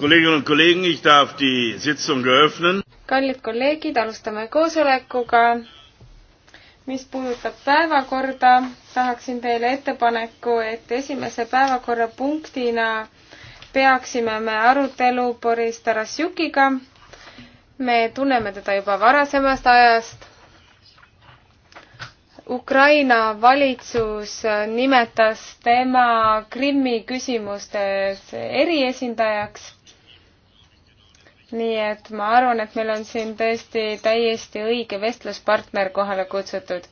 Kolleginnen und Kollegen, ich darf die Sitzung eröffnen. kallid kolleegid, alustame koosolekuga. mis puudutab päevakorda, tahaksin teile ettepaneku, et esimese päevakorrapunktina peaksime me arutelu Boris Tarasjukiga. me tunneme teda juba varasemast ajast. Ukraina valitsus nimetas tema Krimmi küsimustes eriesindajaks nii et ma arvan, et meil on siin tõesti täiesti õige vestluspartner kohale kutsutud.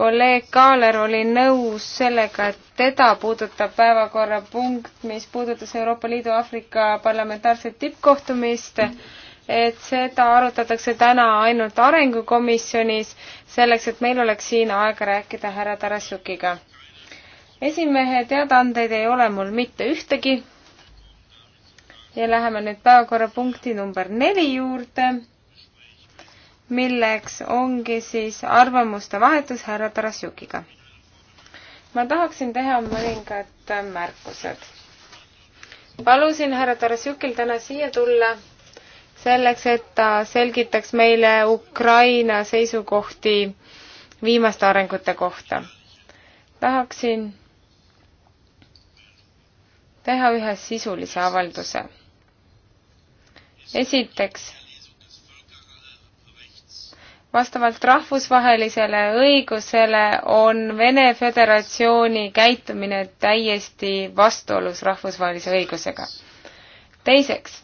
kolleeg Kaaler oli nõus sellega, et teda puudutab päevakorrapunkt, mis puudutas Euroopa Liidu Aafrika parlamentaarset tippkohtumist, et seda arutatakse täna ainult Arengukomisjonis, selleks et meil oleks siin aega rääkida härra Tarasjukiga. esimehe teadaandeid ei ole mul mitte ühtegi ja läheme nüüd päevakorrapunkti number neli juurde, milleks ongi siis arvamuste vahetus härra Tarasjukiga. ma tahaksin teha mõningad märkused. palusin härra Tarasjukil täna siia tulla selleks, et ta selgitaks meile Ukraina seisukohti viimaste arengute kohta. tahaksin teha ühe sisulise avalduse esiteks, vastavalt rahvusvahelisele õigusele on Vene Föderatsiooni käitumine täiesti vastuolus rahvusvahelise õigusega. teiseks,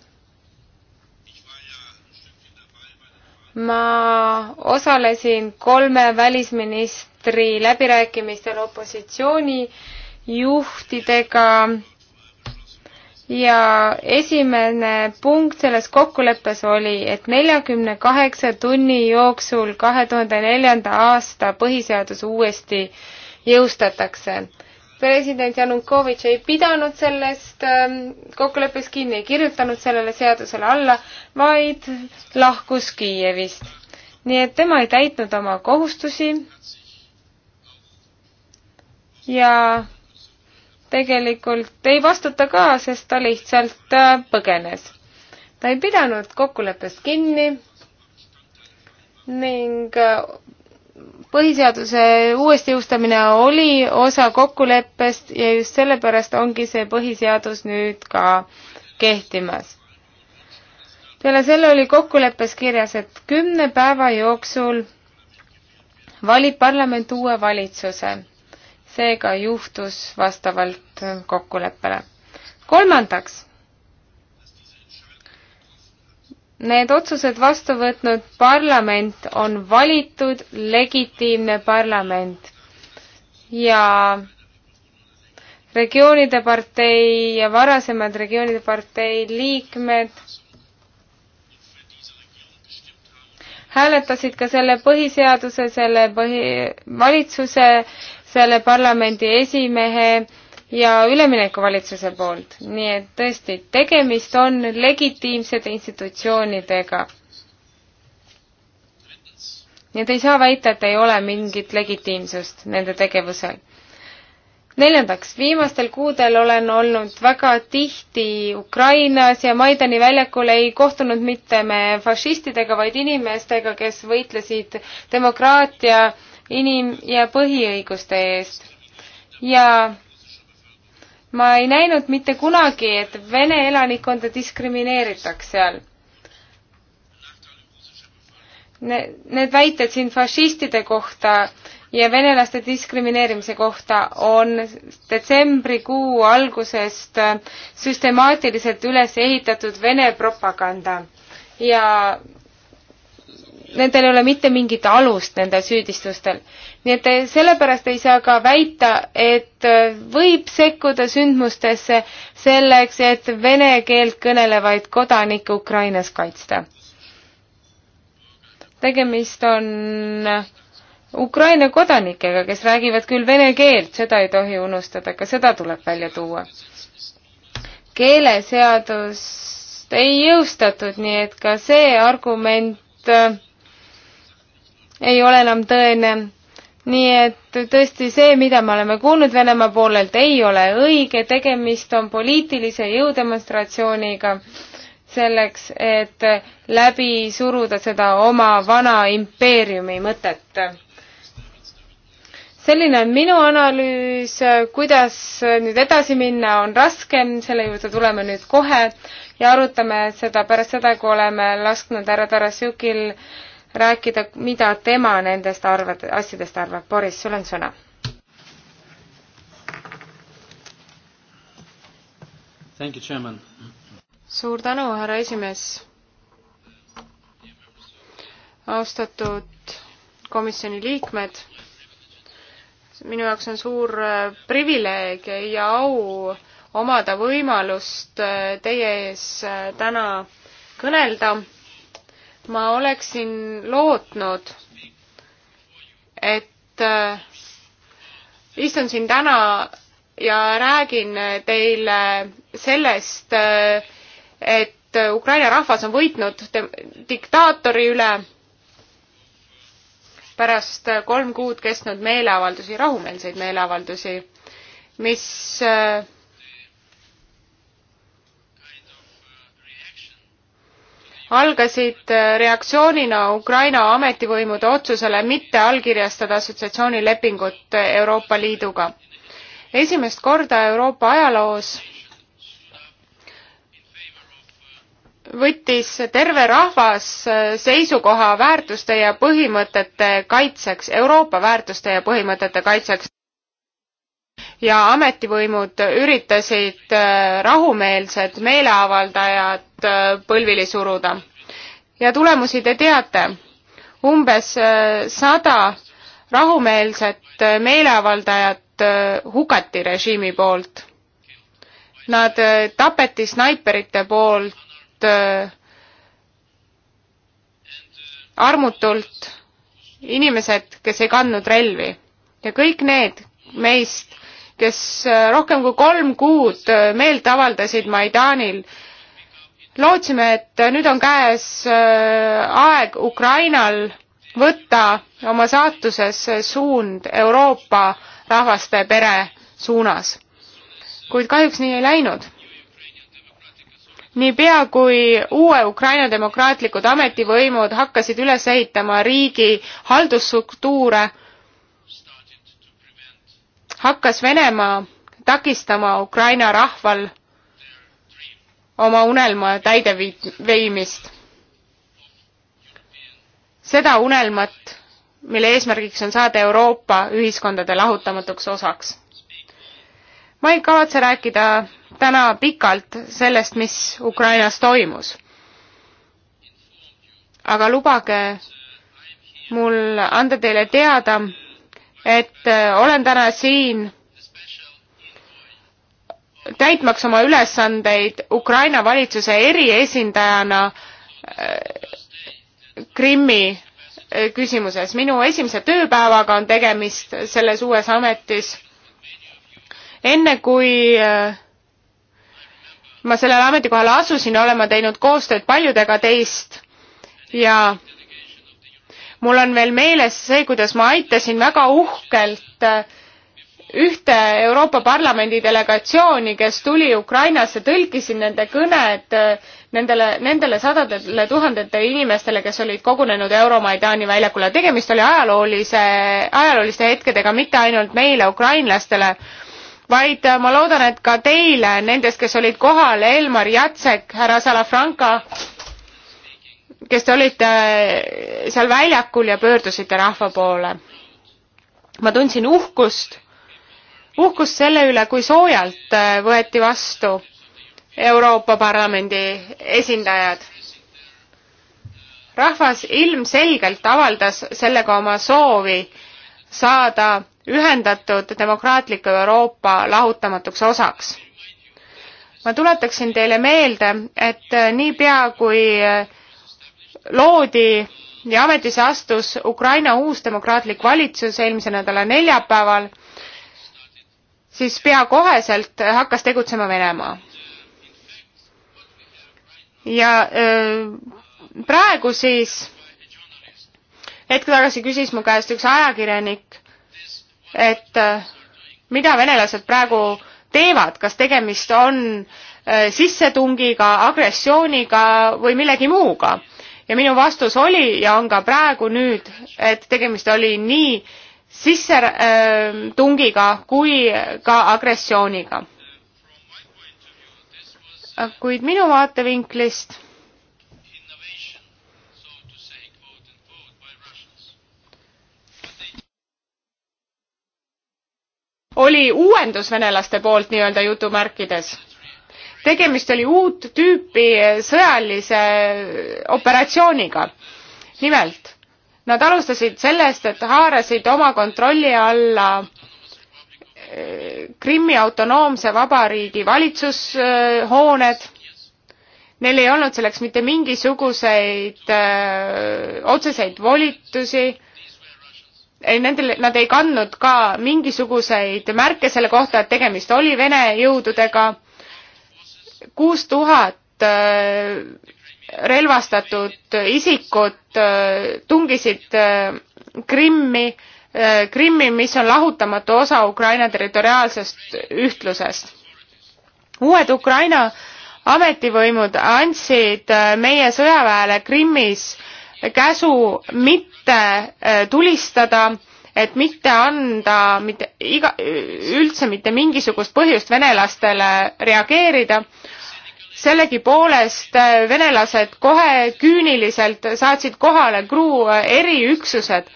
ma osalesin kolme välisministri läbirääkimistel opositsiooni juhtidega ja esimene punkt selles kokkuleppes oli, et neljakümne kaheksa tunni jooksul kahe tuhande neljanda aasta põhiseadus uuesti jõustatakse. president Janukovitš ei pidanud sellest ähm, kokkuleppest kinni, ei kirjutanud sellele seadusele alla, vaid lahkus Kiievist. nii et tema ei täitnud oma kohustusi ja tegelikult ei vastuta ka, sest ta lihtsalt äh, põgenes. ta ei pidanud kokkuleppest kinni ning äh, põhiseaduse uuesti jõustamine oli osa kokkuleppest ja just sellepärast ongi see põhiseadus nüüd ka kehtimas. peale selle oli kokkuleppes kirjas, et kümne päeva jooksul valib parlament uue valitsuse seega juhtus vastavalt kokkuleppele. kolmandaks, need otsused vastu võtnud parlament on valitud legitiimne parlament ja regioonide partei ja varasemad regioonide partei liikmed hääletasid ka selle põhiseaduse, selle põhi, valitsuse selle parlamendi esimehe ja üleminekuvalitsuse poolt, nii et tõesti, tegemist on legitiimsete institutsioonidega. nii et ei saa väita, et ei ole mingit legitiimsust nende tegevusel. neljandaks, viimastel kuudel olen olnud väga tihti Ukrainas ja Maidani väljakul ei kohtunud mitte me fašistidega, vaid inimestega, kes võitlesid demokraatia äh, inim- ja põhiõiguste eest. ja ma ei näinud mitte kunagi, et Vene elanikkonda diskrimineeritaks seal. Need väited siin fašistide kohta ja venelaste diskrimineerimise kohta on detsembrikuu algusest süstemaatiliselt üles ehitatud Vene propaganda ja nendel ei ole mitte mingit alust, nendel süüdistustel. nii et sellepärast ei saa ka väita, et äh, võib sekkuda sündmustesse selleks, et vene keelt kõnelevaid kodanikke Ukrainas kaitsta. tegemist on äh, Ukraina kodanikega, kes räägivad küll vene keelt, seda ei tohi unustada, ka seda tuleb välja tuua. keeleseadust ei jõustatud, nii et ka see argument äh, ei ole enam tõene. nii et tõesti see, mida me oleme kuulnud Venemaa poolelt, ei ole õige, tegemist on poliitilise jõudemonstratsiooniga selleks, et läbi suruda seda oma vana impeeriumi mõtet. selline on minu analüüs, kuidas nüüd edasi minna on raske, selle juurde tuleme nüüd kohe ja arutame seda pärast seda, kui oleme lasknud härra Tarasjukil rääkida, mida tema nendest arvad, asjadest arvab. Boris, sul on sõna. suur tänu, härra esimees. austatud komisjoni liikmed, minu jaoks on suur äh, privileeg ja au omada võimalust äh, teie ees äh, täna kõnelda ma oleksin lootnud, et äh, istun siin täna ja räägin teile sellest, äh, et Ukraina rahvas on võitnud diktaatori üle pärast kolm kuud kestnud meeleavaldusi, rahumeelseid meeleavaldusi, mis äh, algasid äh, reaktsioonina Ukraina ametivõimude otsusele mitte allkirjastada assotsiatsioonilepingut äh, Euroopa Liiduga. esimest korda Euroopa ajaloos võttis terve rahvas äh, seisukoha väärtuste ja põhimõtete kaitseks, Euroopa väärtuste ja põhimõtete kaitseks ja ametivõimud üritasid äh, rahumeelsed meeleavaldajad äh, põlvili suruda. ja tulemusi te teate, umbes äh, sada rahumeelset meeleavaldajat hukati režiimi poolt. Nad tapeti snaiperite poolt armutult inimesed, kes ei kandnud relvi ja kõik need meist, kes äh, rohkem kui kolm kuud äh, meelt avaldasid Maidanil. lootsime, et äh, nüüd on käes aeg Ukrainal võtta oma saatuses suund Euroopa rahvaste pere suunas. kuid kahjuks nii ei läinud. niipea, kui uue Ukraina demokraatlikud ametivõimud hakkasid üles ehitama riigi haldusstruktuure, hakkas Venemaa takistama Ukraina rahval oma unelma täideviimist. seda unelmat, mille eesmärgiks on saada Euroopa ühiskondade lahutamatuks osaks. ma ei kavatse rääkida täna pikalt sellest, mis Ukrainas toimus. aga lubage mul anda teile teada, et äh, olen täna siin täitmaks oma ülesandeid Ukraina valitsuse eriesindajana äh, Krimmi äh, küsimuses. minu esimese tööpäevaga on tegemist selles uues ametis. enne kui ma sellele ametikohale asusin, olen ma teinud koostööd paljudega teist ja mul on veel meeles see, kuidas ma aitasin väga uhkelt äh, ühte Euroopa Parlamendi delegatsiooni, kes tuli Ukrainasse, tõlkisin nende kõned äh, nendele, nendele sadadele tuhandetele inimestele, kes olid kogunenud Euromaidani väljakule. tegemist oli ajaloolise, ajalooliste hetkedega mitte ainult meile, ukrainlastele, vaid äh, ma loodan, et ka teile, nendest, kes olid kohal, Elmar Jatsek, härra Salafranca, kes te olite äh, seal väljakul ja pöördusite rahva poole. ma tundsin uhkust, uhkust selle üle, kui soojalt äh, võeti vastu Euroopa Parlamendi esindajad. rahvas ilmselgelt avaldas sellega oma soovi saada ühendatud demokraatliku Euroopa lahutamatuks osaks. ma tuletaksin teile meelde, et äh, niipea kui loodi ja ametisse astus Ukraina uus demokraatlik valitsus eelmise nädala neljapäeval, siis pea koheselt hakkas tegutsema Venemaa. ja praegu siis, hetk tagasi küsis mu käest üks ajakirjanik, et mida venelased praegu teevad, kas tegemist on sissetungiga, agressiooniga või millegi muuga ja minu vastus oli ja on ka praegu nüüd, et tegemist oli nii sissetungiga ähm, kui ka agressiooniga. kuid minu vaatevinklist oli uuendus venelaste poolt nii-öelda jutumärkides tegemist oli uut tüüpi sõjalise operatsiooniga. nimelt, nad alustasid sellest, et haarasid oma kontrolli alla eh, Krimmi autonoomse vabariigi valitsushooned. Neil ei olnud selleks mitte mingisuguseid öö, eh, otseseid volitusi ei, nendel, nad ei kandnud ka mingisuguseid märke selle kohta, et tegemist oli Vene jõududega kuus tuhat äh, relvastatud isikud äh, tungisid äh, Krimmi, Krimmi, mis on lahutamatu osa Ukraina territoriaalsest ühtlusest. uued Ukraina ametivõimud andsid meie sõjaväele Krimmis käsu mitte tulistada et mitte anda mitte iga, üldse mitte mingisugust põhjust venelastele reageerida. sellegipoolest äh, venelased kohe küüniliselt saatsid kohale Gruu äh, eriüksused.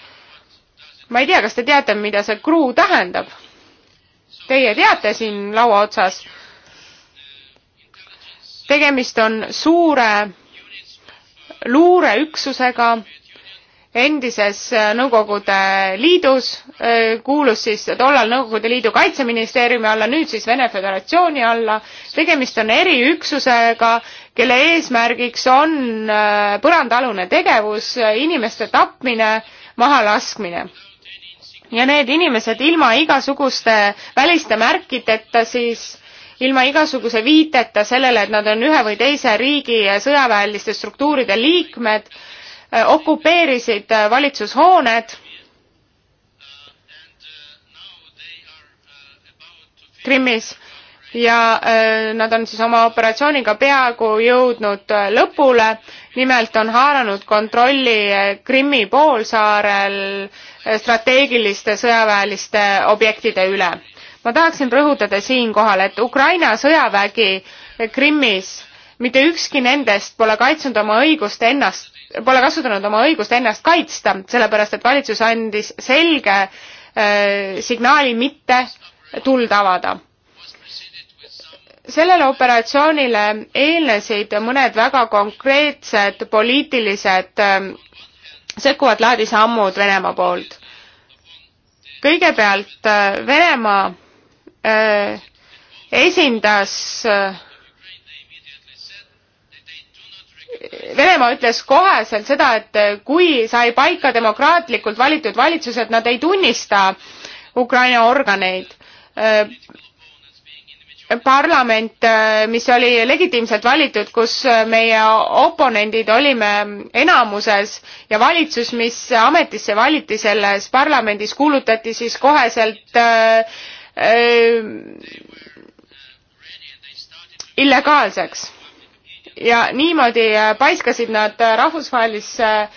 ma ei tea, kas te teate, mida see Gruu tähendab? Teie teate siin laua otsas. tegemist on suure luureüksusega endises äh, Nõukogude Liidus, äh, kuulus siis tollal Nõukogude Liidu kaitseministeeriumi alla, nüüd siis Vene Föderatsiooni alla. tegemist on eriüksusega, kelle eesmärgiks on äh, põrandaalune tegevus, inimeste tapmine, mahalaskmine ja need inimesed ilma igasuguste väliste märkideta siis ilma igasuguse viiteta sellele, et nad on ühe või teise riigi sõjaväeliste struktuuride liikmed äh, Äh, okupeerisid äh, valitsushooned Krimmis ja äh, nad on siis oma operatsiooniga peaaegu jõudnud lõpule. nimelt on haaranud kontrolli Krimmi poolsaarel strateegiliste sõjaväeliste objektide üle. ma tahaksin rõhutada siinkohal, et Ukraina sõjavägi Krimmis, mitte ükski nendest pole kaitsnud oma õigust ennast pole kasutanud oma õigust ennast kaitsta, sellepärast et valitsus andis selge äh, signaali mitte tuld avada. sellele operatsioonile eelnesid mõned väga konkreetsed poliitilised äh, sekkuvat laadi sammud Venemaa poolt. kõigepealt äh, Venemaa äh, esindas äh, Venemaa ütles koheselt seda, et kui sai paika demokraatlikult valitud valitsus, et nad ei tunnista Ukraina organeid. parlament, mis oli legitiimselt valitud, kus meie oponendid olime enamuses ja valitsus, mis ametisse valiti selles parlamendis, kuulutati siis koheselt äh, äh, illegaalseks ja niimoodi äh, paiskasid nad äh, rahvusvahelisse äh,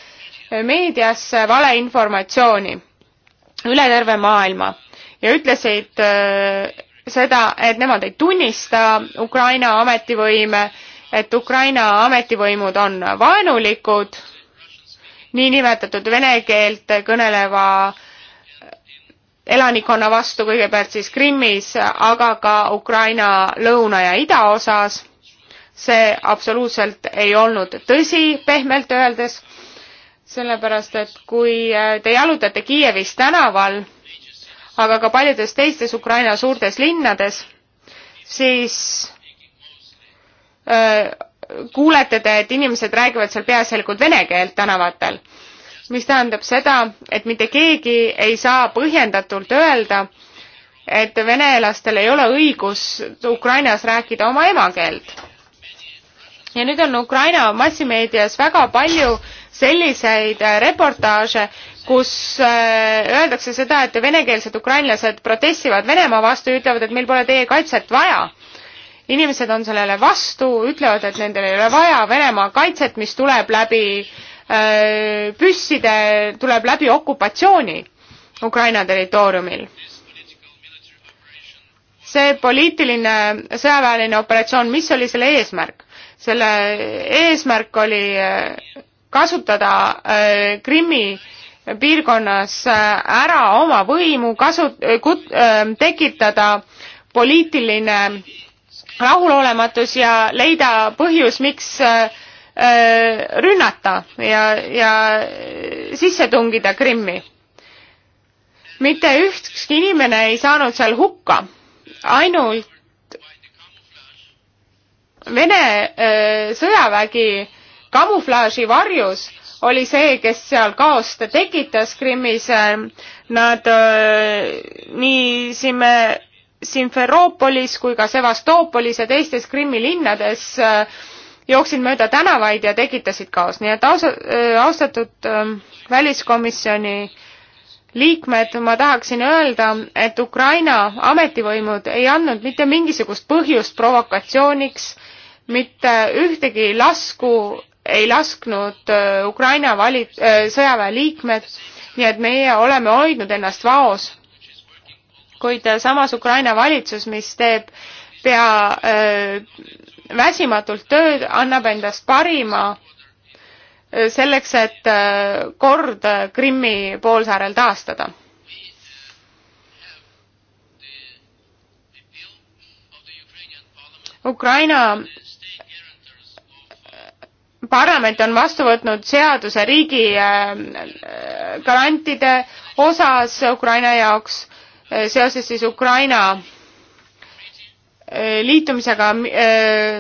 meediasse valeinformatsiooni üle terve maailma ja ütlesid seda, et nemad ei tunnista Ukraina ametivõime, et Ukraina ametivõimud on vaenulikud niinimetatud vene keelt kõneleva elanikkonna vastu kõigepealt siis Krimmis, aga ka Ukraina lõuna ja idaosas see absoluutselt ei olnud tõsi, pehmelt öeldes, sellepärast et kui äh, te jalutate Kiievis tänaval, aga ka paljudes teistes Ukraina suurtes linnades, siis öö, äh, kuulete te, et inimesed räägivad seal peaasjalikult vene keelt tänavatel, mis tähendab seda, et mitte keegi ei saa põhjendatult öelda, et venelastel ei ole õigus Ukrainas rääkida oma emakeelt ja nüüd on Ukraina massimeedias väga palju selliseid äh, reportaaže, kus äh, öeldakse seda, et venekeelsed ukrainlased protestivad Venemaa vastu ja ütlevad, et meil pole teie kaitset vaja. inimesed on sellele vastu, ütlevad, et nendel ei ole vaja Venemaa kaitset, mis tuleb läbi äh, püsside, tuleb läbi okupatsiooni Ukraina territooriumil see poliitiline sõjaväeline operatsioon, mis oli selle eesmärk? selle eesmärk oli äh, kasutada äh, Krimmi piirkonnas äh, ära oma võimu, kasu-, kut-, tekitada poliitiline rahulolematus ja leida põhjus, miks rünnata ja, ja sisse tungida Krimmi. mitte ükski inimene ei saanud seal hukka, ainult Vene äh, sõjavägi kamuflaaži varjus oli see, kes seal kaost tekitas Krimmis. Äh, nad äh, nii Sime-, Simferoopolis kui ka Sevastoopolis ja teistes Krimmi linnades jooksid mööda tänavaid ja tekitasid kaost, nii et ausa-, austatud väliskomisjoni liikmed, ma tahaksin öelda, et Ukraina ametivõimud ei andnud mitte mingisugust põhjust provokatsiooniks mitte ühtegi lasku ei lasknud äh, Ukraina vali-, äh, sõjaväe liikmed, nii et meie oleme hoidnud ennast vaos. kuid äh, samas Ukraina valitsus, mis teeb pea öö, väsimatult tööd, annab endast parima selleks, et kord Krimmi poolsaarel taastada. Ukraina parlament on vastu võtnud seaduse riigi äh, garantide osas Ukraina jaoks äh, seoses siis Ukraina äh, liitumisega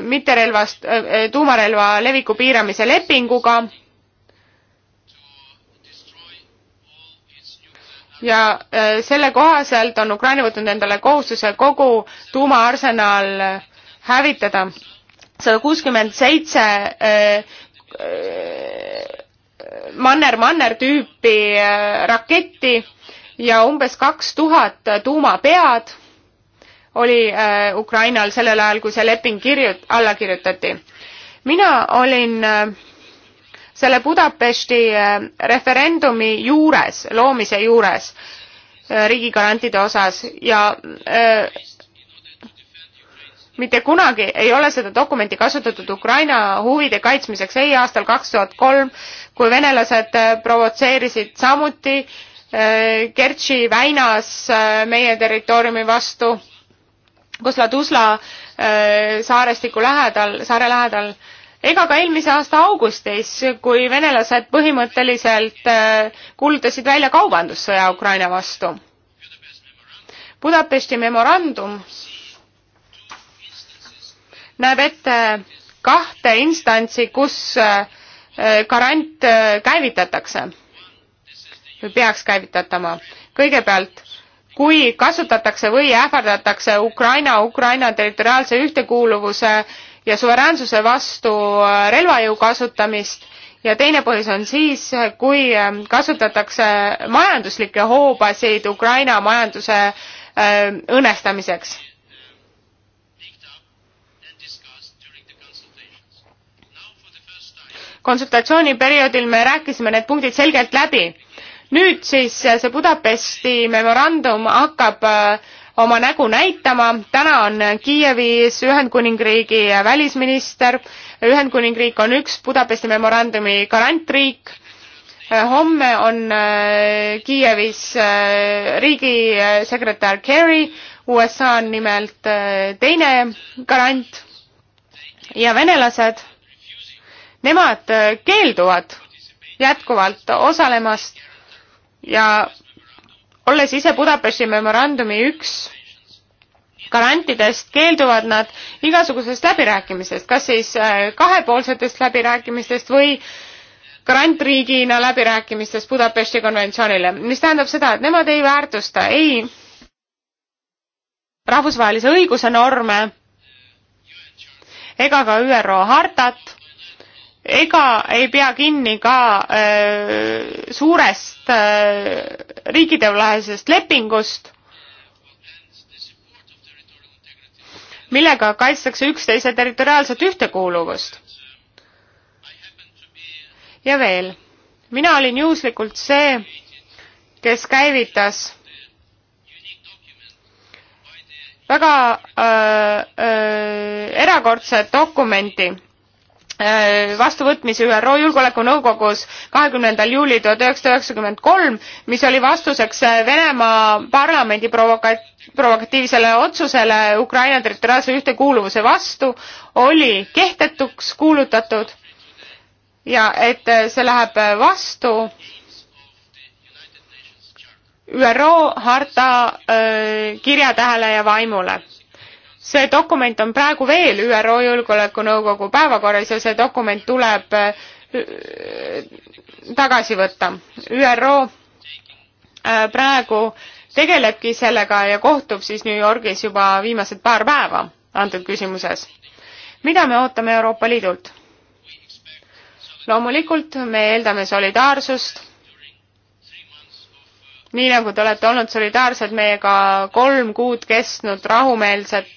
mitterelvast, tuumarelva leviku piiramise lepinguga ja selle kohaselt on Ukraina võtnud endale kohustuse kogu tuumaarsenaal hävitada sada kuuskümmend seitse manner-manner äh, tüüpi äh, raketti ja umbes kaks tuhat tuumapead oli äh, Ukrainal sellel ajal, kui see leping kirjut-, alla kirjutati. mina olin selle Budapesti referendumi juures, loomise juures riigigarantide osas ja öö, mitte kunagi ei ole seda dokumenti kasutatud Ukraina huvide kaitsmiseks, ei aastal kaks tuhat kolm, kui venelased äh, provotseerisid samuti äh, Kertši väinas äh, meie territooriumi vastu, kus Ladusla saarestiku lähedal, saare lähedal, ega ka eelmise aasta augustis, kui venelased põhimõtteliselt kuulutasid välja kaubandussõja Ukraina vastu. Budapesti memorandum näeb ette kahte instantsi, kus äh, garant äh, käivitatakse või peaks käivitatama. kõigepealt, kui kasutatakse või ähvardatakse Ukraina, Ukraina territoriaalse ühtekuuluvuse ja suveräänsuse vastu äh, relvajõu kasutamist ja teine põhjus on siis, kui kasutatakse majanduslikke hoobasid Ukraina majanduse õõnestamiseks konsultatsiooniperioodil me rääkisime need punktid selgelt läbi. nüüd siis see Budapesti memorandum hakkab äh, oma nägu näitama, täna on Kiievis Ühendkuningriigi välisminister, Ühendkuningriik on üks Budapesti memorandumi garantriik äh, homme on äh, Kiievis riigisekretär Kerry, USA on nimelt teine garant ja venelased nemad äh, keelduvad jätkuvalt osalemast ja olles ise Budapesti memorandumi üks garantidest, keelduvad nad igasugusest läbirääkimisest, kas siis äh, kahepoolsetest läbirääkimistest või garantriigina läbirääkimistest Budapesti konventsioonile, mis tähendab seda, et nemad ei väärtusta ei rahvusvahelise õiguse norme ega ka ÜRO hartat ega ei pea kinni ka öö, äh, suurest öö, äh, riikidevahelisest lepingust, millega kaitstakse üksteise territoriaalset ühtekuuluvust. ja veel, mina olin juhuslikult see, kes käivitas väga öö, äh, öö, erakordset dokumenti Äh, vastuvõtmisi ÜRO Julgeolekunõukogus kahekümnendal juulil tuhat üheksasada üheksakümmend kolm, mis oli vastuseks äh, Venemaa parlamendi provoka-, provokatiivsele otsusele Ukraina territoriaalse ühtekuuluvuse vastu, oli kehtetuks kuulutatud ja et äh, see läheb vastu ÜRO harta kirjatähele ja vaimule see dokument on praegu veel ÜRO Julgeolekunõukogu päevakorras ja see dokument tuleb äh, tagasi võtta. ÜRO äh, praegu tegelebki sellega ja kohtub siis New Yorgis juba viimased paar päeva antud küsimuses. mida me ootame Euroopa Liidult? loomulikult me eeldame solidaarsust, nii nagu te olete olnud solidaarsed meiega kolm kuud kestnud rahumeelset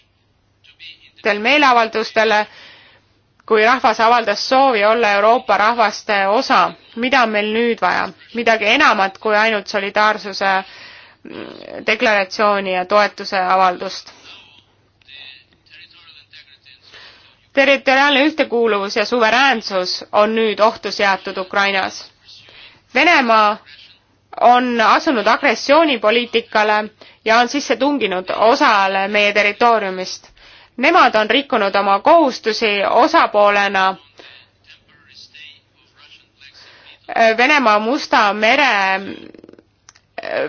järgmistel meeleavaldustele, kui rahvas avaldas soovi olla Euroopa rahvaste osa. mida on meil nüüd vaja? midagi enamat kui ainult solidaarsuse mm, deklaratsiooni ja toetuse avaldust. territoriaalne ühtekuuluvus ja suveräänsus on nüüd ohtu seatud Ukrainas. Venemaa on asunud agressioonipoliitikale ja on sisse tunginud osale meie territooriumist nemad on rikkunud oma kohustusi osapoolena Venemaa Musta mere äh,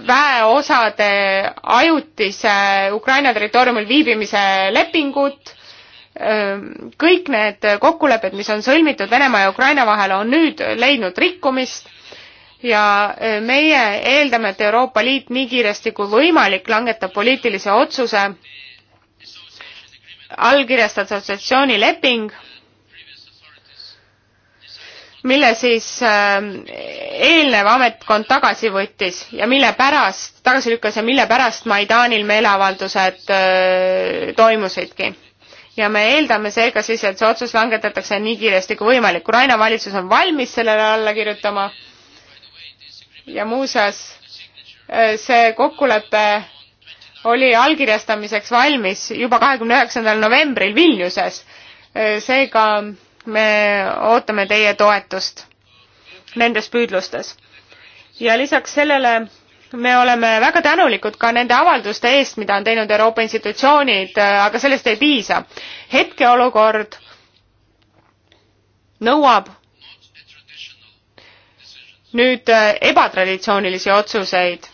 väeosade ajutise Ukraina territooriumil viibimise lepingut. Äh, kõik need kokkulepped, mis on sõlmitud Venemaa ja Ukraina vahel, on nüüd leidnud rikkumist ja äh, meie eeldame, et Euroopa Liit nii kiiresti kui võimalik langetab poliitilise otsuse allkirjastada assotsiatsioonileping, mille siis äh, eelnev ametkond tagasi võttis ja mille pärast, tagasi lükkas ja mille pärast Maidanil meeleavaldused äh, toimusidki. ja me eeldame seega siis, et see otsus langetatakse nii kiiresti kui võimalik. Ukraina valitsus on valmis sellele alla kirjutama ja muuseas äh, see kokkulepe oli allkirjastamiseks valmis juba kahekümne üheksandal novembril Vilniuses. seega me ootame teie toetust nendes püüdlustes. ja lisaks sellele me oleme väga tänulikud ka nende avalduste eest, mida on teinud Euroopa institutsioonid, aga sellest ei piisa. hetkeolukord nõuab nüüd ebatraditsioonilisi otsuseid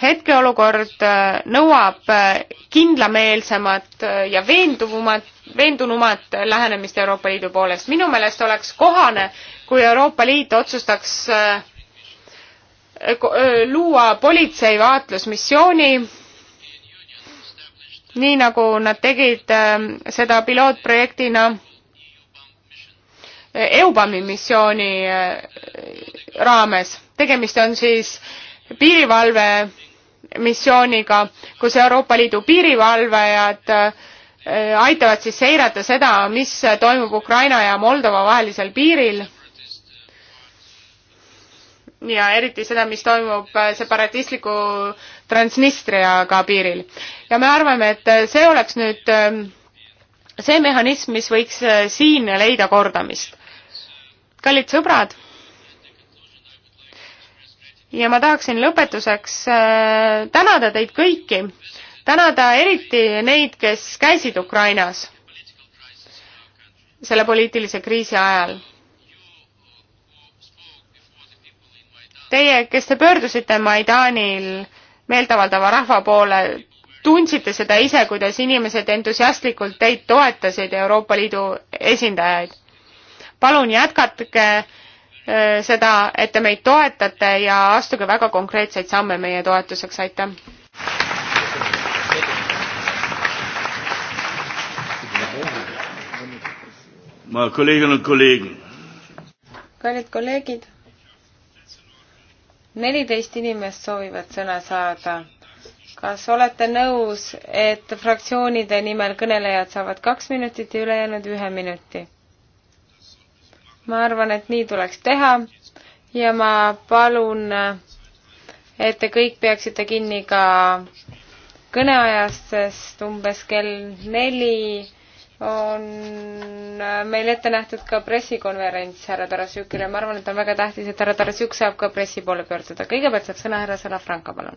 hetkeolukord äh, nõuab äh, kindlameelsemat äh, ja veenduvumat, veendunumat lähenemist Euroopa Liidu poolest. minu meelest oleks kohane, kui Euroopa Liit otsustaks luua politsei vaatlusmissiooni, nii nagu nad tegid seda pilootprojektina EUBAM-i missiooni raames. tegemist on siis äh, piirivalvemissiooniga, kus Euroopa Liidu piirivalvajad äh, aitavad siis seirata seda, mis toimub Ukraina ja Moldova vahelisel piiril. ja eriti seda, mis toimub äh, separatistliku Transnistriaga piiril. ja me arvame, et äh, see oleks nüüd ähm, see mehhanism, mis võiks siin leida kordamist. kallid sõbrad ja ma tahaksin lõpetuseks äh, tänada teid kõiki, tänada eriti neid, kes käisid Ukrainas selle poliitilise kriisi ajal. Teie, kes te pöördusite Maidanil meeltavaldava rahva poole, tundsite seda ise, kuidas inimesed entusiastlikult teid toetasid, Euroopa Liidu esindajaid. palun jätkake Äh, seda, et te meid toetate ja astuge väga konkreetseid samme meie toetuseks, aitäh! Ma Kolleginnen und Kollegen. kallid kolleegid, neliteist inimest soovivad sõna saada. kas olete nõus, et fraktsioonide nimel kõnelejad saavad kaks minutit ja ülejäänud ühe minuti? ma arvan, et nii tuleks teha ja ma palun, et te kõik peaksite kinni ka kõneajast, sest umbes kell neli on meil ette nähtud ka pressikonverents härra Tarasjukile. ma arvan, et on väga tähtis, et härra Tarasjuk saab ka pressi poole pöörduda. kõigepealt saab sõna härra Salafranca, palun.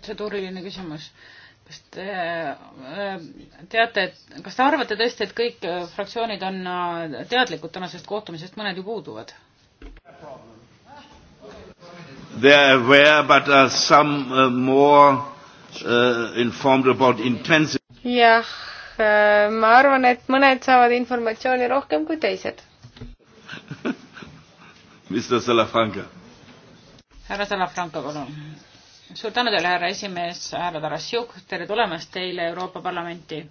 protseduuriline küsimus kas te äh, teate, et kas te arvate tõesti, et kõik äh, fraktsioonid on äh, teadlikud tänasest kohtumisest, mõned ju puuduvad? They are aware but are some uh, more uh, informed about intensive jah, ma arvan, et mõned saavad informatsiooni rohkem kui teised Mr Salafranca. härra Salafranca, palun suur tänu teile, härra esimees, härra Tarasjuk, tere tulemast teile Euroopa Parlamenti.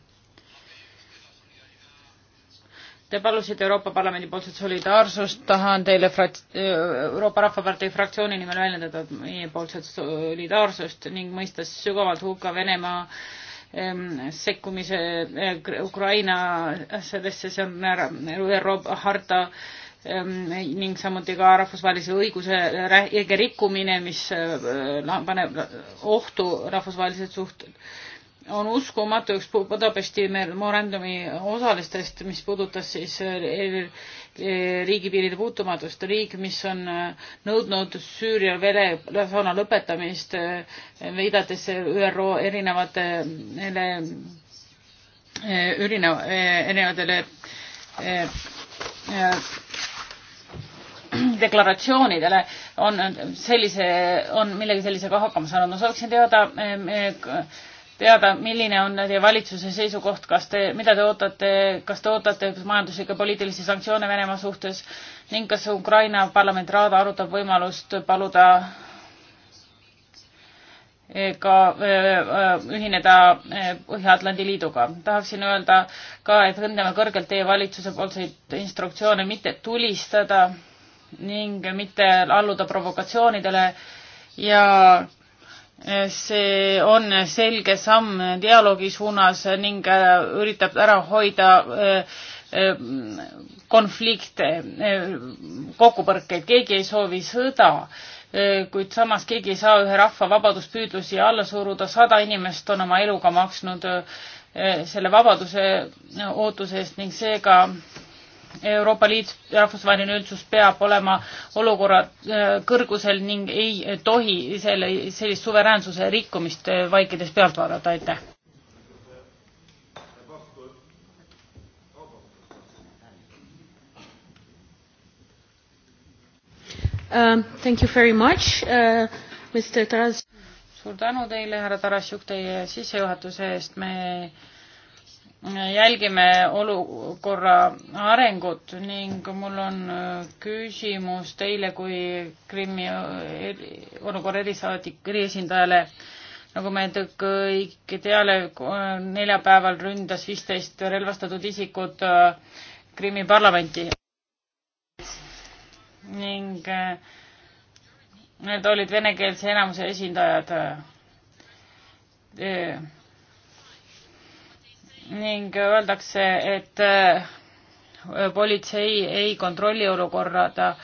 Te palusite Euroopa Parlamendi poolset solidaarsust, tahan teile frats-, Euroopa Rahvapartei fraktsiooni nimel väljendada meiepoolset solidaarsust ning mõistes sügavalt hukka Venemaa ehm, sekkumise eh, Ukraina asjadesse, see on ÜRO harta Ehm, ning samuti ka rahvusvahelise õiguse jäige rikkumine, mis eh, paneb ohtu rahvusvahelised suhted. on uskumatu üks Budapesti memorandumi osalistest, mis puudutas siis eh, eh, riigipiiride puutumatust, riik, mis on nõudnud Süüria veresauna lõpetamist, viidates ÜRO erinevatele, erinevatele deklaratsioonidele on sellise, on millegi sellisega hakkama saanud. ma sooviksin teada, teada, milline on teie valitsuse seisukoht, kas te, mida te ootate, kas te ootate majanduslikke poliitilisi sanktsioone Venemaa suhtes ning kas Ukraina parlament Raada arutab võimalust paluda e, ka e, e, ühineda Põhja-Atlandi Liiduga. tahaksin öelda ka, et hindame kõrgelt teie valitsuse poolseid instruktsioone mitte tulistada ning mitte alluda provokatsioonidele ja eh, see on selge samm dialoogi suunas ning eh, üritab ära hoida eh, konflikte, kokkupõrkeid, keegi ei soovi sõda, kuid samas keegi ei saa ühe rahva vabaduspüüdlusi alla suruda, sada inimest on oma eluga maksnud selle vabaduse ootuse eest ning seega Euroopa Liit, rahvusvaheline üldsus peab olema olukorra äh, kõrgusel ning ei tohi selle, sellist suveräänsuse rikkumist äh, vaikides pealt vaadata, aitäh. Uh, thank you very much uh,, Mr Taras. suur tänu teile, härra Tarasjuk, teie sissejuhatuse eest, me jälgime olukorra arengut ning mul on äh, küsimus teile kui Krimmi äh, olukorra erisaadik, eriesindajale. nagu me kõik teame, äh, neljapäeval ründas viisteist relvastatud isikut Krimmi parlamenti. ning need olid venekeelse enamuse esindajad ning öeldakse, et äh, politsei ei kontrolli olukorrada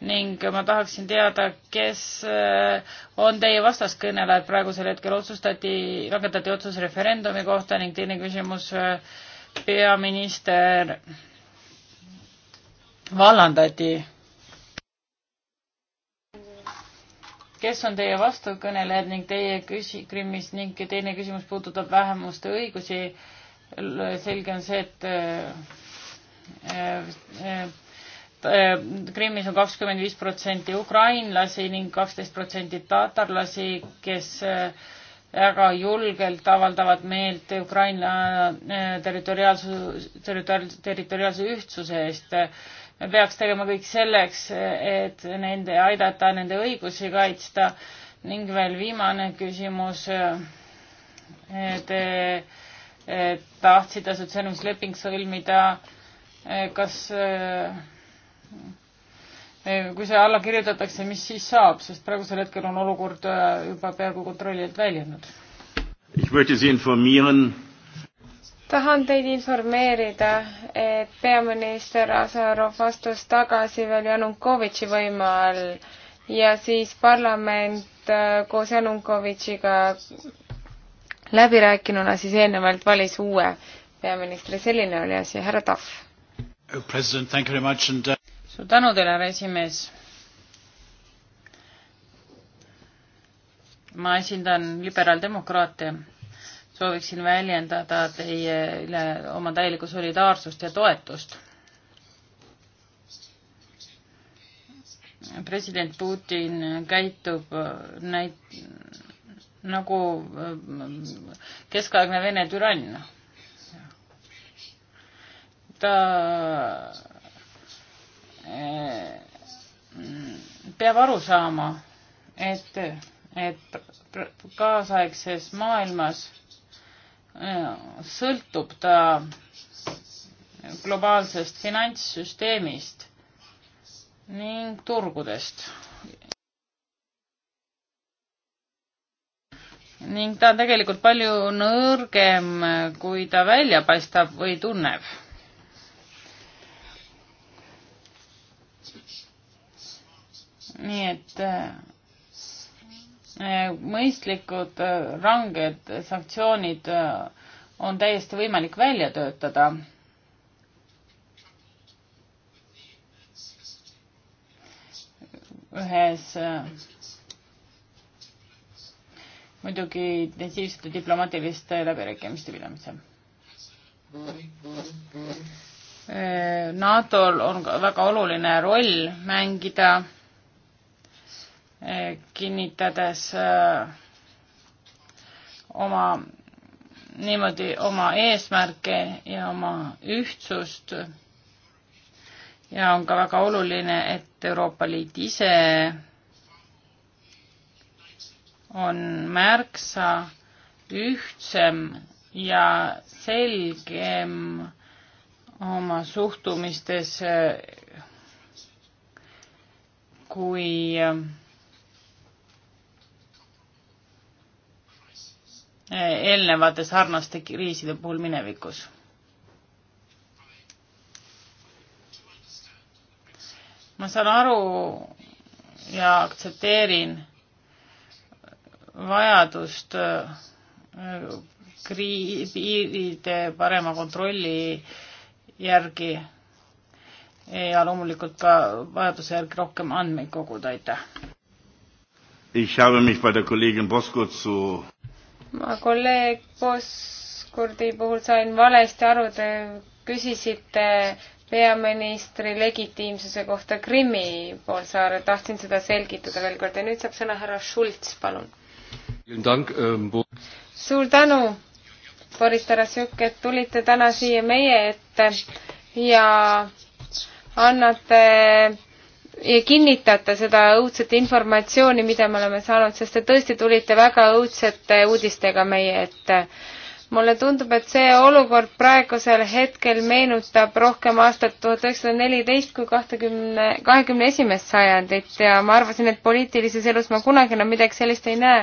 ning ma tahaksin teada, kes äh, on teie vastaskõnelejad praegusel hetkel, otsustati, langetati otsus referendumi kohta ning teine küsimus, äh, peaminister vallandati. kes on teie vastukõnelejad ning teie küsi-, Krimmis ning teine küsimus puudutab vähemuste õigusi selge on see, et äh, äh, äh, Krimmis on kakskümmend viis protsenti ukrainlasi ning kaksteist protsenti tatarlasi, kes väga julgelt avaldavad meelt Ukraina territoriaalse, territoriaalse, territoriaalse ühtsuse eest. me peaks tegema kõik selleks, et nende aidata, nende õigusi kaitsta ning veel viimane küsimus. Te tahtsid assotsieerimisleping sõlmida, eh, kas, eh, eh, kui see alla kirjutatakse, mis siis saab, sest praegusel hetkel on olukord juba peaaegu kontrolli alt väljunud? tahan teid informeerida, et peaminister Asarov astus tagasi veel Janukovitši võimu all ja siis parlament koos Janukovitšiga läbirääkinuna siis eelnevalt valis uue peaministri, selline oli asi, härra Tahv. Uh, uh, suur tänu teile, härra esimees. ma esindan liberaaldemokraate, sooviksin väljendada teile oma täielikku solidaarsust ja toetust. president Putin käitub näit-, nagu äh, keskaegne Vene türann. ta äh, peab aru saama, et, et kaasaegses maailmas äh, sõltub ta globaalsest finantssüsteemist ning turgudest ning ta on tegelikult palju nõrgem, kui ta välja paistab või tunneb. nii et äh, äh, mõistlikud äh, ranged sanktsioonid on täiesti võimalik välja töötada. ühes muidugi intensiivsete diplomaatiliste läbirääkimiste pidamisel. Äh, NATO-l on väga oluline roll mängida, äh, kinnitades äh, oma, niimoodi oma eesmärke ja oma ühtsust. ja on ka väga oluline, et Euroopa Liit ise on märksa ühtsem ja selgem oma suhtumistes kui eh, eelnevate sarnaste kriiside puhul minevikus. ma saan aru ja aktsepteerin vajadust äh, piiride parema kontrolli järgi ja loomulikult ka vajaduse järgi rohkem andmeid koguda, aitäh. ma kolleeg Poskurdi puhul sain valesti aru, te küsisite peaministri legitiimsuse kohta Krimmi poolsaarel, tahtsin seda selgitada veel kord ja nüüd saab sõna härra Schulz, palun Ähm, suur tänu, Boris Tarasjuk, et tulite täna siia meie ette ja annate ja kinnitate seda õudset informatsiooni, mida me oleme saanud, sest te tõesti tulite väga õudsete uudistega meie ette. mulle tundub, et see olukord praegusel hetkel meenutab rohkem aastat tuhat üheksasada neliteist kui kahtekümne, kahekümne esimest sajandit ja ma arvasin, et poliitilises elus ma kunagi enam midagi sellist ei näe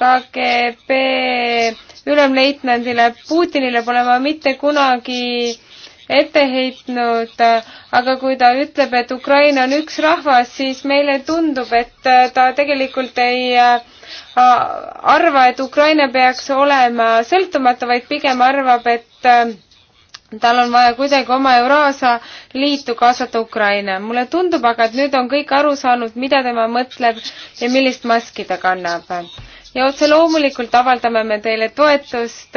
KGB ülemleitnandile Putinile pole ma mitte kunagi ette heitnud, aga kui ta ütleb, et Ukraina on üks rahvas, siis meile tundub, et ta tegelikult ei äh, arva, et Ukraina peaks olema sõltumatu, vaid pigem arvab, et äh, tal on vaja kuidagi oma Euraasia liitu kaasata Ukraina. mulle tundub aga, et nüüd on kõik aru saanud, mida tema mõtleb ja millist maski ta kannab ja otse loomulikult avaldame me teile toetust,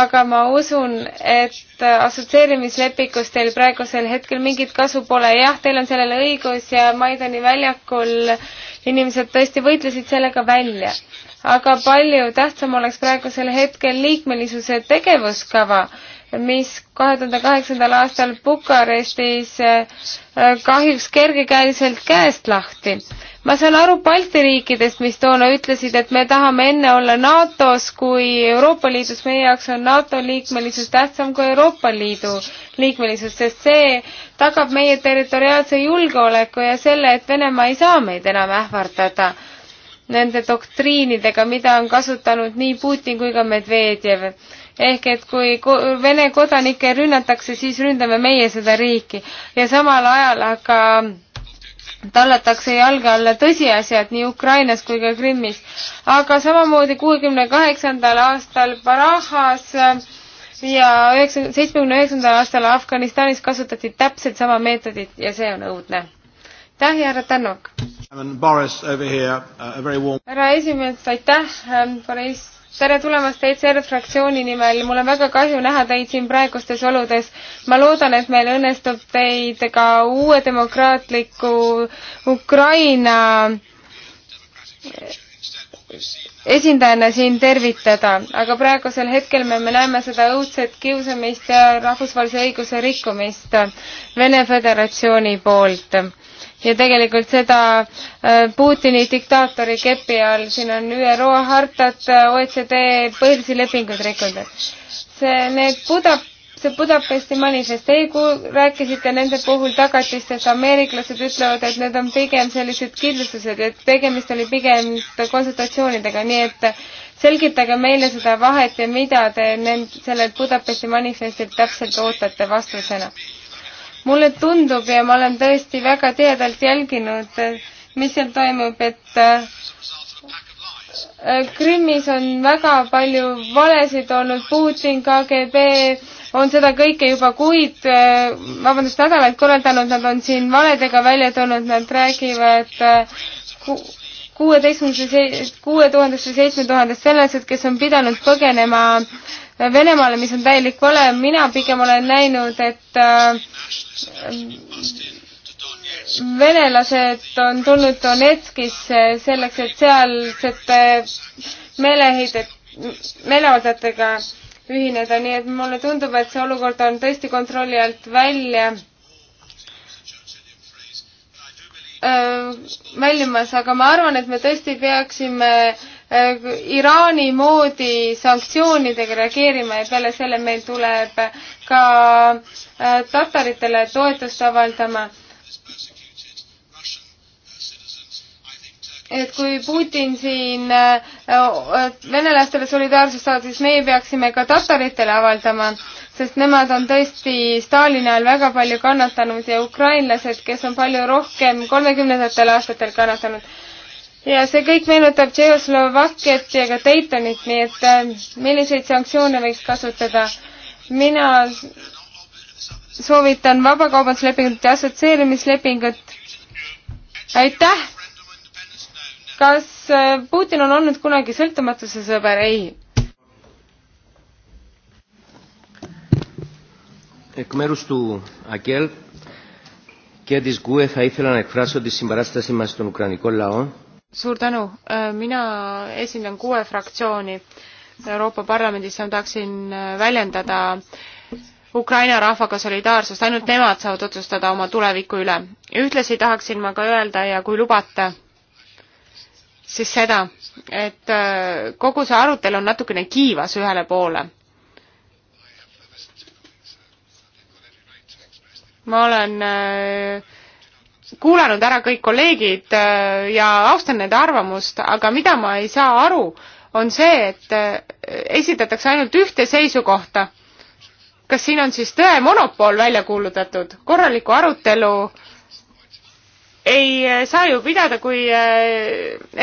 aga ma usun, et assotsieerimislepikust teil praegusel hetkel mingit kasu pole. jah, teil on sellele õigus ja Maidani väljakul inimesed tõesti võitlesid sellega välja. aga palju tähtsam oleks praegusel hetkel liikmelisuse tegevuskava mis kahe tuhande kaheksandal aastal Bukarestis äh, kahjuks kergekäeliselt käest lahti. ma saan aru Balti riikidest, mis toona ütlesid, et me tahame enne olla NATO-s kui Euroopa Liidus, meie jaoks on NATO liikmelisus tähtsam kui Euroopa Liidu liikmelisus, sest see tagab meie territoriaalse julgeoleku ja selle, et Venemaa ei saa meid enam ähvardada nende doktriinidega, mida on kasutanud nii Putin kui ka Medvedjev ehk et kui Vene kodanikke rünnatakse, siis ründame meie seda riiki ja samal ajal aga tallatakse jalge alla tõsiasjad nii Ukrainas kui ka Krimmis. aga samamoodi kuuekümne kaheksandal aastal Barahas ja üheksa, seitsmekümne üheksandal aastal Afganistanis kasutati täpselt sama meetodit ja see on õudne. aitäh, härra Tänok! Uh, härra esimees, aitäh, ähm, Boris tere tulemast ECR fraktsiooni nimel, mul on väga kahju näha teid siin praegustes oludes. ma loodan, et meil õnnestub teid ka uue demokraatliku Ukraina esindajana siin tervitada, aga praegusel hetkel me, me näeme seda õudset kiusamist ja rahvusvahelise õiguse rikkumist Vene Föderatsiooni poolt ja tegelikult seda äh, Putini diktaatori kepi all, siin on ÜRO hartad, äh, OECD põhilisi lepinguid rikkunud. see, need Buda, see Budapesti manifest, ei ku-, rääkisite nende puhul tagatistest, ameeriklased ütlevad, et need on pigem sellised kindlustused, et tegemist oli pigem konsultatsioonidega, nii et selgitage meile seda vahet ja mida te nend-, sellelt Budapesti manifestilt täpselt ootate vastusena mulle tundub ja ma olen tõesti väga tihedalt jälginud, mis seal toimub, et äh, Krimmis on väga palju valesid olnud, Putin, KGB on seda kõike juba kuid, äh, vabandust, nädalaid korraldanud, nad on siin valedega välja tulnud, nad räägivad äh, kuueteistkümnendast, kuue tuhandest või seitsme tuhandest venelased, kes on pidanud põgenema äh, Venemaale, mis on täielik vale, mina pigem olen näinud, et äh, venelased on tulnud Donetskisse selleks, et sealsete meeleheidet, meeleavaldajatega ühineda, nii et mulle tundub, et see olukord on tõesti kontrolli alt välja äh, väljumas, aga ma arvan, et me tõesti peaksime äh, Iraani moodi sanktsioonidega reageerima ja peale selle meil tuleb ka äh, tataritele toetust avaldama. et kui Putin siin äh, äh, venelastele solidaarsust saab, siis meie peaksime ka tataritele avaldama, sest nemad on tõesti Stalini ajal väga palju kannatanud ja ukrainlased, kes on palju rohkem kolmekümnendatel aastatel kannatanud ja see kõik meenutab Tšehhoslovakkiat ja ka Daytonit, nii et äh, milliseid sanktsioone võiks kasutada. mina soovitan vabakaubanduslepingut ja assotsieerimislepingut. aitäh! kas äh, Putin on olnud kunagi sõltumatuse sõber? ei. Εκ μέρους του ΑΚΕΛ και της ΓΚΟΕ θα ήθελα να εκφράσω τη συμπαράστασή μας στον Ουκρανικό λαό suur tänu, äh, mina esindan kuue fraktsiooni Euroopa Parlamendis ja ma tahaksin äh, väljendada Ukraina rahvaga solidaarsust, ainult nemad saavad otsustada oma tuleviku üle. ühtlasi tahaksin ma ka öelda ja kui lubate, siis seda, et äh, kogu see arutelu on natukene kiivas ühele poole. ma olen äh, kuulanud ära kõik kolleegid äh, ja austan nende arvamust, aga mida ma ei saa aru, on see, et äh, esitatakse ainult ühte seisukohta. kas siin on siis tõe monopol välja kuulutatud, korralikku arutelu ei äh, saa ju pidada, kui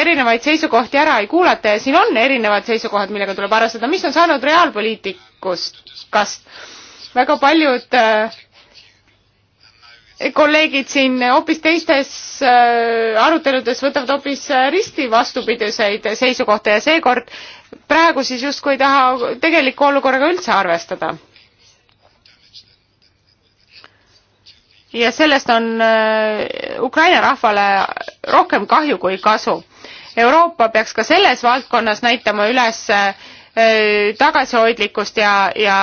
erinevaid seisukohti ära ei kuulata ja siin on erinevad seisukohad, millega tuleb arvestada, mis on saanud reaalpoliitikust, kas väga paljud äh, kolleegid siin hoopis teistes äh, aruteludes võtavad hoopis äh, risti vastupidiseid seisukohti ja seekord praegu siis justkui ei taha tegeliku olukorraga üldse arvestada. ja sellest on äh, Ukraina rahvale rohkem kahju kui kasu. Euroopa peaks ka selles valdkonnas näitama üles tagasihoidlikkust ja, ja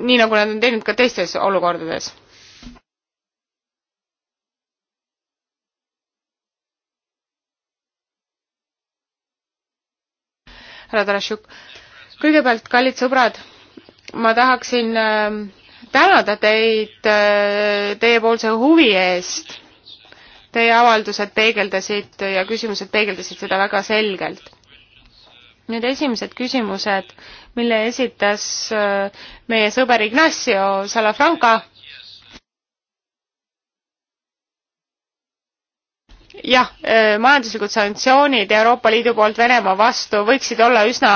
nii nagu nad on teinud ka teistes olukordades. härra Tarasjuk, kõigepealt, kallid sõbrad, ma tahaksin ähm, tänada teid äh, teiepoolse huvi eest. Teie avaldused peegeldasid ja küsimused peegeldasid seda väga selgelt nüüd esimesed küsimused, mille esitas äh, meie sõber Ignacio Salafranca. jah, äh, majanduslikud sanktsioonid Euroopa Liidu poolt Venemaa vastu võiksid olla üsna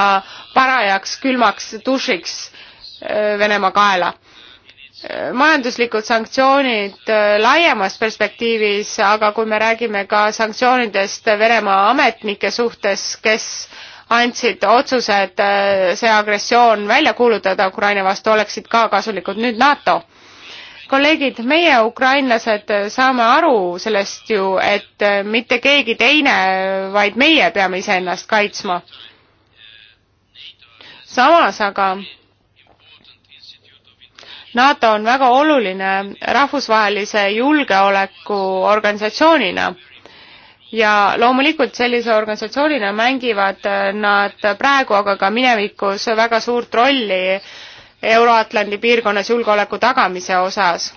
parajaks külmaks dušiks äh, Venemaa kaela majanduslikud sanktsioonid laiemas perspektiivis, aga kui me räägime ka sanktsioonidest Venemaa ametnike suhtes, kes andsid otsused äh, see agressioon välja kuulutada Ukraina vastu, oleksid ka kasulikud. nüüd NATO. kolleegid, meie, ukrainlased, äh, saame aru sellest ju, et äh, mitte keegi teine, vaid meie peame iseennast kaitsma. samas aga NATO on väga oluline rahvusvahelise julgeoleku organisatsioonina ja loomulikult sellise organisatsioonina mängivad äh, nad praegu, aga ka minevikus väga suurt rolli Euro-Atlandi piirkonnas julgeoleku tagamise osas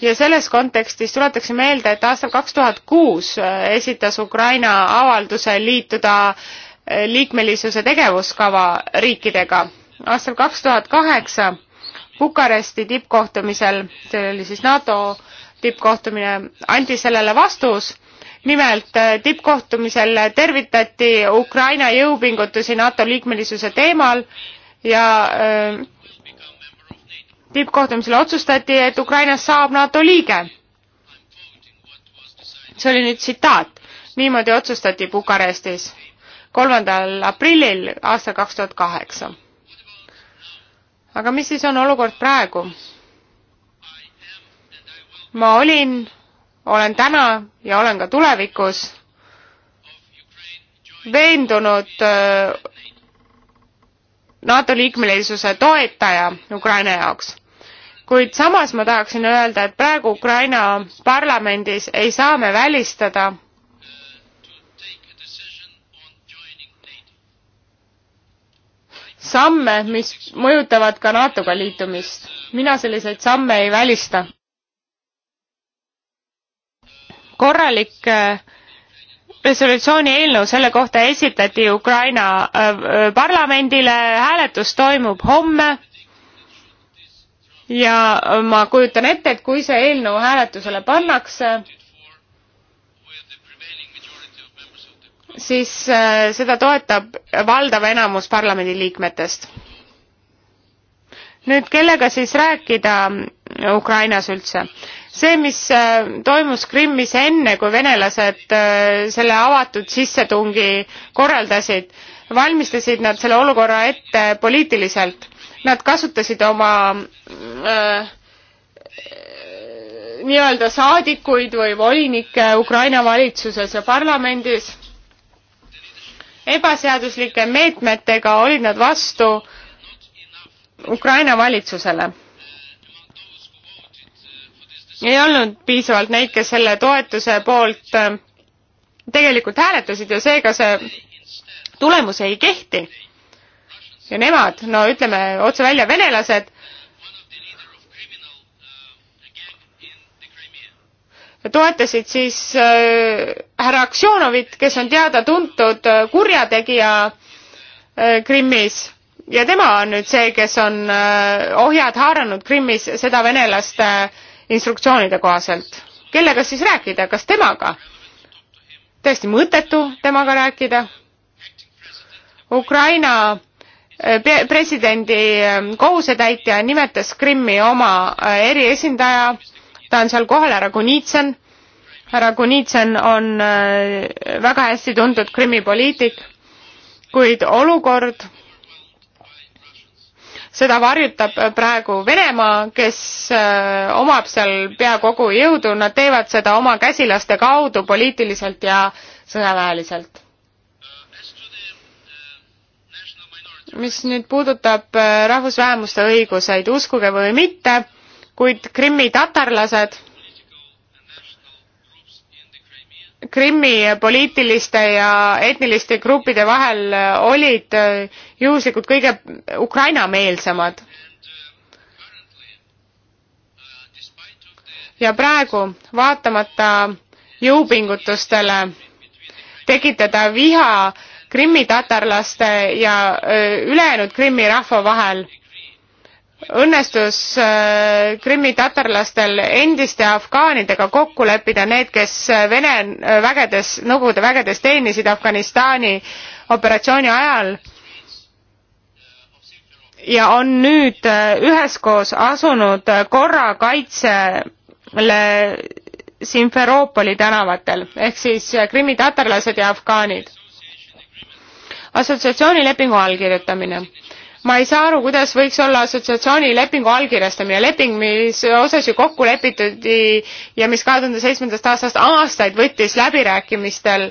ja selles kontekstis tuletaksin meelde, et aastal kaks tuhat kuus äh, esitas Ukraina avalduse liituda äh, liikmelisuse tegevuskava riikidega. aastal kaks tuhat kaheksa Bukaresti tippkohtumisel, see oli siis NATO tippkohtumine, anti sellele vastus nimelt äh, tippkohtumisel tervitati Ukraina jõupingutusi NATO liikmelisuse teemal ja äh, tippkohtumisel otsustati, et Ukrainast saab NATO liige. see oli nüüd tsitaat, niimoodi otsustati Bukarestis kolmandal aprillil aastal kaks tuhat kaheksa. aga mis siis on olukord praegu? ma olin olen täna ja olen ka tulevikus veendunud äh, NATO liikmelisuse toetaja Ukraina jaoks. kuid samas ma tahaksin öelda, et praegu Ukraina parlamendis ei saa me välistada samme, mis mõjutavad ka NATO-ga liitumist. mina selliseid samme ei välista korralik äh, resolutsiooni eelnõu selle kohta esitati Ukraina äh, äh, parlamendile, hääletus toimub homme ja ma kujutan ette, et kui see eelnõu hääletusele pannakse, siis seda toetab valdav enamus parlamendiliikmetest. nüüd kellega siis rääkida Ukrainas üldse? see, mis äh, toimus Krimmis enne, kui venelased äh, selle avatud sissetungi korraldasid, valmistasid nad selle olukorra ette poliitiliselt. Nad kasutasid oma äh, nii-öelda saadikuid või volinikke Ukraina valitsuses ja parlamendis. ebaseaduslike meetmetega olid nad vastu Ukraina valitsusele ei olnud piisavalt neid, kes selle toetuse poolt äh, tegelikult hääletasid ja seega see tulemus ei kehti. ja nemad, no ütleme otse välja, venelased, toetasid siis äh, härra äh, Aksjonovit, kes on teada-tuntud äh, kurjategija äh, Krimmis ja tema on nüüd see, kes on äh, ohjad haaranud Krimmis seda venelaste äh, instruktsioonide kohaselt. kellega siis rääkida, kas temaga? täiesti mõttetu temaga rääkida. Ukraina eh, presidendi eh, kohusetäitja nimetas Krimmi oma eh, eriesindaja, ta on seal kohal, härra Kunitsen. härra Kunitsen on väga hästi tuntud Krimmi poliitik, kuid olukord seda varjutab äh, praegu Venemaa, kes äh, omab seal pea kogu jõudu, nad teevad seda oma käsilaste kaudu poliitiliselt ja sõjaväeliselt. mis nüüd puudutab äh, rahvusvähemuste õiguseid, uskuge või mitte, kuid Krimmi tatarlased Krimmi poliitiliste ja etniliste gruppide vahel äh, olid äh, juhuslikult kõige Ukraina-meelsemad. ja praegu, vaatamata jõupingutustele tekitada viha Krimmi tatarlaste ja äh, ülejäänud Krimmi rahva vahel, õnnestus äh, Krimmi tatarlastel endiste afgaanidega kokku leppida, need, kes Vene äh, vägedes, Nõukogude vägedes teenisid Afganistani operatsiooni ajal ja on nüüd äh, üheskoos asunud korrakaitsele Simferoopoli tänavatel ehk siis Krimmi tatarlased ja afgaanid. assotsiatsioonilepingu allkirjutamine ma ei saa aru, kuidas võiks olla assotsiatsioonilepingu allkirjastamine, leping, mis osas ju kokku lepitati ja mis kahe tuhande seitsmendast aastast aastaid võttis läbirääkimistel,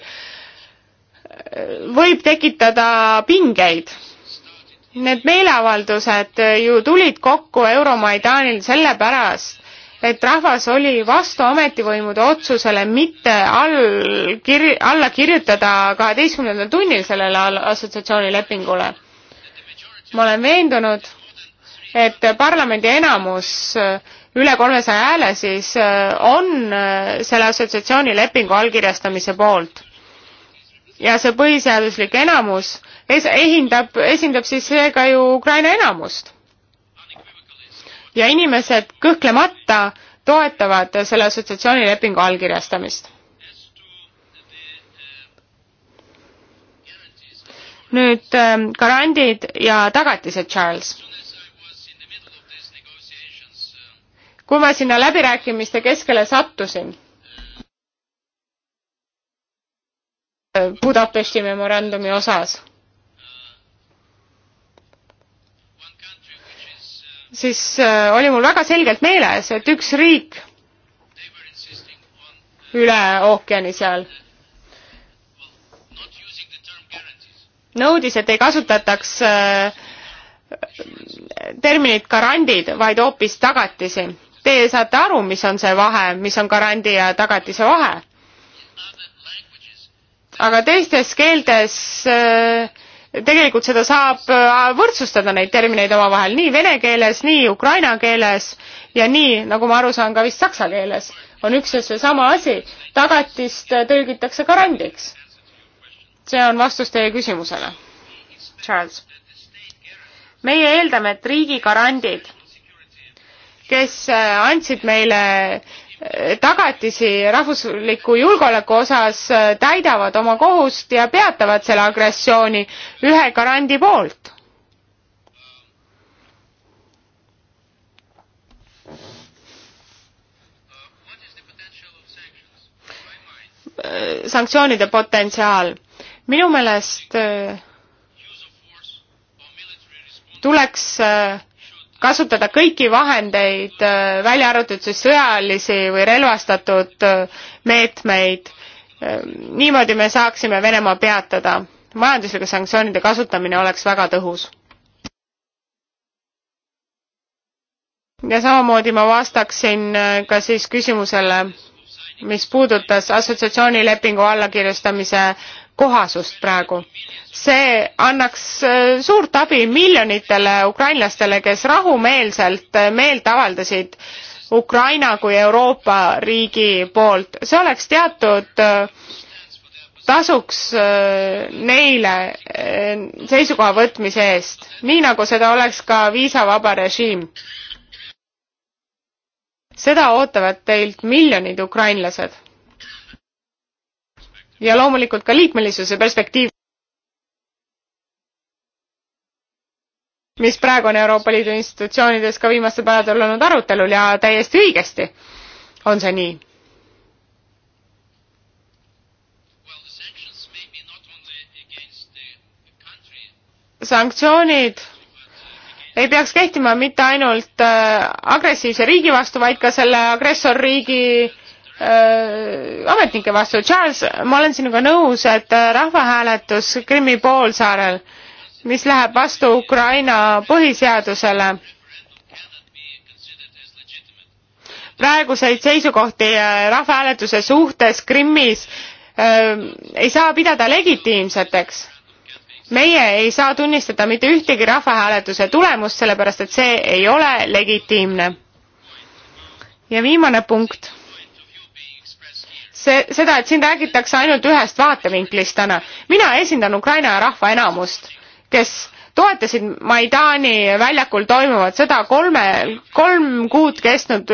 võib tekitada pingeid. Need meeleavaldused ju tulid kokku Euromaidanil sellepärast, et rahvas oli vastu ametivõimude otsusele mitte all, kir-, alla kirjutada kaheteistkümnendal tunnil sellele assotsiatsioonilepingule ma olen veendunud, et parlamendi enamus üle kolmesaja hääle siis äh, on äh, selle assotsiatsiooni lepingu allkirjastamise poolt. ja see põhiseaduslik enamus es-, esindab, esindab siis seega ju Ukraina enamust. ja inimesed kõhklemata toetavad selle assotsiatsiooni lepingu allkirjastamist nüüd ähm, garandid ja tagatised, Charles. kui ma sinna läbirääkimiste keskele sattusin, äh, Budapesti memorandumi osas, siis äh, oli mul väga selgelt meeles, et üks riik üle ookeani seal nõudis, et ei kasutataks äh, terminit garandid, vaid hoopis tagatisi. Teie saate aru, mis on see vahe, mis on garandi ja tagatise vahe? aga teistes keeltes äh, tegelikult seda saab äh, võrdsustada, neid termineid omavahel nii vene keeles, nii ukraina keeles ja nii, nagu ma aru saan, ka vist saksa keeles on üks ja seesama asi. tagatist tõlgitakse garandiks see on vastus teie küsimusele, Charles. meie eeldame, et riigigarandid, kes äh, andsid meile äh, tagatisi rahvusliku julgeoleku osas, äh, täidavad oma kohust ja peatavad selle agressiooni ühe garandi poolt sanktsioonide potentsiaal minu meelest äh, tuleks äh, kasutada kõiki vahendeid, äh, välja arvatud siis sõjalisi või relvastatud meetmeid. niimoodi me saaksime Venemaa peatada. majanduslike sanktsioonide kasutamine oleks väga tõhus. ja samamoodi ma vastaksin ka siis küsimusele, mis puudutas assotsiatsioonilepingu allakirjustamise kohasust praegu. see annaks äh, suurt abi miljonitele ukrainlastele, kes rahumeelselt äh, meelt avaldasid Ukraina kui Euroopa riigi poolt. see oleks teatud äh, tasuks neile seisukoha võtmise eest, nii nagu seda oleks ka viisavaba režiim. seda ootavad teilt miljonid ukrainlased ja loomulikult ka liikmelisuse perspektiiv, mis praegu on Euroopa Liidu institutsioonides ka viimastel päevadel olnud arutelul ja täiesti õigesti on see nii. sanktsioonid ei peaks kehtima mitte ainult äh, agressiivse riigi vastu, vaid ka selle agressorriigi äh, äh, ametnike vastu. Charles, ma olen sinuga nõus, et äh, rahvahääletus Krimmi poolsaarel, mis läheb vastu Ukraina põhiseadusele, praeguseid seisukohti äh, rahvahääletuse suhtes Krimmis äh, ei saa pidada legitiimseteks meie ei saa tunnistada mitte ühtegi rahvahääletuse tulemust, sellepärast et see ei ole legitiimne. ja viimane punkt see, seda, et siin räägitakse ainult ühest vaatevinklist täna. mina esindan Ukraina rahva enamust, kes toetasid Maidani väljakul toimuvat, seda kolme, kolm kuud kestnud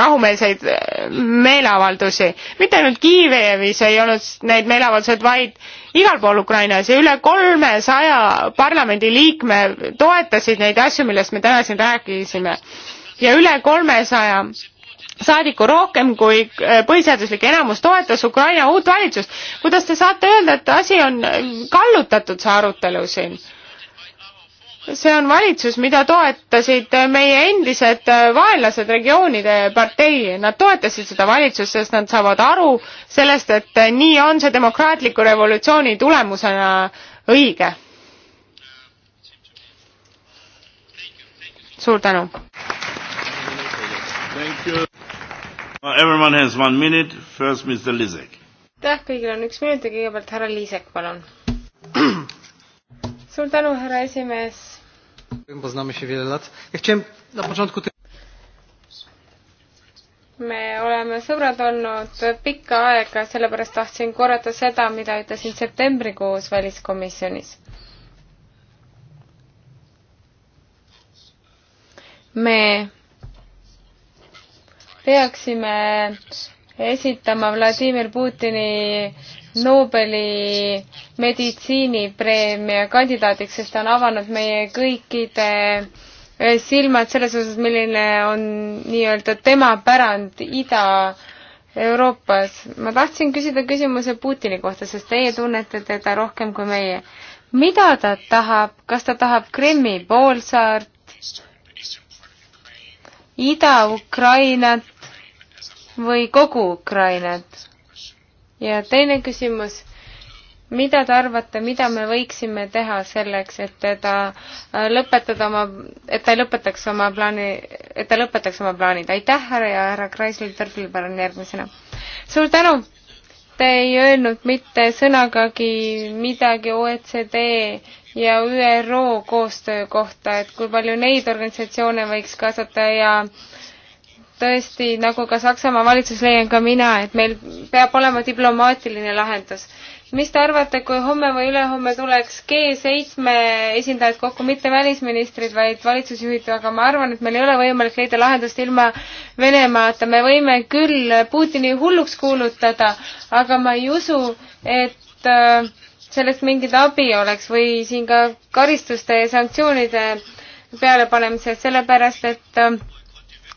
rahumeelseid meeleavaldusi. mitte ainult Kiievis ei olnud need meeleavaldused, vaid igal pool Ukrainas ja üle kolmesaja parlamendiliikme toetasid neid asju, millest me täna siin rääkisime. ja üle kolmesaja 300 saadiku rohkem kui äh, põhiseaduslik enamus toetas Ukraina uut valitsust. kuidas te saate öelda, et asi on äh, kallutatud, see arutelu siin? see on valitsus, mida toetasid äh, meie endised vaenlased regioonide partei. Nad toetasid seda valitsust, sest nad saavad aru sellest, et nii on see demokraatliku revolutsiooni tulemusena õige. suur tänu. Everyone has one minute, first Mr Lisek. aitäh, kõigil on üks minut ja kõigepealt härra Liisek, palun. suur tänu, härra esimees. me oleme sõbrad olnud pikka aega, sellepärast tahtsin korrata seda, mida ütlesin septembrikuus väliskomisjonis. me peaksime esitama Vladimir Putini Nobeli meditsiinipreemia kandidaadiks, sest ta on avanud meie kõikide eh, silmad selles osas, milline on nii-öelda tema pärand Ida-Euroopas. ma tahtsin küsida küsimuse Putini kohta, sest teie tunnete teda rohkem kui meie. mida ta tahab, kas ta tahab Krimmi poolsaart, Ida-Ukrainat, või kogu Ukrainat? ja teine küsimus, mida te arvate, mida me võiksime teha selleks, et teda äh, lõpetada oma, et ta ei lõpetaks oma plaani, et ta lõpetaks oma plaanid. aitäh, härra ja härra Kreisler-Törflibar on järgmisena. suur tänu! Te ei öelnud mitte sõnagagi midagi OECD ja ÜRO koostöö kohta, et kui palju neid organisatsioone võiks kaasata ja äh, tõesti, nagu ka Saksamaa valitsus, leian ka mina, et meil peab olema diplomaatiline lahendus. mis te arvate, kui homme või ülehomme tuleks G7 esindajad kokku, mitte välisministrid, vaid valitsusjuhid, aga ma arvan, et meil ei ole võimalik leida lahendust ilma Venemaata. me võime küll Putini hulluks kuulutada, aga ma ei usu, et äh, sellest mingit abi oleks või siin ka karistuste ja sanktsioonide pealepanemisest, sellepärast et äh,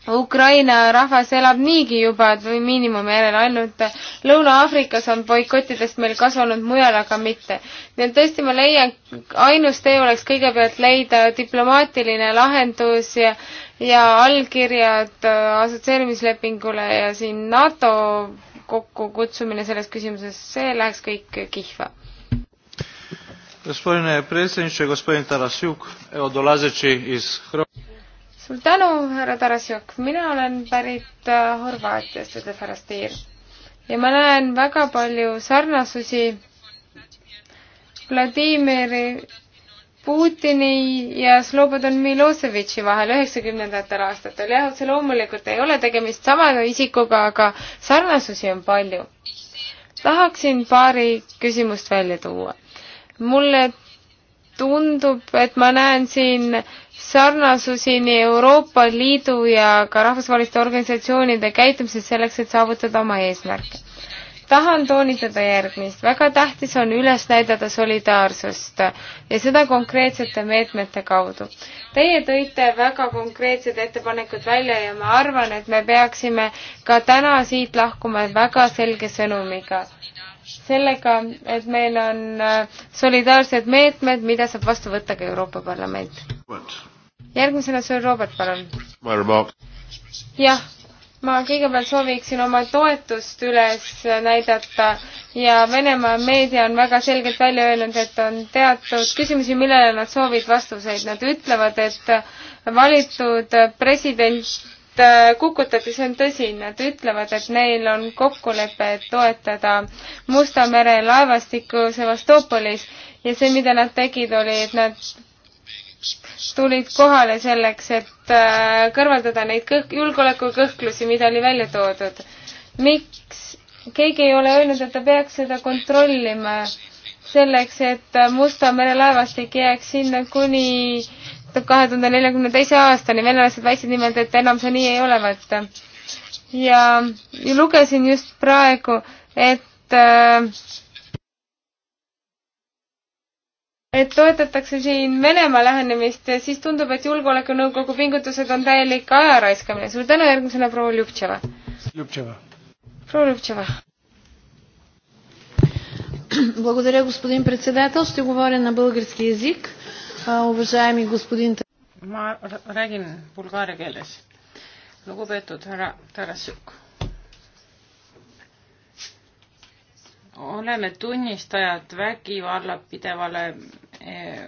Ukraina rahvas elab niigi juba või miinimumi järel, ainult Lõuna-Aafrikas on boikottidest meil kasvanud, mujal aga mitte. nii et tõesti ma leian, ainus tee oleks kõigepealt leida diplomaatiline lahendus ja ja allkirjad äh, assotsieerimislepingule ja siin NATO kokkukutsumine selles küsimuses, see läheks kõik kihva. Gospodine predsjedniče, gospodin Tarasjuk, evo dolazeći iz Hrvatske suur tänu, härra Tarasjok, mina olen pärit äh, Horvaatiast, ütleb härra Stier. ja ma näen väga palju sarnasusi Vladimiri Putini ja Slobodan Milosevici vahel üheksakümnendatel aastatel. jah, otse loomulikult ei ole tegemist sama isikuga, aga sarnasusi on palju. tahaksin paari küsimust välja tuua. mulle tundub, et ma näen siin sarnasusi nii Euroopa Liidu ja ka rahvusvaheliste organisatsioonide käitumises selleks, et saavutada oma eesmärke. tahan toonitada järgmist. väga tähtis on üles näidata solidaarsust ja seda konkreetsete meetmete kaudu. Teie tõite väga konkreetsed ettepanekud välja ja ma arvan, et me peaksime ka täna siit lahkuma väga selge sõnumiga sellega, et meil on solidaarsed meetmed, mida saab vastu võtta ka Euroopa Parlament järgmisena Sir Robert, palun. jah, ma kõigepealt sooviksin oma toetust üles näidata ja Venemaa meedia on väga selgelt välja öelnud, et on teatud küsimusi, millele nad soovid vastuseid. Nad ütlevad, et valitud president äh, kukutati, see on tõsi, nad ütlevad, et neil on kokkulepe, et toetada Musta mere laevastikku Sevastoopolis ja see, mida nad tegid, oli, et nad tulid kohale selleks, et äh, kõrvaldada neid kõh-, julgeolekukõhklusi, mida oli välja toodud. miks? keegi ei ole öelnud, et ta peaks seda kontrollima selleks, et Musta mere laevastik jääks sinna kuni kahe tuhande neljakümne teise aastani. venelased väitsid nimelt, et enam see nii ei olevat. ja, ja lugesin just praegu, et äh, et toetatakse siin Venemaa lähenemist, siis tundub, et Julgeolekunõukogu pingutused on täielik aja raiskamine. suur tänu, järgmisena proua Ljubtševa. Ljubtševa. proua Ljubtševa. Благодаря, господин председател. Ще говоря на български язик. Уважаеми господин... Ma räägin bulgaaria keeles. Lugupeetud härra Tarasjuk. oleme tunnistajad vägivalla pidevale eh,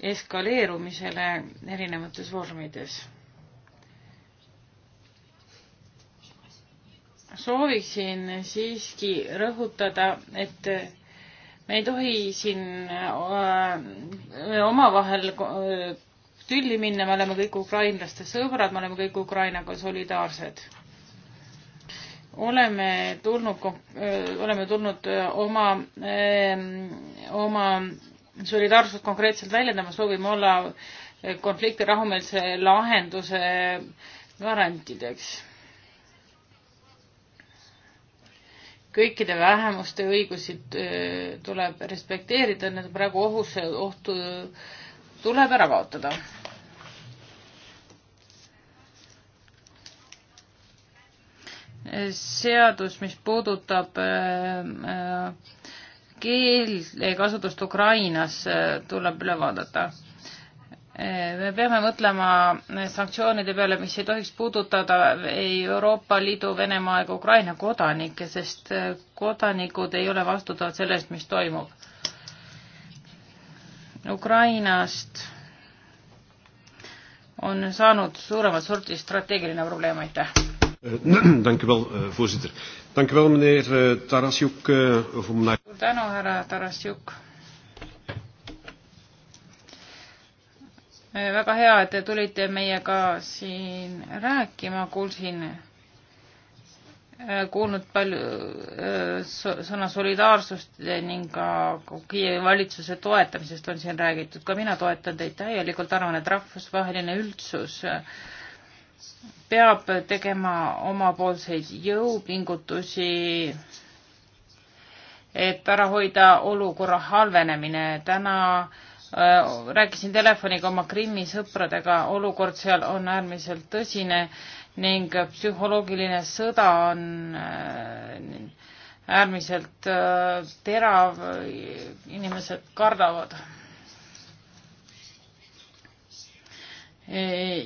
eskaleerumisele erinevates vormides. sooviksin siiski rõhutada, et me ei tohi siin äh, omavahel äh, tülli minna, me oleme kõik ukrainlaste sõbrad, me oleme kõik Ukrainaga solidaarsed oleme tulnud, oleme tulnud oma, oma solidaarsust konkreetselt väljendama, soovime olla konflikti rahumeelse lahenduse garantideks. kõikide vähemuste õigusi tuleb respekteerida, need on praegu ohus, ohtu tuleb ära kaotada. seadus, mis puudutab äh, äh, keelekasutust Ukrainas, äh, tuleb üle vaadata. me peame mõtlema sanktsioonide peale, mis ei tohiks puudutada ei Euroopa Liidu, Venemaa ega Ukraina kodanikke, sest kodanikud ei ole vastutavad selle eest, mis toimub. Ukrainast on saanud suuremat sorti strateegiline probleem, aitäh! Eh, dank u wel, eh, voorzitter. Dank u wel, meneer eh, Tarasjuk. Suur tänu, härra Tarasjuk. väga hea, et te tulite meiega siin rääkima, kuulsin, kuulnud palju sõna solidaarsust ning ka Kiievi valitsuse toetamisest on siin räägitud. ka mina toetan teid täielikult, arvan, et rahvusvaheline üldsus peab tegema omapoolseid jõupingutusi, et ära hoida olukorra halvenemine. täna äh, rääkisin telefoniga oma Krimmi sõpradega, olukord seal on äärmiselt tõsine ning psühholoogiline sõda on äh, äärmiselt äh, terav, inimesed kardavad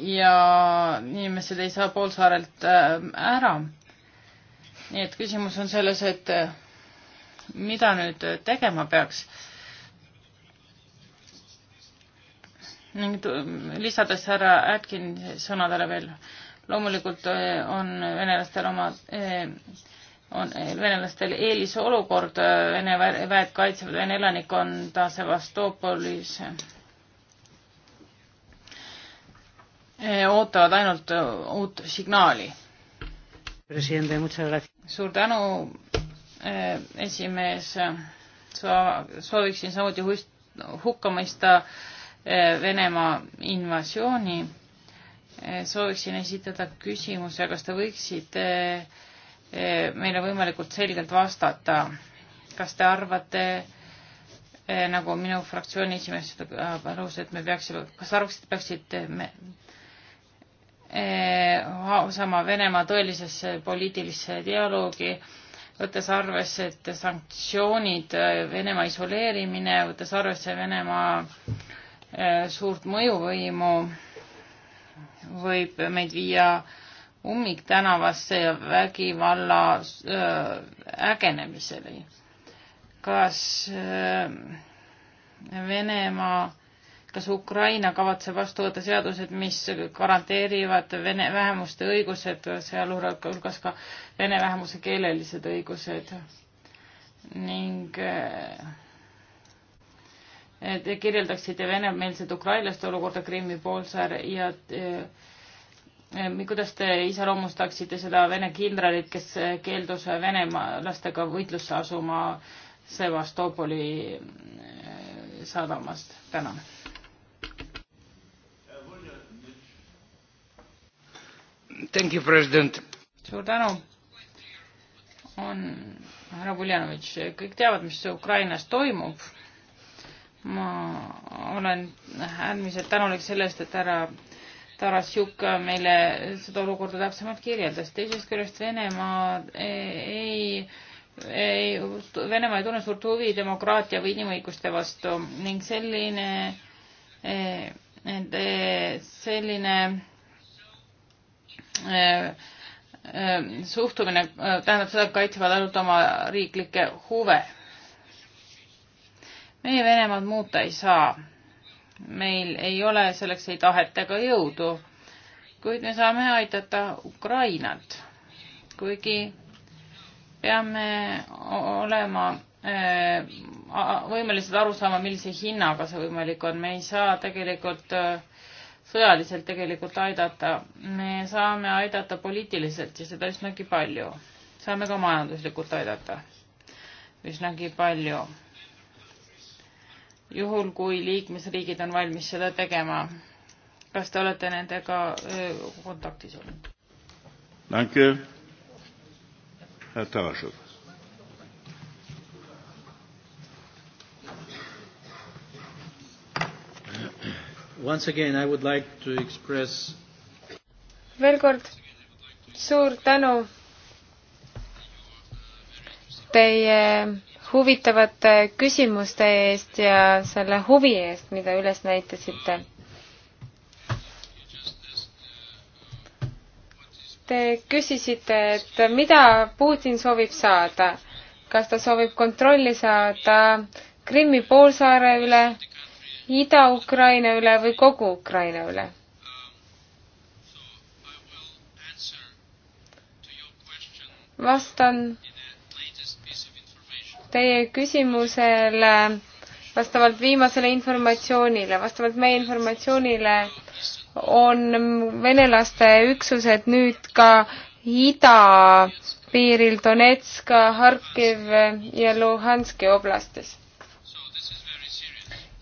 ja inimesed ei saa poolsaarelt äh, ära. nii et küsimus on selles, et äh, mida nüüd tegema peaks. ning lisades härra Atkin'i sõnadele veel, loomulikult äh, on venelastel oma on venelastel eelisolukord, Vene väed kaitsevad Vene elanikkonda Sevastoopolis Eh, ootavad ainult eh, uut signaali. suur tänu, eh, esimees. sooviksin samuti hukka mõista Venemaa invasiooni. sooviksin esitada küsimuse, kas te võiksite meile võimalikult selgelt vastata. kas te arvate, nagu minu fraktsiooni esimees seda palus, et me peaksime, kas arvaksite, peaksite me osama eh, Venemaa tõelisesse poliitilisse dialoogi, võttes arvesse, et sanktsioonid, eh, Venemaa isoleerimine, võttes arvesse Venemaa eh, suurt mõjuvõimu, võib meid viia ummiktänavasse ja vägivalla ägenemiseni. kas Venemaa kas Ukraina kavatseb vastu võtta seadused, mis garanteerivad vene vähemuste õigused, sealhulgas ka vene vähemuse keelelised õigused ning eh, te kirjeldaksite venemeelset ukrainlaste olukorda Krimmi poolsaare ja eh, eh, kuidas te iseloomustaksite seda vene kindralit, kes keeldus venemaalastega võitlusse asuma Sevastopoli sadamast? tänan suur tänu. on härra Uljanovitš, kõik teavad, mis Ukrainas toimub. ma olen äärmiselt tänulik selle eest, et härra Tarasjuk meile seda olukorda täpsemalt kirjeldas. teisest küljest Venemaa ei, ei, Venemaa ei tunne suurt huvi demokraatia või inimõiguste vastu ning selline, eh, selline suhtumine tähendab seda, et kaitsevad ainult oma riiklikke huve. meie Venemaad muuta ei saa. meil ei ole selleks ei tahet ega jõudu. kuid me saame aidata Ukrainat. kuigi peame olema eh, võimelised aru saama, millise hinnaga see võimalik on. me ei saa tegelikult öö, eh, sõjaliselt tegelikult aidata, me saame aidata poliitiliselt ja seda üsnagi palju. saame ka majanduslikult aidata üsnagi palju. juhul, kui liikmesriigid on valmis seda tegema. kas te olete nendega kontaktis olnud? Danke, härra Tavašov. Once again I would like to express veel kord suur tänu teie huvitavate küsimuste eest ja selle huvi eest, mida üles näitasite. Te küsisite, et mida Putin soovib saada, kas ta soovib kontrolli saada Krimmi poolsaare üle Ida-Ukraina üle või kogu Ukraina üle? vastan teie küsimusele vastavalt viimasele informatsioonile, vastavalt meie informatsioonile on venelaste üksused nüüd ka idapiiril Donetska, Harkiv ja Luhanski oblastis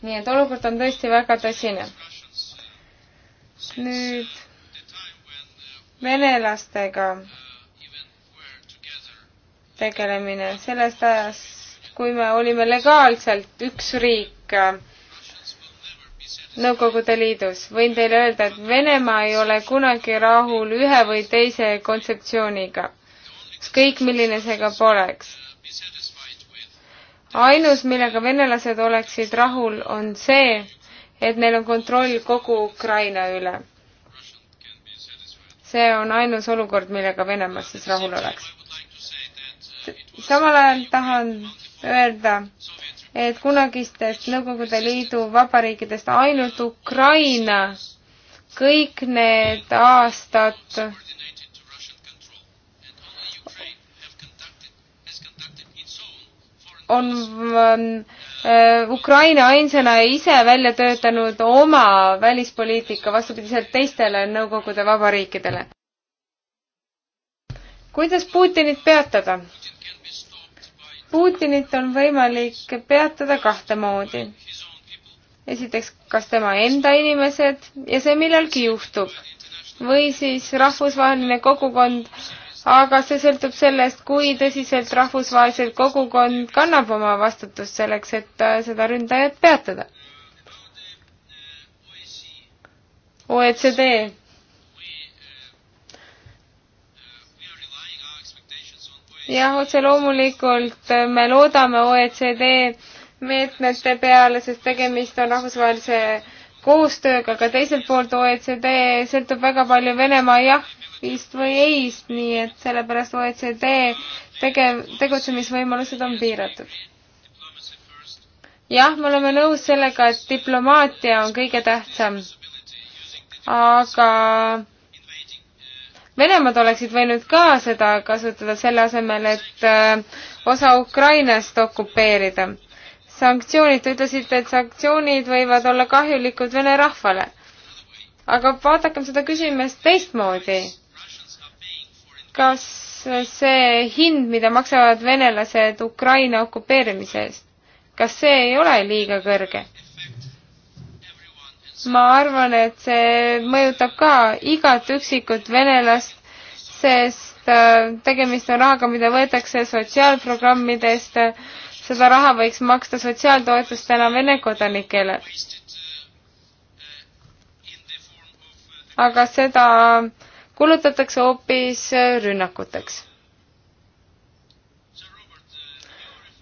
nii et olukord on tõesti väga tõsine. nüüd venelastega tegelemine sellest ajast, kui me olime legaalselt üks riik Nõukogude Liidus. võin teile öelda, et Venemaa ei ole kunagi rahul ühe või teise kontseptsiooniga, ükskõik milline see ka poleks ainus, millega venelased oleksid rahul, on see, et neil on kontroll kogu Ukraina üle. see on ainus olukord, millega Venemaa siis rahul oleks. samal ajal tahan öelda, et kunagistest Nõukogude Liidu vabariikidest ainult Ukraina kõik need aastad on äh, Ukraina ainsana ise välja töötanud oma välispoliitika, vastupidiselt teistele Nõukogude vabariikidele. kuidas Putinit peatada? Putinit on võimalik peatada kahte moodi. esiteks, kas tema enda inimesed ja see millalgi juhtub või siis rahvusvaheline kogukond aga see sõltub sellest, kui tõsiselt rahvusvaheliselt kogukond kannab oma vastutust selleks, et äh, seda ründajat peatada. OECD. jah, otse loomulikult äh, me loodame OECD meetmete peale, sest tegemist on rahvusvahelise koostööga, aga teiselt poolt OECD sõltub väga palju Venemaa jah vist või ei-st, nii et sellepärast OECD tegev, tegutsemisvõimalused on piiratud. jah, me oleme nõus sellega, et diplomaatia on kõige tähtsam, aga Venemaad oleksid võinud ka seda kasutada selle asemel, et äh, osa Ukrainast okupeerida. sanktsioonid, te ütlesite, et sanktsioonid võivad olla kahjulikud Vene rahvale. aga vaadakem seda küsimust teistmoodi kas see hind, mida maksavad venelased Ukraina okupeerimise eest, kas see ei ole liiga kõrge? ma arvan, et see mõjutab ka igat üksikut venelast, sest äh, tegemist on rahaga, mida võetakse sotsiaalprogrammidest, seda raha võiks maksta sotsiaaltoetustena Vene kodanikele. aga seda äh, kulutatakse hoopis äh, rünnakuteks.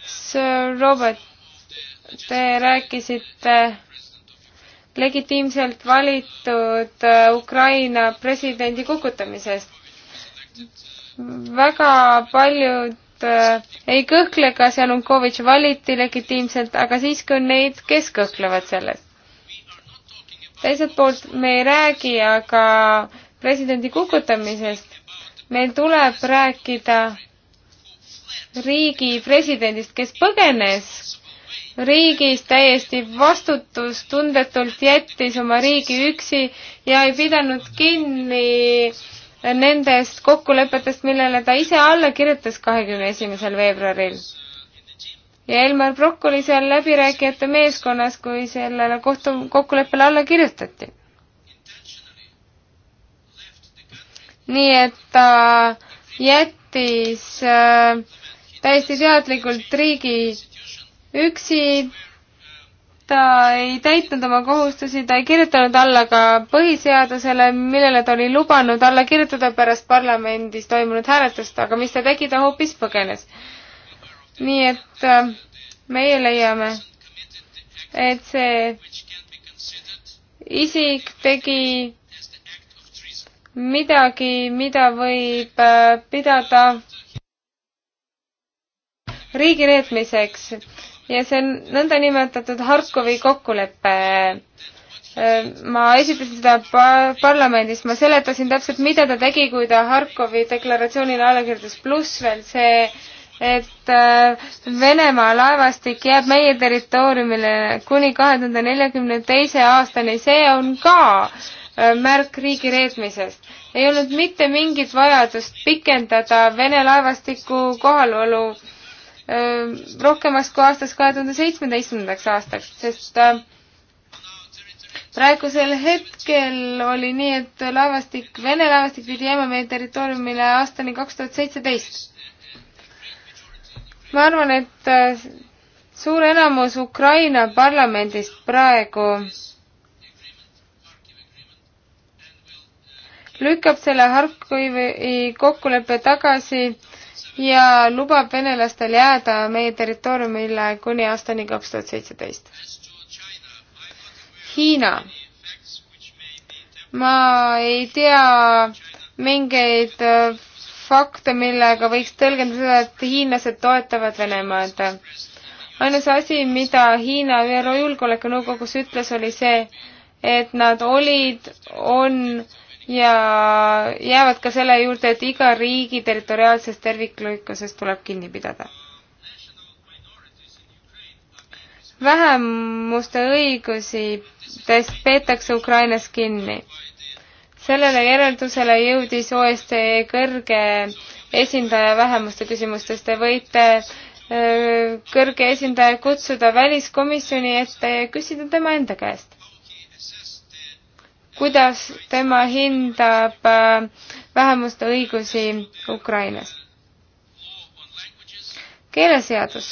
Sir Robert, te rääkisite legitiimselt valitud äh, Ukraina presidendi kukutamisest. väga paljud äh, ei kõhkle, kas Janukovitš valiti legitiimselt, aga siiski on neid, kes kõhklevad selles. teiselt poolt me ei räägi aga presidendi kukutamisest. meil tuleb rääkida riigi presidendist, kes põgenes riigis täiesti vastutustundetult jättis oma riigi üksi ja ei pidanud kinni nendest kokkulepetest, millele ta ise alla kirjutas kahekümne esimesel veebruaril. ja Elmar Brokk oli seal läbirääkijate meeskonnas, kui sellele kohtu, kokkuleppele alla kirjutati nii et ta jättis äh, täiesti teadlikult riigi üksi, ta ei täitnud oma kohustusi, ta ei kirjutanud alla ka põhiseadusele, millele ta oli lubanud alla kirjutada pärast parlamendis toimunud hääletust, aga mis ta tegi, ta hoopis põgenes. nii et äh, meie leiame, et see isik tegi midagi, mida võib äh, pidada riigireetmiseks ja see on nõndanimetatud Harkovi kokkulepe. Äh, ma esitasin seda par parlamendis, ma seletasin täpselt, mida ta tegi, kui ta Harkovi deklaratsioonile alla kirjutas, pluss veel see, et äh, Venemaa laevastik jääb meie territooriumile kuni kahe tuhande neljakümne teise aastani, see on ka äh, Äh, märk riigireetmisest. ei olnud mitte mingit vajadust pikendada Vene laevastiku kohalolu äh, rohkemaks kui aastast kahe tuhande seitsmeteistkümnendaks aastaks, sest äh, praegusel hetkel oli nii, et laevastik, Vene laevastik pidi jääma meie territooriumile aastani kaks tuhat seitseteist. ma arvan, et suur enamus Ukraina parlamendist praegu lükkab selle Harkivi kokkuleppe tagasi ja lubab venelastel jääda meie territooriumile kuni aastani kaks tuhat seitseteist. Hiina. ma ei tea mingeid äh, fakte, millega võiks tõlgendada, et hiinlased toetavad Venemaad. ainus asi, mida Hiina ÜRO Julgeolekunõukogus ütles, oli see, et nad olid, on ja jäävad ka selle juurde, et iga riigi territoriaalsest terviklikkusest tuleb kinni pidada. vähemuste õigusitest peetakse Ukrainas kinni. sellele järeldusele jõudis OSCE kõrge esindaja vähemuste küsimustes. Te võite kõrge esindaja kutsuda väliskomisjoni ette ja küsida tema enda käest kuidas tema hindab äh, vähemuste õigusi Ukrainas. keeleseadus.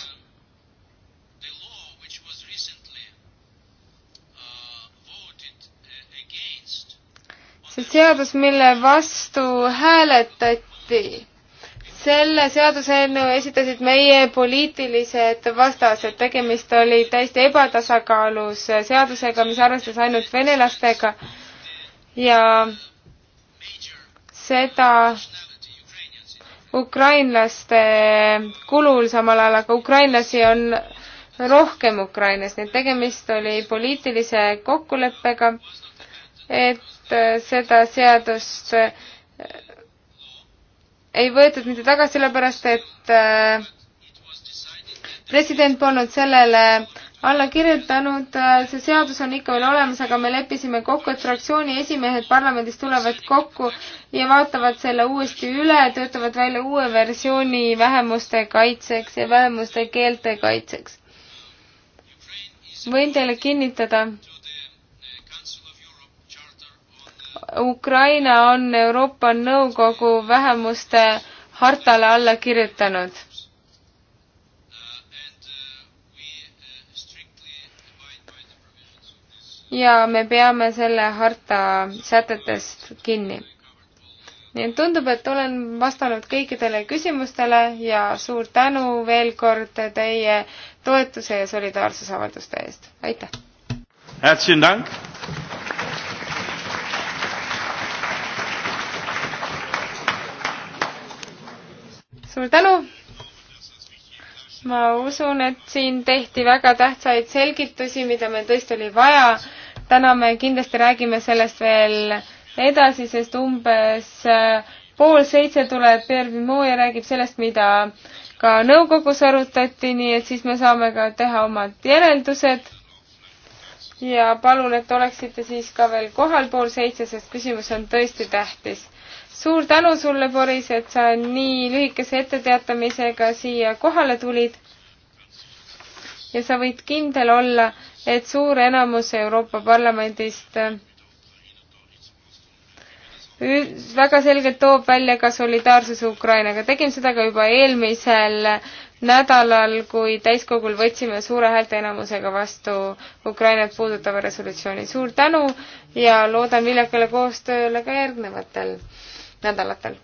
see seadus, mille vastu hääletati, selle seaduseelnõu esitasid meie poliitilised vastased, tegemist oli täiesti ebatasakaalus seadusega, mis arvestas ainult venelastega ja seda ukrainlaste kulul, samal ajal aga ukrainlasi on rohkem Ukrainas, nii et tegemist oli poliitilise kokkuleppega, et seda seadust ei võetud mitte tagasi, sellepärast et äh, president polnud sellele alla kirjutanud, äh, see seadus on ikka veel olemas, aga me leppisime kokku, et fraktsiooni esimehed parlamendis tulevad kokku ja vaatavad selle uuesti üle, töötavad välja uue versiooni vähemuste kaitseks ja vähemuste keelte kaitseks. võin teile kinnitada, Ukraina on Euroopa Nõukogu vähemuste hartale alla kirjutanud ja me peame selle harta sätetest kinni. nii et tundub, et olen vastanud kõikidele küsimustele ja suur tänu veel kord teie toetuse ja solidaarsusavalduste eest, aitäh! suur tänu! ma usun, et siin tehti väga tähtsaid selgitusi, mida meil tõesti oli vaja täna me kindlasti räägime sellest veel edasi, sest umbes äh, pool seitse tuleb Pierre Vimont ja räägib sellest, mida ka nõukogus arutati, nii et siis me saame ka teha omad järeldused. ja palun, et oleksite siis ka veel kohal pool seitse, sest küsimus on tõesti tähtis. suur tänu sulle, Boris, et sa nii lühikese etteteatamisega siia kohale tulid. ja sa võid kindel olla, et suur enamus Euroopa Parlamendist väga selgelt toob välja ka solidaarsuse Ukrainaga. tegin seda ka juba eelmisel nädalal, kui täiskogul võtsime suure häälteenamusega vastu Ukrainat puudutava resolutsiooni. suur tänu ja loodan viljakale koostööle ka järgnevatel nädalatel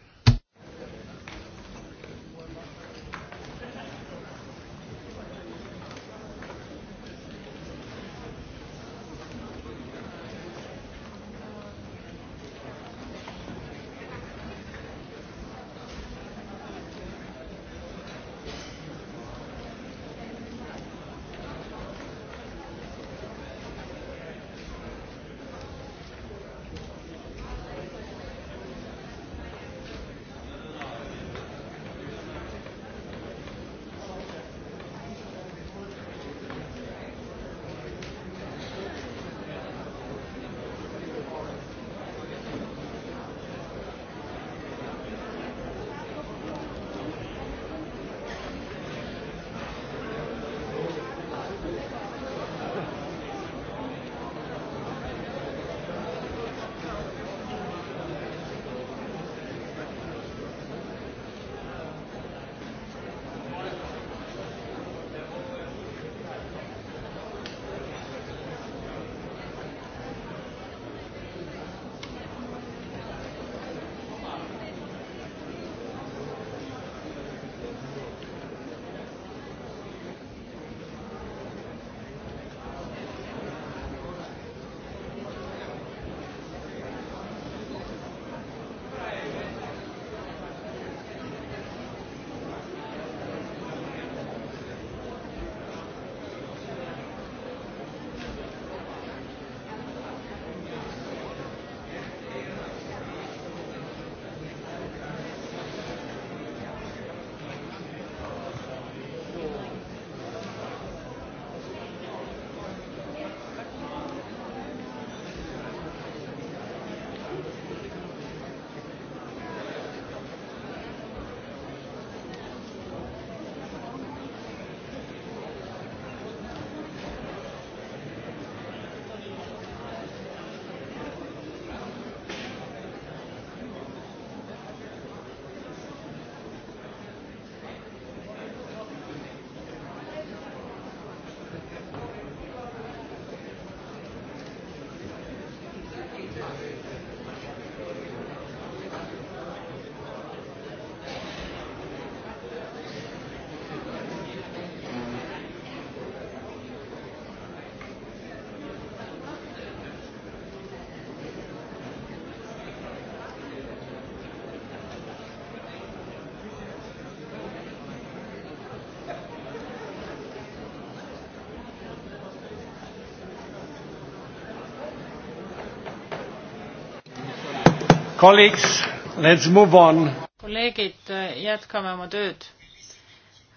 kolleegid, jätkame oma tööd.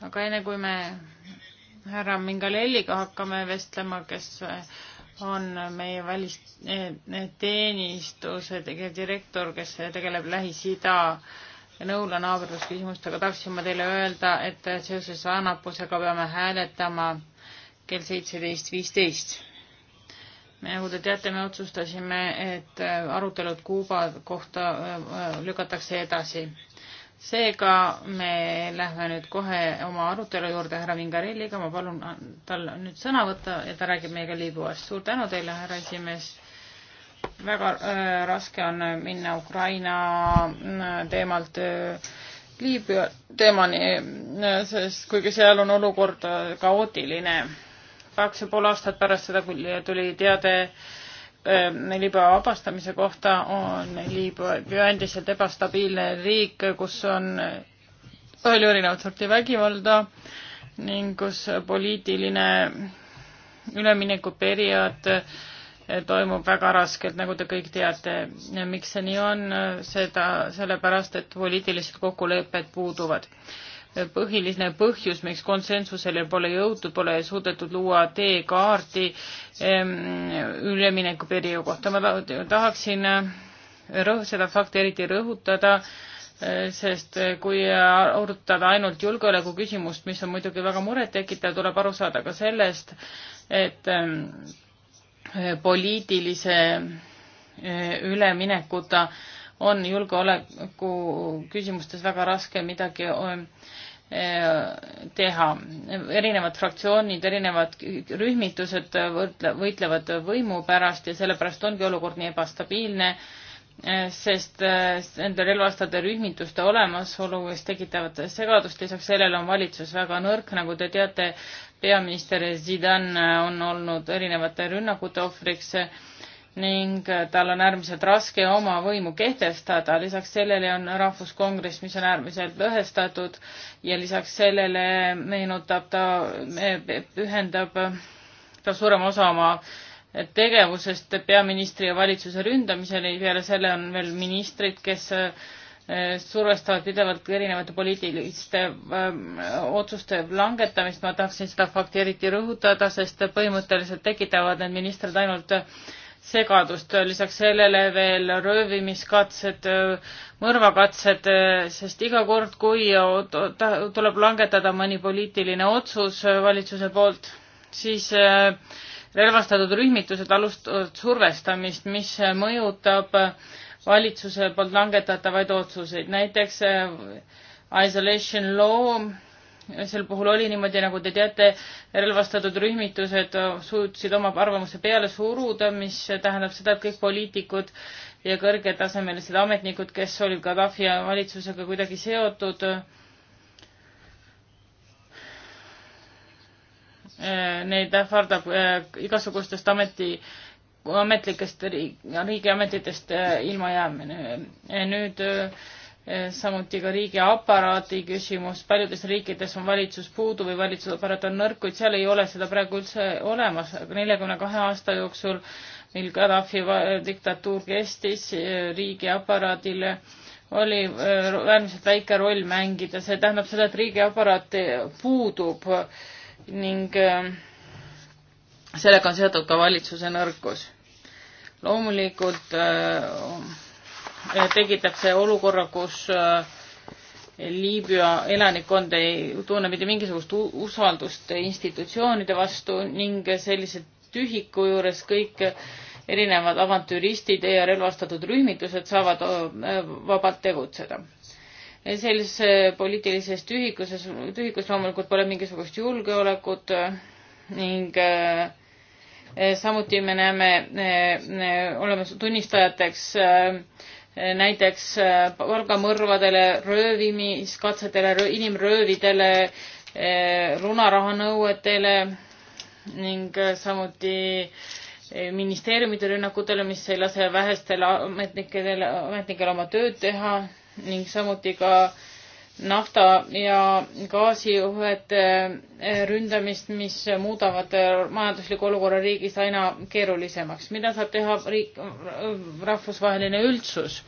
aga enne kui me härra Mingalelliga hakkame vestlema, kes on meie välisteenistuse eh, tegevdirektor, kes tegeleb Lähis-Ida ja nõulanaaberlusküsimustega, tahtsin ma teile öelda, et seoses annapusega peame hääletama kell seitseteist viisteist nagu te teate, me otsustasime, et äh, arutelud Kuuba kohta äh, äh, lükatakse edasi. seega me lähme nüüd kohe oma arutelu juurde härra Vingarelliga, ma palun tal nüüd sõna võtta ja ta räägib meiega Liibüast. suur tänu teile, härra esimees. väga äh, raske on minna Ukraina teemalt äh, Liibüa teemani, sest kuigi seal on olukord kaootiline äh, kaks ja pool aastat pärast seda, kui tuli teade ähm, Liibüa vabastamise kohta, on Liibüa endiselt ebastabiilne riik, kus on palju erinevat sorti vägivalda ning kus poliitiline üleminekuperiood äh, toimub väga raskelt, nagu te kõik teate. miks see nii on, seda sellepärast, et poliitilised kokkulepped puuduvad põhiline põhjus, miks konsensusele pole jõutud, pole suudetud luua teekaarti ehm, üleminekuperioodi kohta. ma tahaksin äh, rõh-, seda fakti eriti rõhutada, äh, sest äh, kui arutada ainult julgeoleku küsimust, mis on muidugi väga murettekitav, tuleb aru saada ka sellest, et ehm, poliitilise üleminekuta on julgeoleku küsimustes väga raske midagi ehm, teha. erinevad fraktsioonid, erinevad rühmitused võitlevad võimu pärast ja sellepärast ongi olukord nii ebastabiilne, sest nende relvastada rühmituste olemasolu, kes tekitavad segadust, lisaks sellele on valitsus väga nõrk, nagu te teate, peaminister Zidane on olnud erinevate rünnakute ohvriks ning tal on äärmiselt raske oma võimu kehtestada, lisaks sellele on Rahvuskongress, mis on äärmiselt lõhestatud ja lisaks sellele meenutab ta, pühendab ta suurema osa oma tegevusest peaministri ja valitsuse ründamisele, peale selle on veel ministrid, kes eh, survestavad pidevalt erinevate poliitiliste eh, otsuste langetamist, ma tahaksin seda fakti eriti rõhutada, sest põhimõtteliselt tekitavad need ministrid ainult öö, eh, segadust, lisaks sellele veel röövimiskatsed, mõrvakatsed, sest iga kord, kui tuleb langetada mõni poliitiline otsus valitsuse poolt, siis äh, relvastatud rühmitused alustavad survestamist, mis mõjutab valitsuse poolt langetatavaid otsuseid, näiteks äh, isolation law sel puhul oli niimoodi, nagu te teate, relvastatud rühmitused suutsid oma arvamuse peale suruda, mis tähendab seda, et kõik poliitikud ja kõrgetasemelised ametnikud, kes olid Gaddafi valitsusega kuidagi seotud, neid ähvardab äh, igasugustest ameti, ametlikest riigi, riigiametitest äh, ilmajäämine. nüüd äh, Eh, samuti ka riigiaparaadi küsimus, paljudes riikides on valitsus puudu või valitsusaparaat on nõrk, kuid seal ei ole seda praegu üldse olemas, aga neljakümne kahe aasta jooksul, mil Gaddafi eh, diktatuur kestis, eh, riigiaparaadile oli äärmiselt väike roll mängida, see tähendab seda, et riigiaparaat puudub ning sellega on seotud ka valitsuse nõrkus. loomulikult Eh, tekitakse olukorra, kus eh, Liibüa elanikkond ei tunne mitte mingisugust usaldust institutsioonide vastu ning sellise tühiku juures kõik erinevad avantüristid ja relvastatud rühmitused saavad eh, vabalt tegutseda. sellises poliitilises tühikuses, tühikus loomulikult pole mingisugust julgeolekut ning samuti me näeme, oleme tunnistajateks näiteks palgamõrvadele, äh, röövimiskatsetele, inimröövidele, lunarahanõuetele äh, ning äh, samuti ministeeriumide rünnakutele, mis ei lase vähestel ametnikel, ametnikel oma tööd teha ning samuti ka äh, nafta ja gaasijuhete eh, ründamist, mis muudavad eh, majandusliku olukorra riigis aina keerulisemaks. mida saab teha riik, eh, rahvusvaheline üldsus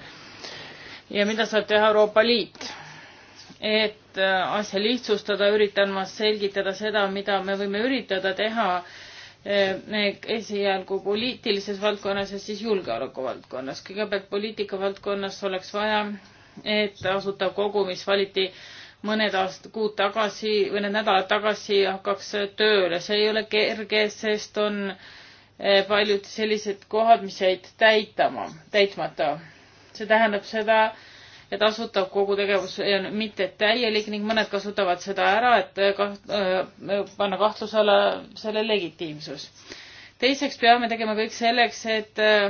ja mida saab teha Euroopa Liit? et asja lihtsustada, üritan ma selgitada seda, mida me võime üritada teha esialgu poliitilises valdkonnas ja siis julgeoleku valdkonnas. kõigepealt poliitika valdkonnas oleks vaja et Asutav Kogu, mis valiti mõned aastad, kuud tagasi või need nädalad tagasi hakkaks tööle. see ei ole kerge, sest on eh, paljud sellised kohad, mis jäid täitama, täitmata. see tähendab seda, et Asutav Kogu tegevus ei ole mitte täielik ning mõned kasutavad seda ära, et eh, kaht, äh, panna kahtluse alla selle legitiimsus. teiseks peame tegema kõik selleks, et äh,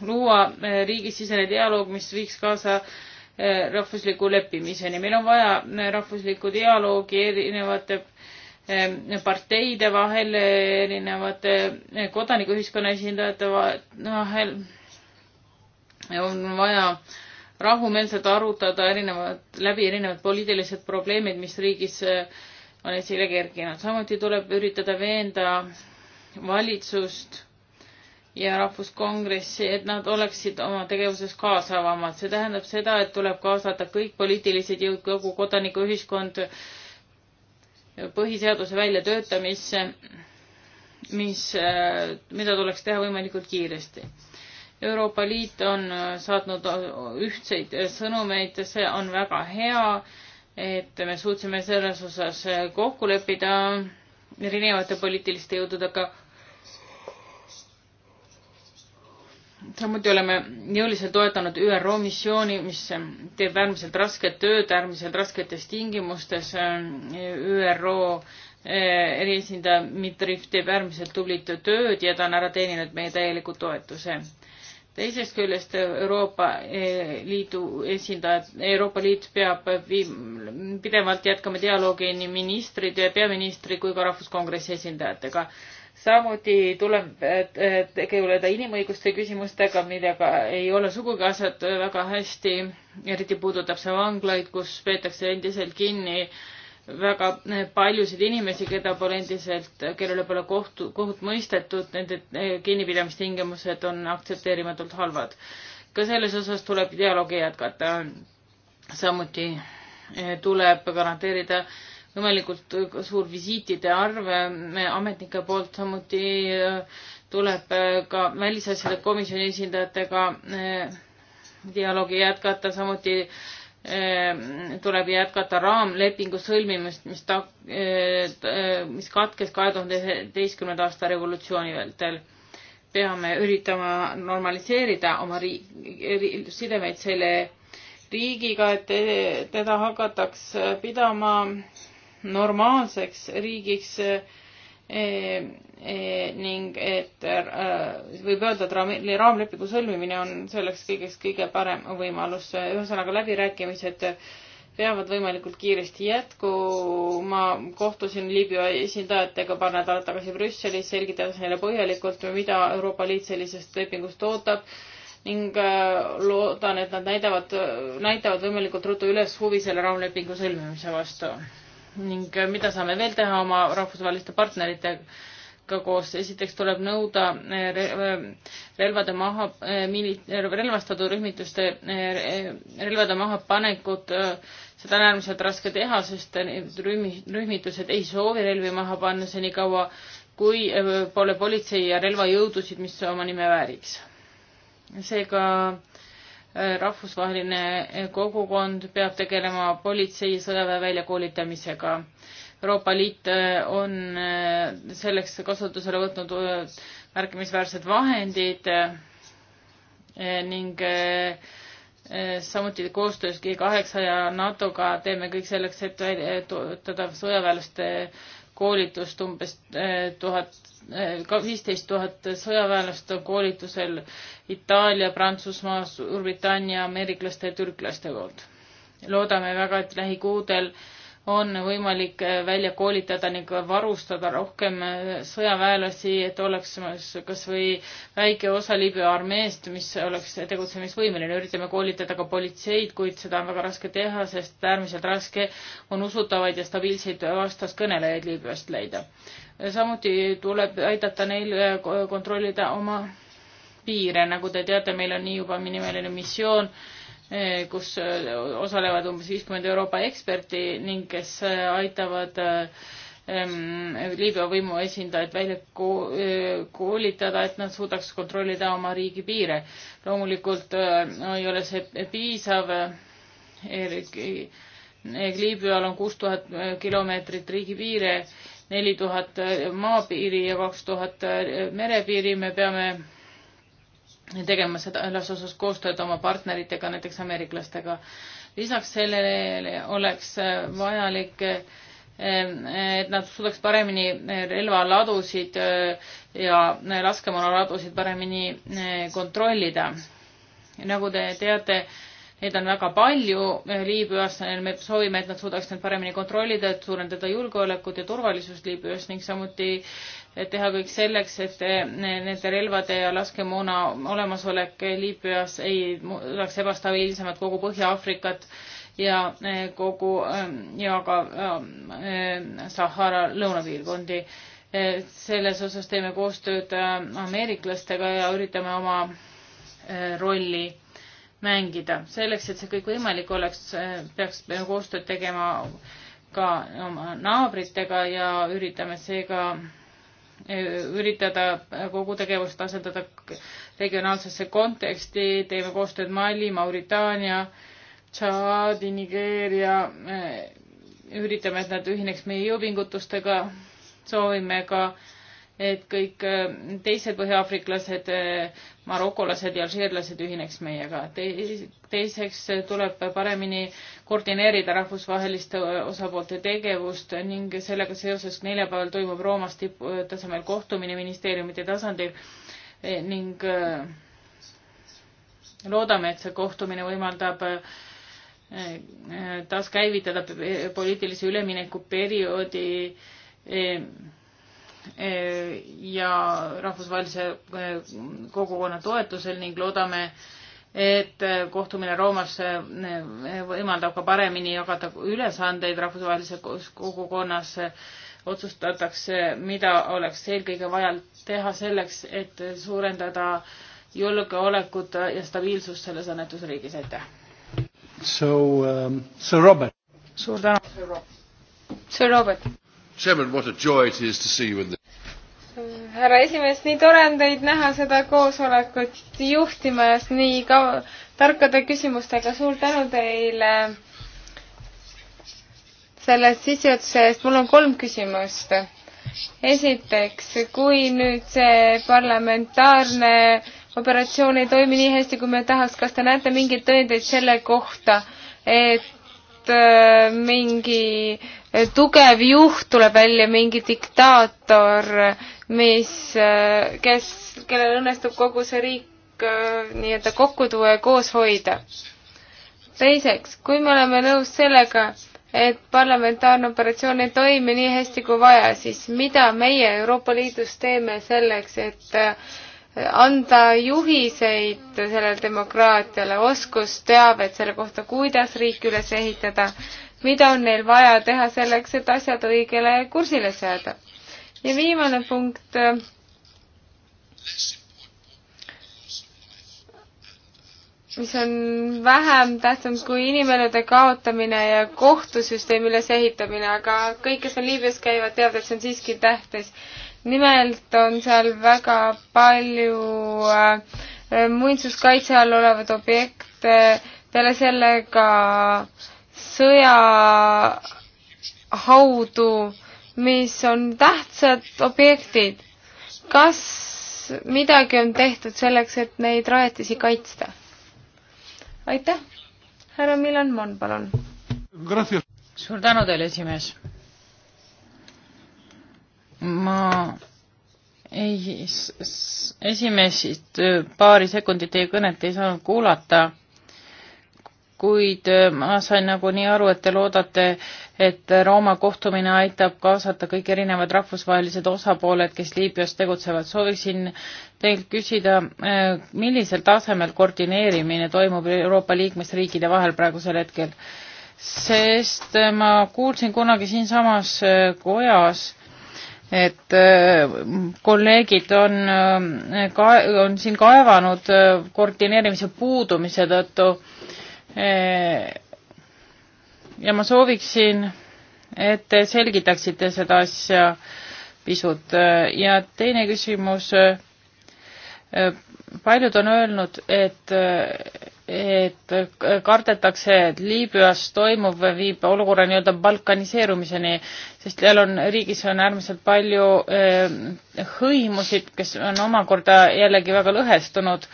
luua riigisisene dialoog, mis viiks kaasa äh, Eh, rahvusliku leppimiseni. meil on vaja eh, rahvuslikku dialoogi erinevate eh, parteide vahel, erinevate kodanikuühiskonna esindajate vahel. on vaja rahumeelselt arutada erinevad, läbi erinevad poliitilised probleemid, mis riigis on esile kerkinud. samuti tuleb üritada veenda valitsust ja Rahvuskongressi, et nad oleksid oma tegevuses kaasavamad. see tähendab seda, et tuleb kaasata kõik poliitilised jõud, kogu kodanikuühiskond põhiseaduse väljatöötamisse, mis, mida tuleks teha võimalikult kiiresti. Euroopa Liit on saatnud ühtseid sõnumeid, see on väga hea, et me suutsime selles osas kokku leppida erinevate poliitiliste jõududega samuti oleme jõuliselt toetanud ÜRO missiooni, mis teeb äärmiselt rasket tööd äärmiselt rasketes tingimustes. ÜRO eh, eriesindaja Dmitrijev teeb äärmiselt tublit tööd ja ta on ära teeninud meie täieliku toetuse. teisest küljest Euroopa eh, Liidu esindajad, Euroopa Liit peab viim-, pidevalt jätkama dialoogi nii ministrid, peaministri kui ka Rahvuskongressi esindajatega samuti tuleb tegeleda inimõiguste küsimustega, millega ei ole sugugi asjad väga hästi, eriti puudutab see vanglaid, kus peetakse endiselt kinni väga paljusid inimesi, keda pole endiselt, kellele pole kohtu, kohut mõistetud, nende eh, kinnipidamistingimused on aktsepteerimatult halvad. ka selles osas tuleb dialoogi jätkata. samuti eh, tuleb garanteerida äh, võimalikult äh, suur visiitide arv äh, ametnike poolt, samuti äh, tuleb ka välisasjade komisjoni esindajatega dialoogi jätkata, samuti tuleb jätkata raamlepingu sõlmimist, mis ta, mis katkes kahe tuhande üheteistkümnenda aasta revolutsiooni vältel. peame üritama normaliseerida oma riigi, sidemeid selle riigiga, et teda hakataks pidama normaalseks riigiks eh, eh, ning et eh, võib öelda, et raamlepingu sõlmimine on selleks kõigeks kõige parem võimalus. ühesõnaga läbirääkimised peavad võimalikult kiiresti jätkuma. kohtusin Liibüa esindajatega paar nädalat tagasi Brüsselis, selgitades neile põhjalikult, mida Euroopa Liit sellisest lepingust ootab ning loodan, et nad näidavad, näitavad võimalikult ruttu üles huvi selle raamlepingu sõlmimise vastu ning äh, mida saame veel teha oma rahvusvaheliste partneritega koos, esiteks tuleb nõuda äh, äh, relvade maha, relvastatud rühmituste relvade mahapanekut, seda on äärmiselt raske teha, sest need rühmi, rühmitused ei soovi relvi maha panna senikaua, kui pole politsei ja relvajõudusid, mis oma nime vääriks. seega rahvusvaheline kogukond peab tegelema politsei ja sõjaväe väljakoolitamisega. Euroopa Liit äh, on äh, selleks kasutusele võtnud äh, märkimisväärsed vahendid ning samuti koostöös G8 ja NATO-ga teeme kõik selleks, et toetada sõjaväelaste koolitust umbes eh, tuhat, eh, viisteist tuhat sõjaväelast on koolitusel Itaalia, Prantsusmaa, Suurbritannia, ameeriklaste ja türklaste poolt. loodame väga, et lähikuudel äh, on võimalik äh, välja koolitada ning varustada rohkem äh, sõjaväelasi, et oleks kas või väike osa Liibüa armeest, mis oleks tegutsemisvõimeline. üritame koolitada ka politseid, kuid seda on väga raske teha, sest äärmiselt raske on usutavaid ja stabiilseid vastaskõnelejaid Liibüast leida. samuti tuleb aidata neil äh, kontrollida oma piire, nagu te teate, meil on nii juba nimeline missioon Eh, kus eh, osalevad umbes viiskümmend Euroopa eksperti ning kes eh, aitavad Liibüa võimu esindajaid välja koolitada, et nad suudaks kontrollida oma riigi piire. loomulikult no, ei ole see piisav. Liibüal on kuus tuhat kilomeetrit riigipiire, neli tuhat maapiiri ja kaks tuhat merepiiri. me peame tegema selles osas koostööd oma partneritega, näiteks ameeriklastega. lisaks sellele oleks vajalik, et nad suudaks paremini relvaladusid ja laskemoonaladusid paremini kontrollida. nagu te teate, Neid on väga palju eh, Liibüas, me soovime, et nad suudaks neid paremini kontrollida, et suurendada julgeolekut ja turvalisust Liibüas ning samuti teha kõik selleks, et eh, nende relvade ja laskemoona olemasolek eh, Liibüas ei muudaks ebastabiilsemat kogu Põhja-Aafrikat ja kogu ehm, ja ka ehm, Sahara lõunapiirkondi. selles osas teeme koostööd ameeriklastega ja üritame oma rolli mängida. selleks, et see kõik võimalik oleks, äh, peaks äh, koostööd tegema ka oma naabritega ja üritame seega äh, üritada kogu tegevust asendada regionaalsesse konteksti, teeme koostööd Mali, Mauritaania, Tšaadi, Nigeeria, üritame, et nad ühineks meie jõupingutustega, soovime ka äh, et kõik äh, teised põhjaafriklased, äh, marokolased ja alžeerlased ühineks meiega. teiseks tuleb paremini koordineerida rahvusvaheliste äh, osapoolte tegevust ning sellega seoses neljapäeval toimub Roomas tipptasemel kohtumine ministeeriumide tasandil e, ning loodame, et see kohtumine võimaldab taaskäivitada poliitilise ülemineku perioodi e, Eh, ja rahvusvahelise eh, kogukonna toetusel ning loodame, et eh, kohtumine Roomas võimaldab ka paremini jagada ülesandeid rahvusvahelises kogukonnas. otsustatakse, mida oleks eelkõige vaja teha selleks, et suurendada julgeolekut ja stabiilsust selles õnnetusriigis, aitäh. So um,, so Robert. suur tänu. Sir Robert. Chairman, what a joy it is to see you in the härra esimees, nii tore on teid näha seda koosolekut juhtimas nii kaua tarkade küsimustega, suur tänu teile selle sissejuhatuse eest, mul on kolm küsimust. esiteks, kui nüüd see parlamentaarne operatsioon ei toimi nii hästi, kui me tahaks, kas te näete mingeid tõendeid selle kohta, et Äh, mingi tugev juht tuleb välja, mingi diktaator, mis, äh, kes, kellel õnnestub kogu see riik äh, nii-öelda kokku tuua ja koos hoida. teiseks, kui me oleme nõus sellega, et parlamentaarne operatsioon ei toimi nii hästi kui vaja, siis mida meie Euroopa Liidus teeme selleks, et äh, anda juhiseid sellele demokraatiale, oskusteavet selle kohta, kuidas riik üles ehitada, mida on neil vaja teha selleks, et asjad õigele kursile seada. ja viimane punkt. mis on vähem tähtsam kui inimelude kaotamine ja kohtusüsteemi ülesehitamine, aga kõik, kes on Liibüas käivad, teavad, et see on siiski tähtis nimelt on seal väga palju äh, muinsuskaitse all olevaid objekte, peale selle ka sõjahaudu, mis on tähtsad objektid. kas midagi on tehtud selleks, et neid rajatisi kaitsta? aitäh, härra Milan Mon, palun. suur tänu teile, esimees ma ei, esimesest paari sekundit teie kõnet ei saanud kuulata, kuid ma sain nagunii aru, et te loodate, et Rooma kohtumine aitab kaasata kõik erinevad rahvusvahelised osapooled, kes Liibüas tegutsevad. sooviksin teilt küsida, millisel tasemel koordineerimine toimub Euroopa liikmesriikide vahel praegusel hetkel? sest ma kuulsin kunagi siinsamas kojas, et äh, kolleegid on äh, ka, on siin kaevanud äh, koordineerimise puudumise tõttu. ja ma sooviksin, et te selgitaksite seda asja pisut ja teine küsimus. paljud on öelnud, et et kardetakse, et Liibüas toimuv viib olukorra nii-öelda balkaniseerumiseni, sest seal on, riigis on äärmiselt palju eh, hõimusid, kes on omakorda jällegi väga lõhestunud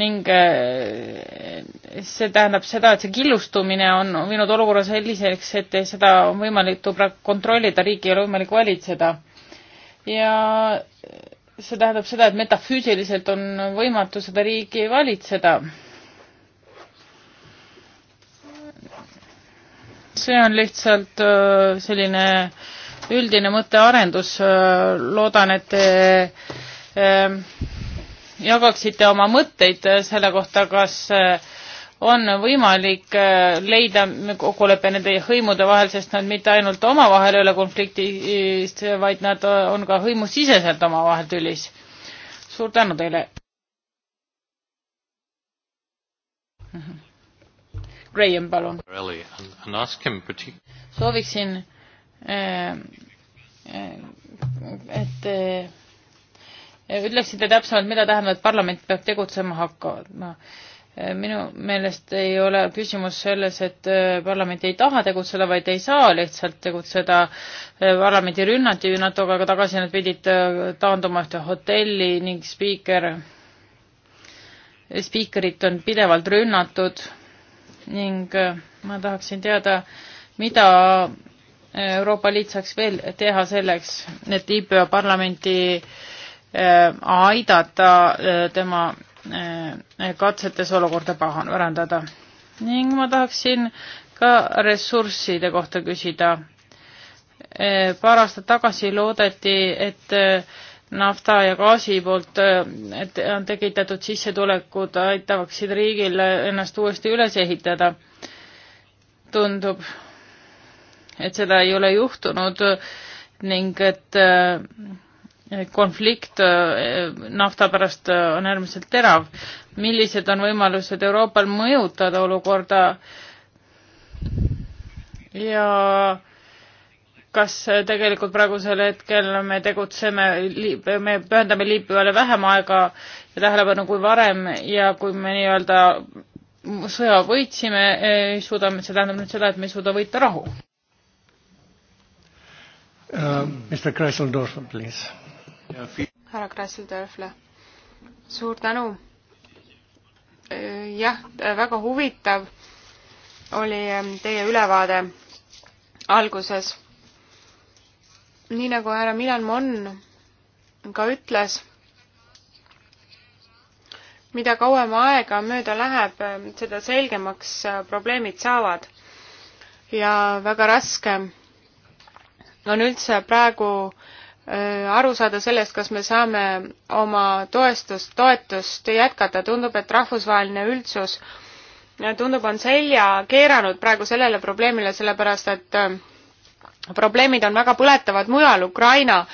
ning eh, see tähendab seda, et see killustumine on viinud olukorra selliseks, et seda on võimalik kontrollida, riiki ei ole võimalik valitseda. ja see tähendab seda, et metafüüsiliselt on võimatu seda riiki valitseda see on lihtsalt äh, selline üldine mõttearendus, äh, loodan, et te ähm, jagaksite oma mõtteid äh, selle kohta, kas on võimalik leida kokkulepe nende hõimude vahel, sest nad mitte ainult omavahel ei ole konfliktis, vaid nad on ka hõimusiseselt omavahel tülis. suur tänu teile! Mm-hmm. Graham, palun. sooviksin, eh, eh, et eh, ütleksite täpsemalt, mida tähendab, et parlament peab tegutsema hakkama. minu meelest ei ole küsimus selles, et parlament ei taha tegutseda, vaid ei saa lihtsalt tegutseda. parlamendi rünnati NATO-ga, aga tagasi nad pidid taanduma ühte hotelli ning spiiker, spiikerit on pidevalt rünnatud ning äh, ma tahaksin teada, mida äh, Euroopa Liit saaks veel teha selleks, et Liibüa parlamenti äh, aidata tema katsetes olukorda parandada. ning ma tahaksin ka ressursside kohta küsida. paar aastat tagasi loodeti, et nafta ja gaasi poolt äh, tekitatud sissetulekud aitavaksid riigil ennast uuesti üles ehitada. tundub, et seda ei ole juhtunud ning et äh, konflikt äh, nafta pärast on äärmiselt terav. millised on võimalused Euroopal mõjutada olukorda ja kas tegelikult praegusel hetkel me tegutseme, me pühendame Liibüale vähem aega ja tähelepanu kui varem ja kui me nii-öelda sõja võitsime, eh, suudame, see tähendab nüüd seda, et me ei suuda võita rahu uh,. Mr Kresseldorf, please. härra Kresseldorfle, suur tänu. Eh, jah, väga huvitav oli eh, teie ülevaade alguses nii nagu härra Milan Mon ka ütles, mida kauem aega mööda läheb, seda selgemaks äh, probleemid saavad. ja väga raske on üldse praegu äh, aru saada sellest, kas me saame oma toestust, toetust jätkata, tundub, et rahvusvaheline üldsus äh, tundub, on selja keeranud praegu sellele probleemile, sellepärast et äh, probleemid on väga põletavad mujal, Ukraina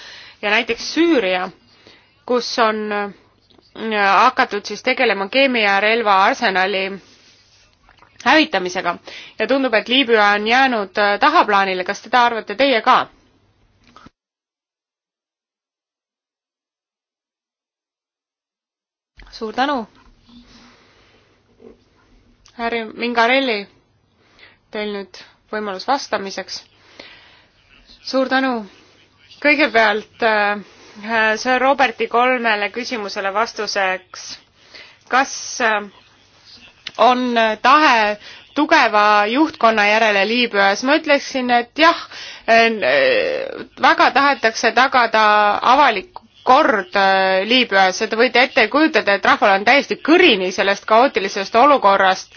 ja näiteks Süüria, kus on äh, hakatud siis tegelema keemiarelva arsenali hävitamisega ja tundub, et Liibüa on jäänud äh, tahaplaanile, kas seda arvate teie ka? suur tänu. härra Mingarelli, teil nüüd võimalus vastamiseks suur tänu. kõigepealt äh, Sir Roberti kolmele küsimusele vastuseks. kas äh, on tahe tugeva juhtkonna järele Liibüas, ma ütleksin, et jah, äh, äh, väga tahetakse tagada avalik kord äh, Liibüas, et te võite ette kujutada, et rahval on täiesti kõrini sellest kaootilisest olukorrast.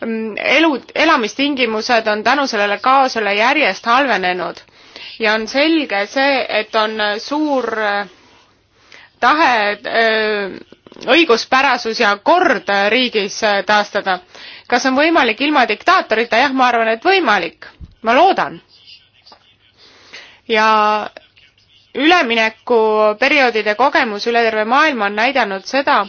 Mm, elu, elamistingimused on tänu sellele kaosele järjest halvenenud ja on selge see, et on suur äh, tahe äh, õiguspärasus ja kord riigis äh, taastada. kas on võimalik ilma diktaatorita? jah, ma arvan, et võimalik. ma loodan. ja üleminekuperioodide kogemus üle terve maailma on näidanud seda,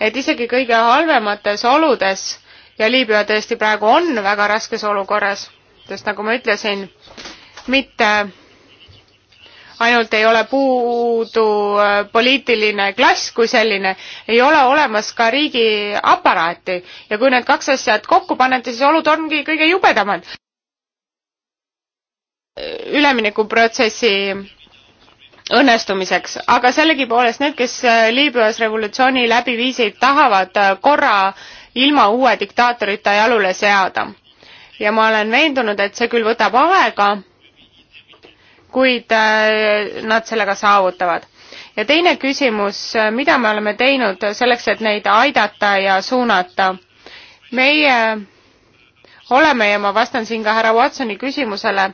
et isegi kõige halvemates oludes ja Liibüa tõesti praegu on väga raskes olukorras, sest nagu ma ütlesin, mitte ainult ei ole puudu äh, poliitiline klass kui selline, ei ole olemas ka riigiaparaati ja kui need kaks asja kokku panete, siis olud ongi kõige jubedamad. üleminekuprotsessi õnnestumiseks, aga sellegipoolest need, kes äh, Liibüas revolutsiooni läbi viisid, tahavad äh, korra ilma uue diktaatorita jalule seada. ja ma olen veendunud, et see küll võtab aega kuid äh, nad sellega saavutavad. ja teine küsimus, äh, mida me oleme teinud selleks, et neid aidata ja suunata? meie oleme ja ma vastan siin ka härra Watsoni küsimusele,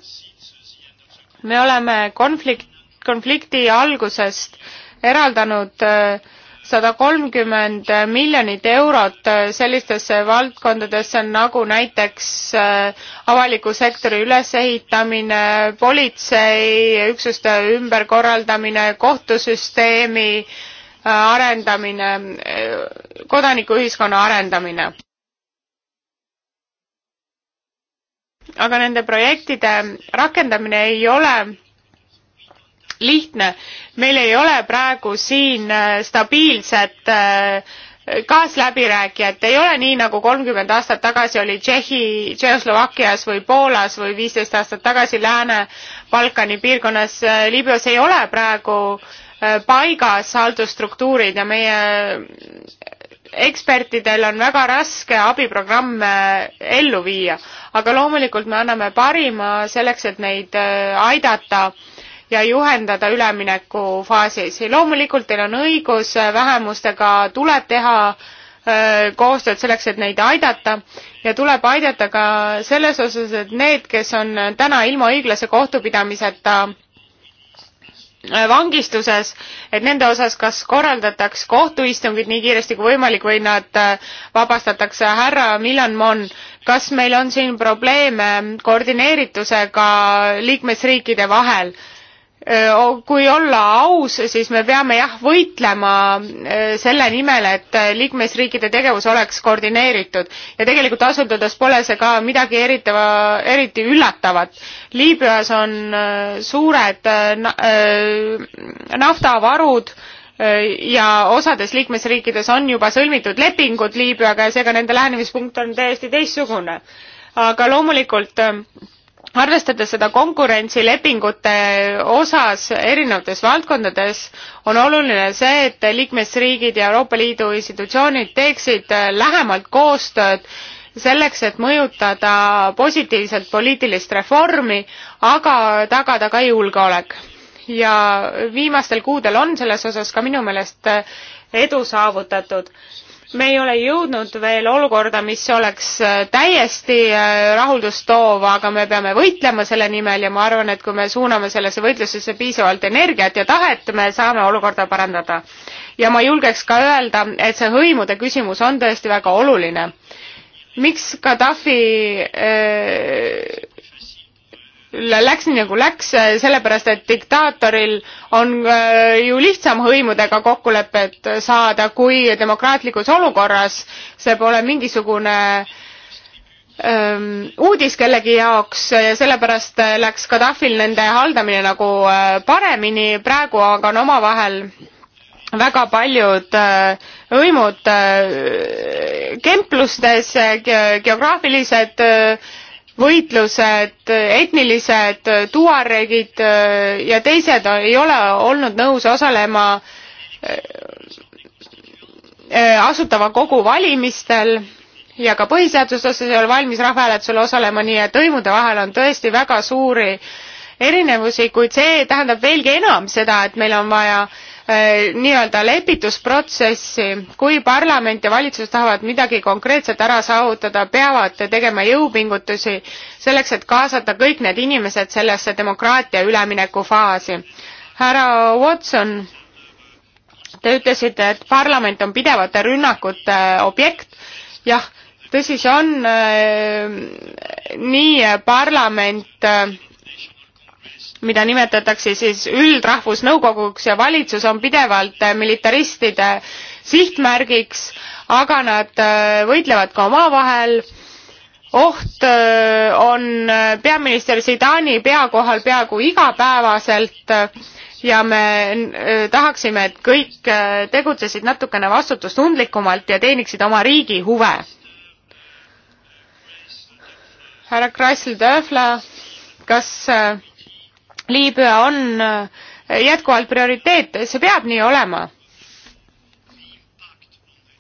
me oleme konflikt, konflikti algusest eraldanud äh, sada kolmkümmend miljonit eurot sellistesse valdkondadesse nagu näiteks äh, avaliku sektori ülesehitamine, politseiüksuste ümberkorraldamine, kohtusüsteemi äh, arendamine, äh, kodanikuühiskonna arendamine. aga nende projektide rakendamine ei ole lihtne. meil ei ole praegu siin äh, stabiilset äh, kaasläbirääkijat, ei ole nii, nagu kolmkümmend aastat tagasi oli Tšehhi, Tšehhoslovakkias või Poolas või viisteist aastat tagasi Lääne-Balkani piirkonnas. Äh, Liibüas ei ole praegu paigas haldusstruktuurid ja meie ekspertidel on väga raske abiprogramme ellu viia, aga loomulikult me anname parima selleks, et neid aidata ja juhendada üleminekufaasis. loomulikult teil on õigus, vähemustega tuleb teha koostööd selleks, et neid aidata ja tuleb aidata ka selles osas, et need, kes on täna ilma õiglase kohtupidamiseta vangistuses, et nende osas kas korraldataks kohtuistungid nii kiiresti kui võimalik või nad vabastatakse. härra Milan Mon, kas meil on siin probleeme koordineeritusega liikmesriikide vahel? kui olla aus, siis me peame jah, võitlema selle nimel, et äh, liikmesriikide tegevus oleks koordineeritud ja tegelikult ausalt öeldes pole see ka midagi eritava, eriti üllatavat. Liibüas on suured äh, naftavarud ja osades liikmesriikides on juba sõlmitud lepingud Liibüaga ja seega nende lähenemispunkt on täiesti teistsugune. aga loomulikult arvestades seda konkurentsilepingute osas erinevates valdkondades, on oluline see, et liikmesriigid ja Euroopa Liidu institutsioonid teeksid äh, lähemalt koostööd selleks, et mõjutada positiivselt poliitilist reformi, aga tagada ka julgeolek. ja viimastel kuudel on selles osas ka minu meelest äh, edu saavutatud me ei ole jõudnud veel olukorda, mis oleks äh, täiesti äh, rahuldust toov, aga me peame võitlema selle nimel ja ma arvan, et kui me suuname sellesse võitlusesse piisavalt energiat ja tahet, me saame olukorda parandada. ja ma julgeks ka öelda, et see hõimude küsimus on tõesti väga oluline. miks Gaddafi öö, äh, läks nii nagu läks, sellepärast et diktaatoril on äh, ju lihtsam hõimudega kokkulepet saada kui demokraatlikus olukorras. see pole mingisugune ähm, uudis kellegi jaoks ja sellepärast läks Gaddafil nende haldamine nagu äh, paremini, praegu aga on omavahel väga paljud äh, hõimud äh, äh, kemplustes ge, geograafilised äh, võitlused, etnilised tuaregid äh, ja teised ei ole olnud nõus osalema äh, äh, asutava kogu valimistel ja ka põhiseadust osas ei ole valmis rahvahääletusel osalema, nii et hõimude vahel on tõesti väga suuri erinevusi, kuid see tähendab veelgi enam seda, et meil on vaja äh, Äh, nii-öelda lepitusprotsessi, kui parlament ja valitsus tahavad midagi konkreetset ära saavutada, peavad tegema jõupingutusi selleks, et kaasata kõik need inimesed sellesse demokraatia ülemineku faasi. härra Watson, te ütlesite, et parlament on pidevate rünnakute äh, objekt, jah, tõsi see on, äh, nii parlament mida nimetatakse siis üldrahvusnõukoguks ja valitsus on pidevalt äh, militaristide sihtmärgiks, aga nad äh, võitlevad ka omavahel. oht äh, on peaminister Zidani pea kohal peaaegu igapäevaselt ja me tahaksime, et kõik tegutsesid natukene vastutustundlikumalt ja teeniksid oma riigi huve. härra Krasl-Dörfla, kas äh, Liibüa on äh, jätkuvalt prioriteet, see peab nii olema.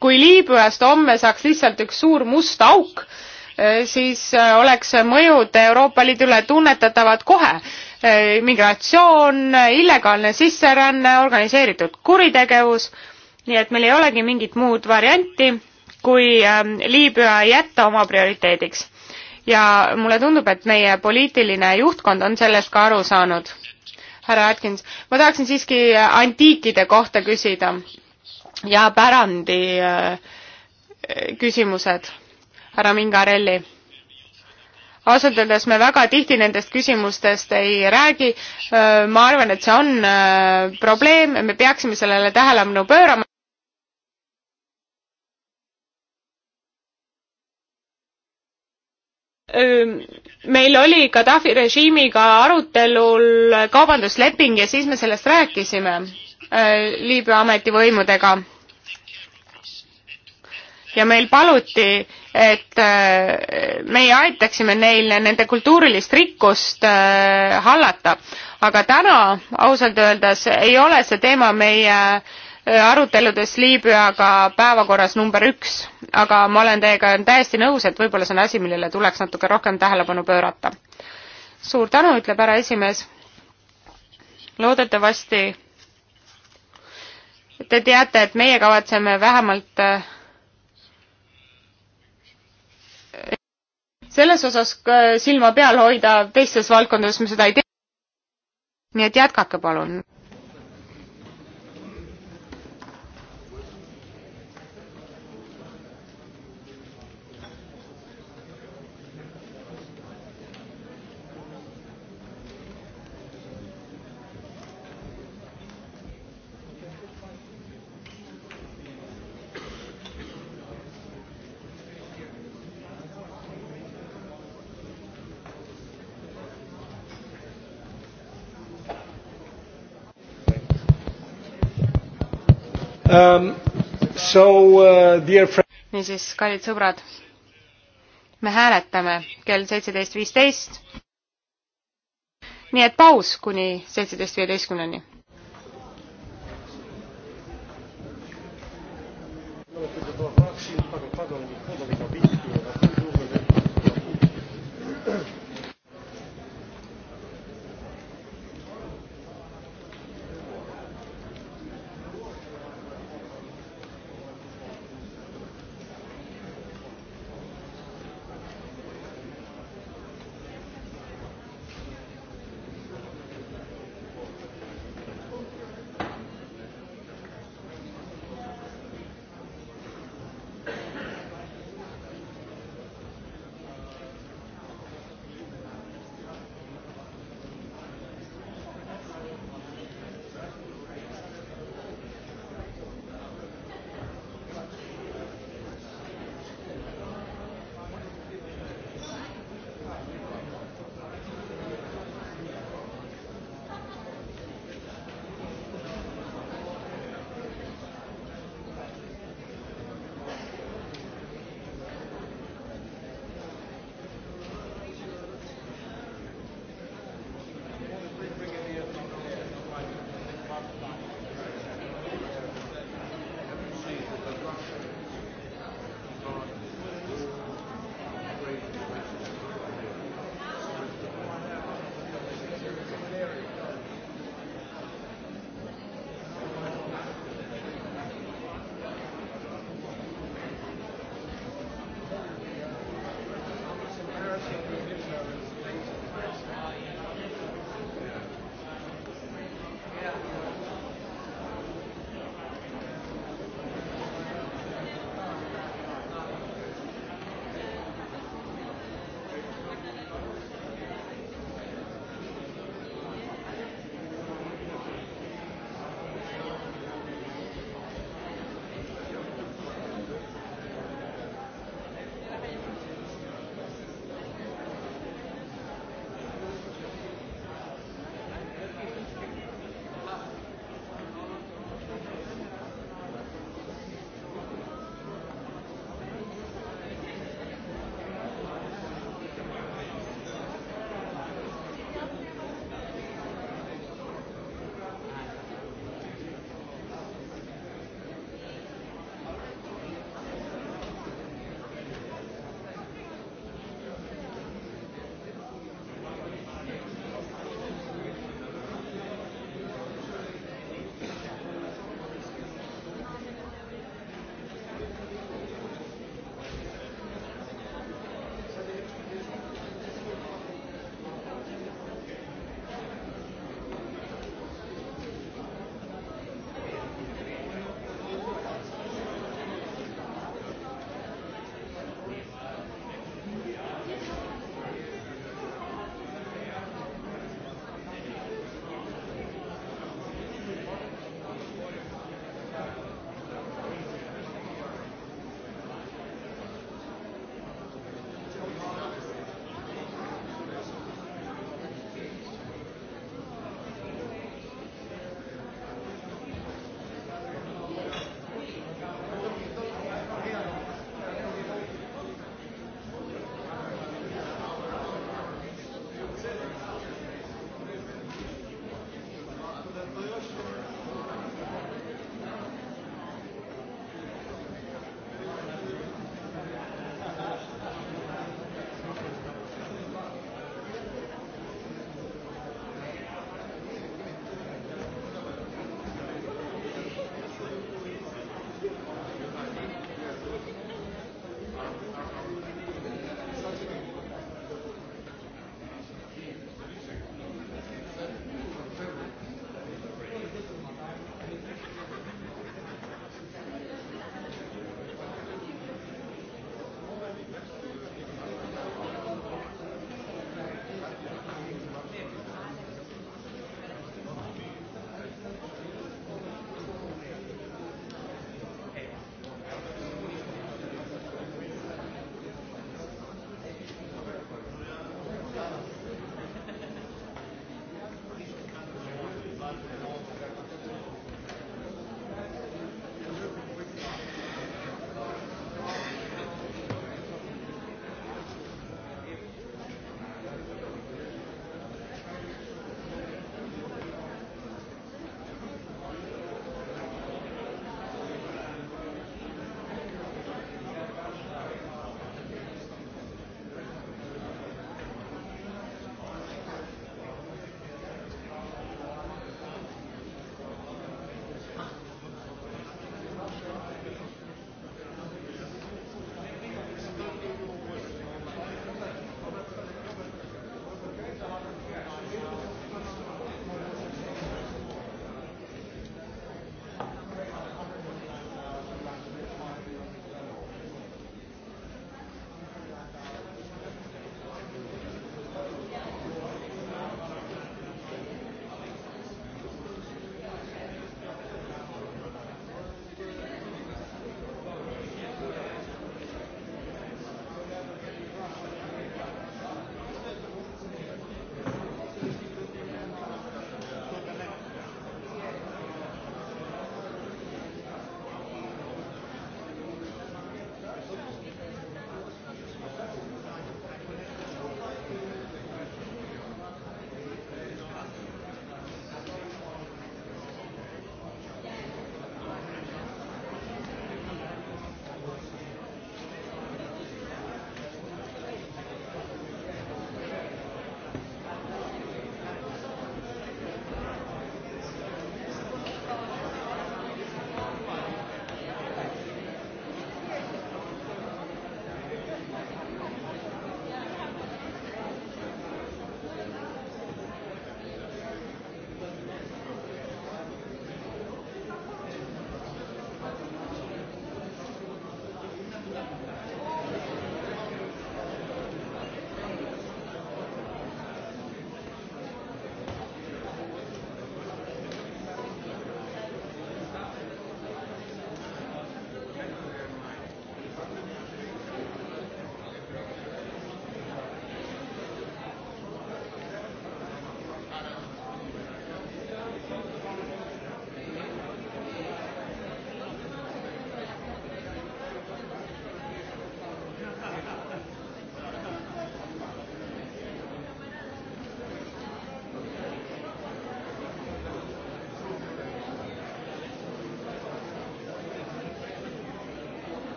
kui Liibüast homme saaks lihtsalt üks suur must auk, äh, siis äh, oleks mõjud Euroopa Liidule tunnetatavad kohe. migratsioon, illegaalne sisseränne, organiseeritud kuritegevus, nii et meil ei olegi mingit muud varianti, kui ähm, Liibüa jätta oma prioriteediks ja mulle tundub, et meie poliitiline juhtkond on sellest ka aru saanud. härra Atkins, ma tahaksin siiski äh, antiikide kohta küsida ja pärandi äh, küsimused, härra Mingarelli ausalt öeldes me väga tihti nendest küsimustest ei räägi. Äh, ma arvan, et see on probleem, me peaksime sellele tähelepanu pöörama. meil oli Gaddafi režiimiga arutelul kaubandusleping ja siis me sellest rääkisime Liibüa ametivõimudega. ja meil paluti, et meie aitaksime neil nende kultuurilist rikkust hallata, aga täna ausalt öeldes ei ole see teema meie äh, Äh, aruteludes Liibüaga päevakorras number üks, aga ma olen teiega täiesti nõus, et võib-olla see on asi, millele tuleks natuke rohkem tähelepanu pöörata. suur tänu, ütleb härra esimees. loodetavasti te teate, et meie kavatseme vähemalt äh, selles osas äh, silma peal hoida, teistes valdkondades me seda ei tee. nii et jätkake palun um,. So uh, dear friend. niisiis, kallid sõbrad, me hääletame kell seitseteist viisteist. nii et paus kuni seitseteist viieteistkümneni.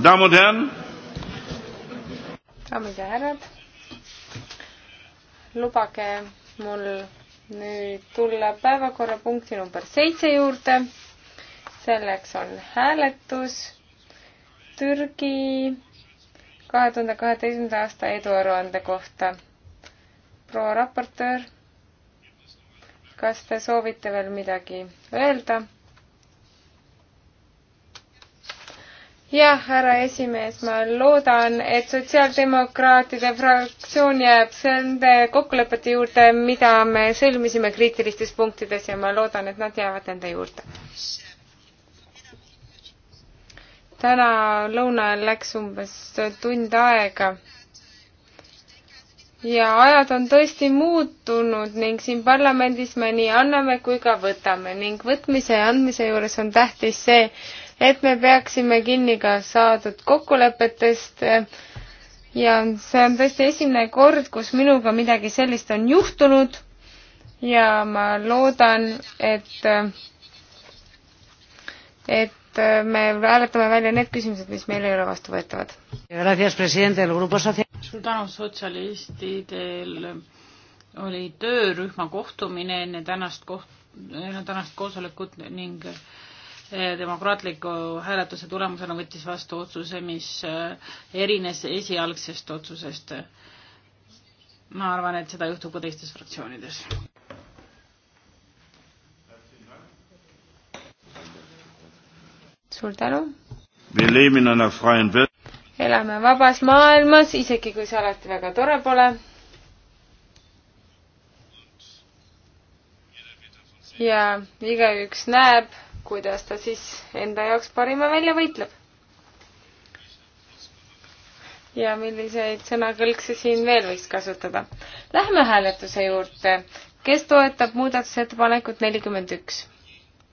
Meine Damen und Herren, daamid ja härrad, lubage mul nüüd tulla päevakorrapunkti number seitse juurde. selleks on hääletus Türgi kahe tuhande kaheteistkümnenda aasta eduaruande kohta. proua raportöör, kas te soovite veel midagi öelda? jah, härra esimees, ma loodan, et sotsiaaldemokraatide fraktsioon jääb nende kokkulepete juurde, mida me sõlmisime kriitilistes punktides ja ma loodan, et nad jäävad nende juurde. täna lõuna ajal läks umbes tund aega. ja ajad on tõesti muutunud ning siin parlamendis me nii anname kui ka võtame ning võtmise ja andmise juures on tähtis see, et me peaksime kinni ka saadud kokkulepetest ja see on tõesti esimene kord, kus minuga midagi sellist on juhtunud ja ma loodan, et, et me hääletame välja need küsimused, mis meil ei ole vastuvõetavad. suur tänu, sotsialistidel oli töörühma kohtumine enne tänast koht-, enne tänast koosolekut ning demokraatliku hääletuse tulemusena võttis vastu otsuse, mis äh, erines esialgsest otsusest. ma arvan, et seda juhtub ka teistes fraktsioonides. suur tänu. elame vabas maailmas, isegi kui see alati väga tore pole ja igaüks näeb, kuidas ta siis enda jaoks parima välja võitleb. ja milliseid sõnakõlkse siin veel võiks kasutada. Lähme hääletuse juurde. kes toetab muudatusettepanekut nelikümmend üks?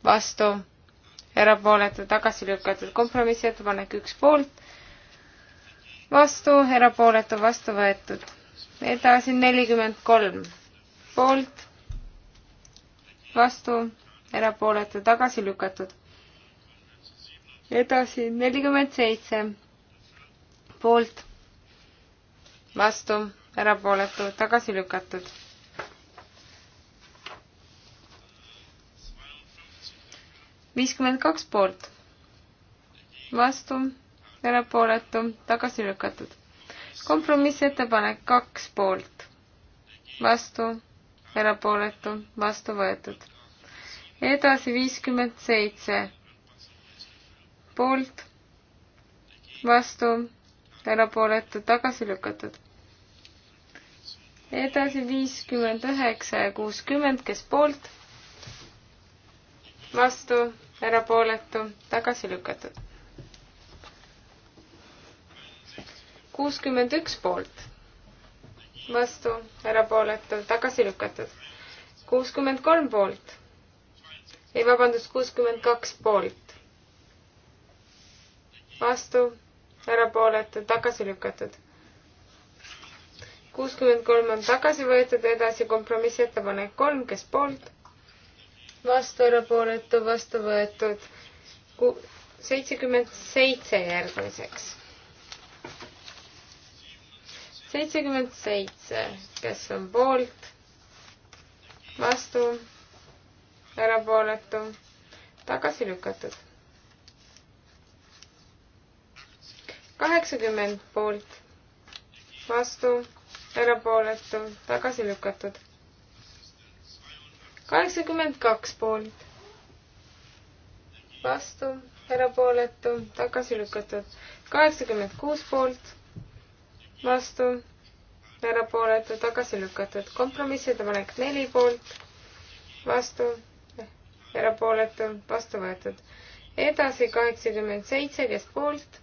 vastu, erapooletu, tagasi lükatud, kompromissettepanek üks poolt, vastu, erapooletu, vastu võetud. edasi nelikümmend kolm poolt, vastu erapooletu tagasi lükatud. edasi nelikümmend seitse poolt, vastu, erapooletu tagasi lükatud. viiskümmend kaks poolt, vastu, erapooletu tagasi lükatud. kompromissettepanek kaks poolt, vastu, erapooletu, vastu võetud edasi viiskümmend seitse poolt, vastu, erapooletu, tagasi lükatud. edasi viiskümmend üheksa ja kuuskümmend, kes poolt, vastu, erapooletu, tagasi lükatud. kuuskümmend üks poolt, vastu, erapooletu, tagasi lükatud. kuuskümmend kolm poolt ei, vabandust, kuuskümmend kaks poolt. vastu, erapooletud, tagasi lükatud. kuuskümmend kolm on tagasi võetud, edasi kompromissettepanek kolm, kes poolt? vastu, erapooletu, vastu võetud. seitsekümmend seitse järgmiseks. seitsekümmend seitse, kes on poolt? vastu erapooletu, tagasi lükatud. kaheksakümmend poolt, vastu, erapooletu, tagasi lükatud. kaheksakümmend kaks poolt, vastu, erapooletu, tagasi lükatud. kaheksakümmend kuus poolt, vastu, erapooletu, tagasi lükatud. kompromissettepanek neli poolt, vastu erapooletult vastu võetud. edasi kaheksakümmend seitse, kes poolt,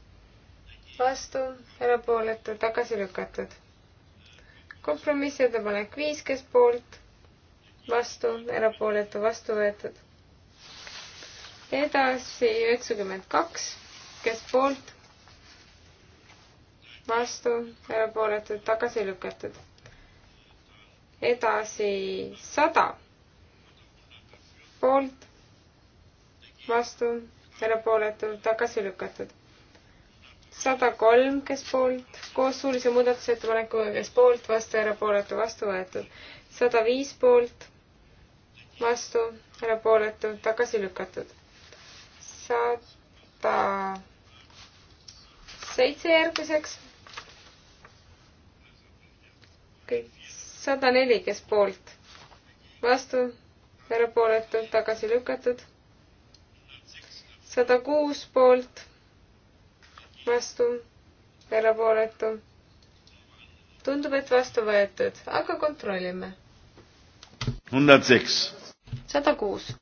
vastu, erapooletu, tagasi lükatud. kompromissettepanek viis, kes poolt, vastu, erapooletu, vastu võetud. edasi üheksakümmend kaks, kes poolt, vastu, erapooletu, tagasi lükatud. edasi sada poolt, vastu, erapooletu, tagasi lükatud. sada kolm, kes poolt, koos suulise muudatusettepanekuga, kes poolt, vastu, erapooletu, vastu võetud. sada viis poolt, vastu, erapooletu, tagasi lükatud. sada seitse järgmiseks sada neli, kes poolt, vastu, erapooletult tagasi lükatud. sada kuus poolt, vastu, erapooletu. tundub, et vastu võetud, aga kontrollime. sada kuus.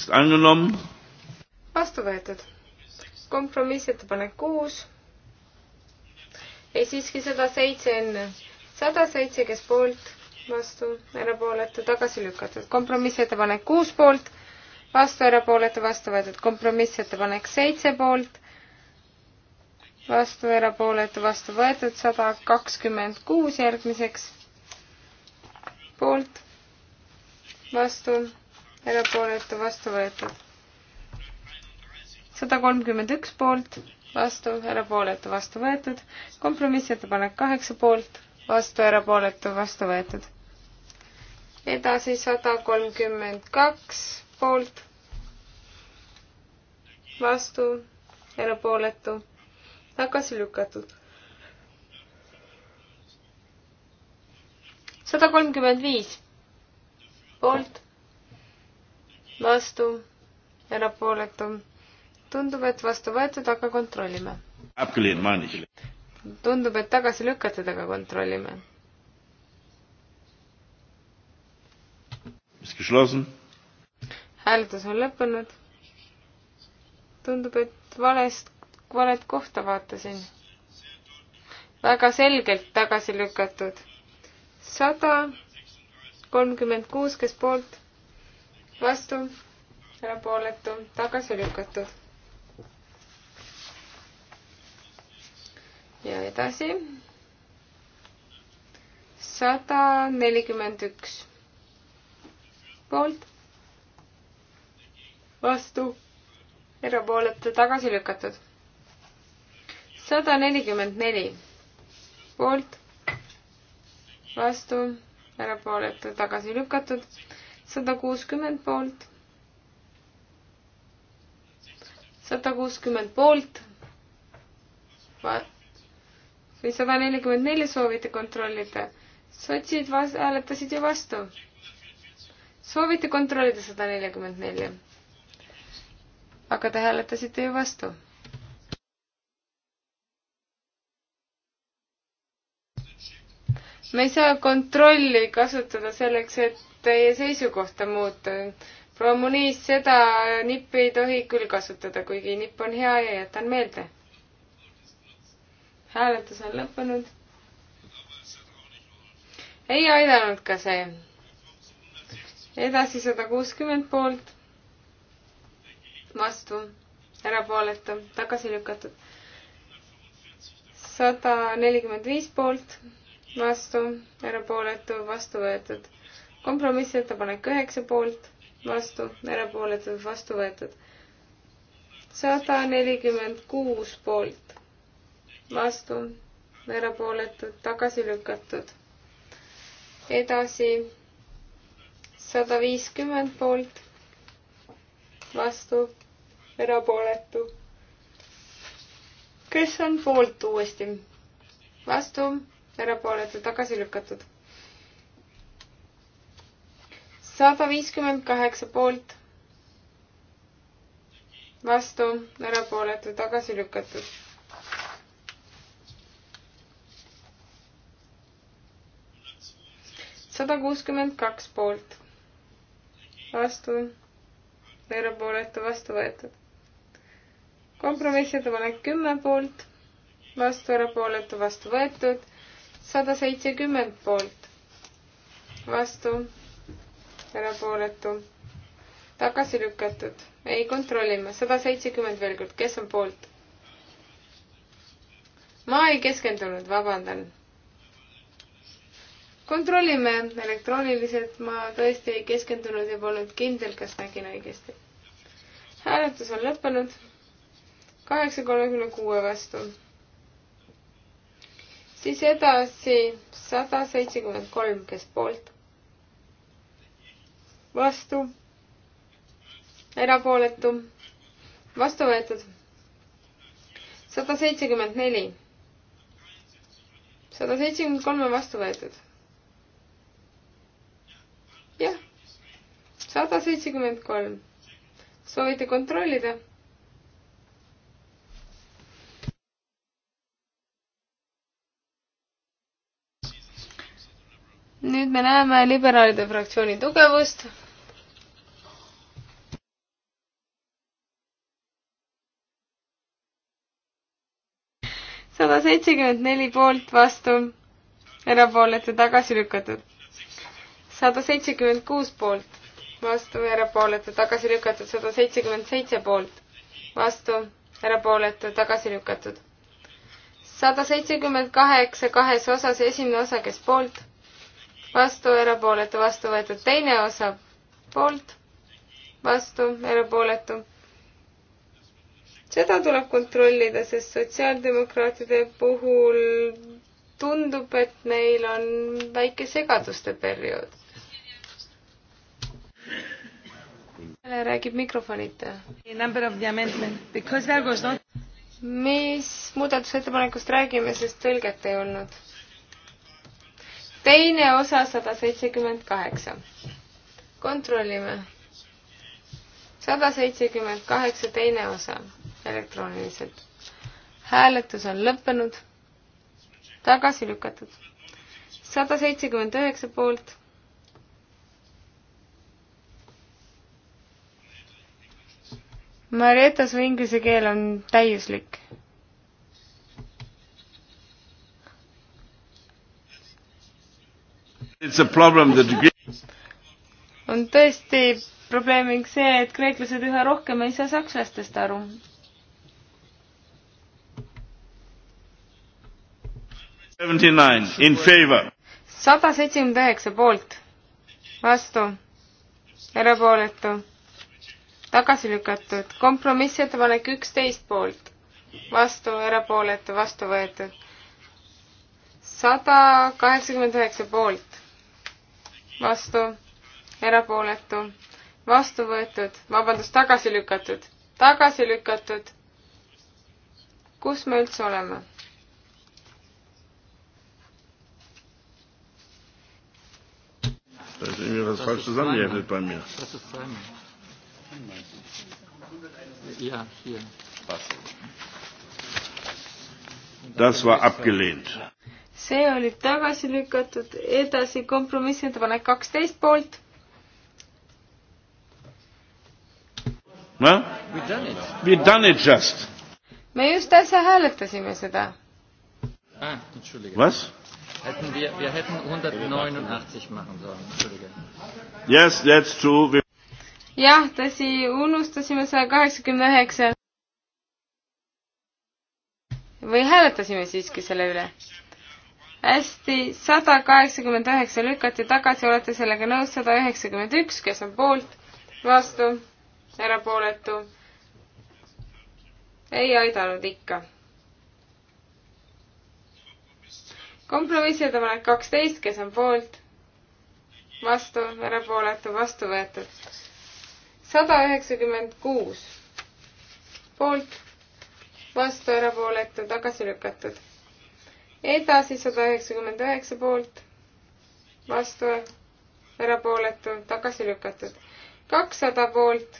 ist angenommen. vastu võetud. kompromissettepanek kuus. ei siiski sada seitse enne. sada seitse, kes poolt, vastu, erapooletu, tagasi lükatud. kompromissettepanek kuus poolt, vastu, erapooletu, vastu võetud. kompromissettepanek seitse poolt, vastu, erapooletu, vastu võetud. sada kakskümmend kuus järgmiseks. poolt, vastu erapooletu vastu võetud. sada kolmkümmend üks poolt, vastu, erapooletu vastu võetud. kompromissettepanek kaheksa poolt, vastu, erapooletu vastu võetud. edasi sada kolmkümmend kaks poolt, vastu, erapooletu, tagasi lükatud sada kolmkümmend viis. poolt, vastu, erapooletu. tundub, et vastu võetud, aga kontrollime. tundub, et tagasi lükatud, aga kontrollime. hääletus on lõppenud. tundub, et valest, valet kohta vaatasin. väga selgelt tagasi lükatud. sada kolmkümmend kuus, kes poolt vastu, erapooletu, tagasi lükatud. ja edasi. sada nelikümmend üks poolt, vastu, erapooletu, tagasi lükatud. sada nelikümmend neli poolt, vastu, erapooletu, tagasi lükatud sada kuuskümmend poolt, sada kuuskümmend poolt või sada nelikümmend neli soovite kontrollida. sotsid vas-, hääletasid ju vastu. soovite kontrollida sada nelikümmend neli. aga te hääletasite ju vastu. me ei saa kontrolli kasutada selleks, et teie seisukohta muuta. proua Muniz, seda nippi ei tohi küll kasutada, kuigi nipp on hea ja jätan meelde. hääletus on lõppenud. ei aidanud ka see. edasi sada kuuskümmend poolt. vastu, erapooletu, tagasi lükatud. sada nelikümmend viis poolt, vastu, erapooletu, vastu võetud kompromissettepanek üheksa poolt, vastu, erapooletud, vastu võetud. sada nelikümmend kuus poolt, vastu, erapooletud, tagasi lükatud. edasi sada viiskümmend poolt, vastu, erapooletu. kes on poolt uuesti? vastu, erapooletu, tagasi lükatud. sada viiskümmend kaheksa poolt, vastu, erapooletu, tagasi lükatud. sada kuuskümmend kaks poolt, vastu, erapooletu, vastu võetud. kompromissettepanek kümme poolt, vastu, erapooletu, vastu võetud. sada seitsekümmend poolt, vastu erapooletu, tagasi lükatud. ei, kontrollime, sada seitsekümmend veel kord, kes on poolt? ma ei keskendunud, vabandan. kontrollime elektrooniliselt, ma tõesti ei keskendunud ja polnud kindel, kas nägin õigesti. hääletus on lõppenud. kaheksa kolmekümne kuue vastu. siis edasi sada seitsekümmend kolm, kes poolt vastu, erapooletu, vastu võetud. sada seitsekümmend neli. sada seitsekümmend kolm on vastu võetud. jah, sada seitsekümmend kolm. soovite kontrollida? nüüd me näeme liberaalide fraktsiooni tugevust. sada seitsekümmend neli poolt, vastu, erapooletu tagasi lükatud. sada seitsekümmend kuus poolt, vastu, erapooletu tagasi lükatud, sada seitsekümmend seitse poolt, vastu, erapooletu tagasi lükatud. sada seitsekümmend kaheksa kahes osas, esimene osa, kes poolt vastu, erapooletu, vastu võetud teine osa poolt, vastu, erapooletu. seda tuleb kontrollida, sest sotsiaaldemokraatide puhul tundub, et neil on väike segaduste periood. räägib mikrofonita. mis muudatusettepanekust räägime, sest tõlget ei olnud teine osa sada seitsekümmend kaheksa. kontrollime. sada seitsekümmend kaheksa, teine osa elektrooniliselt. hääletus on lõppenud. tagasi lükatud. sada seitsekümmend üheksa poolt. Marietta su inglise keel on täiuslik on tõesti probleemiks see, et kreeklased üha rohkem ei saa sakslastest aru. sada seitsekümmend üheksa poolt, vastu, erapooletu, tagasi lükatud, kompromissettepanek üksteist poolt, vastu, erapooletu, vastu võetud, sada kaheksakümmend üheksa poolt, vastu, erapooletu, vastu võetud, vabandust, tagasi lükatud, tagasi lükatud. kus me üldse oleme? Da ist irgendwie was falsch zusammengeheftet bei mir. Das ist zweimal. Ja, hier. Das war abgelehnt see oli tagasi lükatud, edasi kompromissettepanek kaksteist poolt. noh, we done it just. me just äsja hääletasime seda. Ah, Was? Hätten wir, wir hätten 189 machen sollen, Entschuldige. Yes, that's true. jah, tõsi, unustasime saja kaheksakümne üheksa. või hääletasime siiski selle üle? hästi, sada kaheksakümmend üheksa lükati tagasi, olete sellega nõus, sada üheksakümmend üks, kes on poolt, vastu, erapooletu. ei aidanud ikka. kompromissettepanek kaksteist, kes on poolt, vastu, erapooletu, vastu võetud. sada üheksakümmend kuus, poolt, vastu, erapooletu, tagasi lükatud edasi sada üheksakümmend üheksa poolt, vastu, erapooletu, tagasi lükatud. kakssada poolt,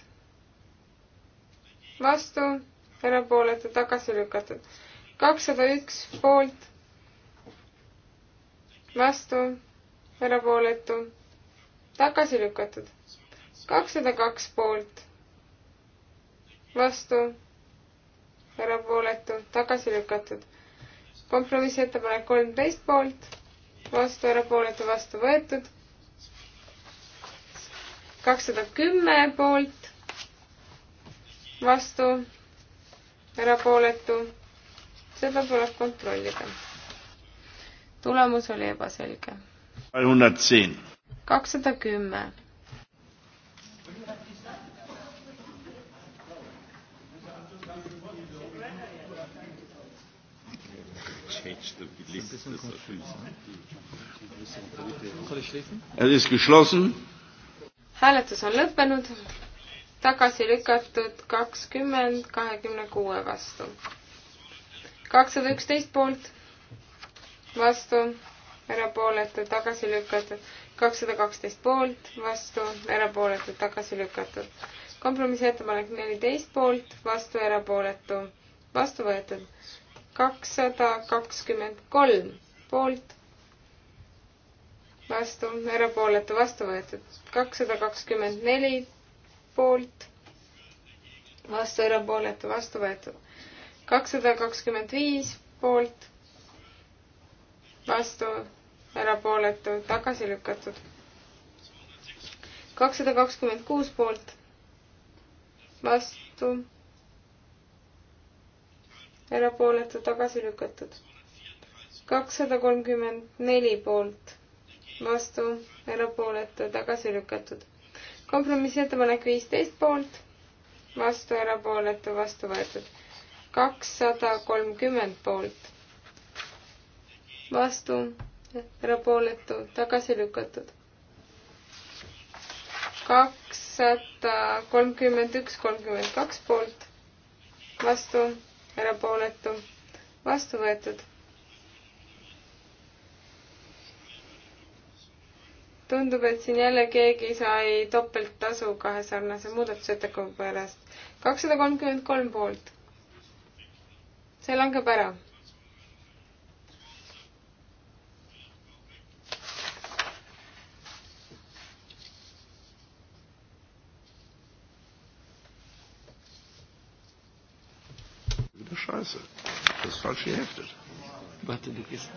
vastu, erapooletu, tagasi lükatud. kakssada üks poolt, vastu, erapooletu, tagasi lükatud. kakssada kaks poolt, vastu, erapooletu, tagasi lükatud kompromissettepanek kolmteist poolt, vastu, erapooletu, vastu võetud. kakssada kümme poolt, vastu, erapooletu. seda tuleb kontrollida. tulemus oli ebaselge. kakssada kümme Er hääletus on lõppenud, tagasi lükatud kakskümmend kahekümne kuue vastu. kakssada üksteist poolt, vastu, erapooletu, tagasi lükatud, kakssada kaksteist poolt, vastu, erapooletu, tagasi lükatud. kompromissettepanek neliteist poolt, vastu, erapooletu, vastu võetud kakssada kakskümmend kolm poolt, vastu, erapooletu vastu võetud. kakssada kakskümmend neli poolt, vastu, erapooletu vastu võetud. kakssada kakskümmend viis poolt, vastu, erapooletu tagasi lükatud. kakssada kakskümmend kuus poolt, vastu erapooletu tagasi lükatud. kakssada kolmkümmend neli poolt, vastu, erapooletu tagasi lükatud. kompromissettepanek viisteist poolt, vastu, erapooletu, vastu võetud. kakssada kolmkümmend poolt, vastu, erapooletu, tagasi lükatud kakssada kolmkümmend üks, kolmkümmend kaks poolt, vastu erapooletu, vastu võetud. tundub, et siin jälle keegi sai topelttasu kahe sarnase muudatusettepaneku pärast. kakssada kolmkümmend kolm poolt. see langeb ära warte, du gehst.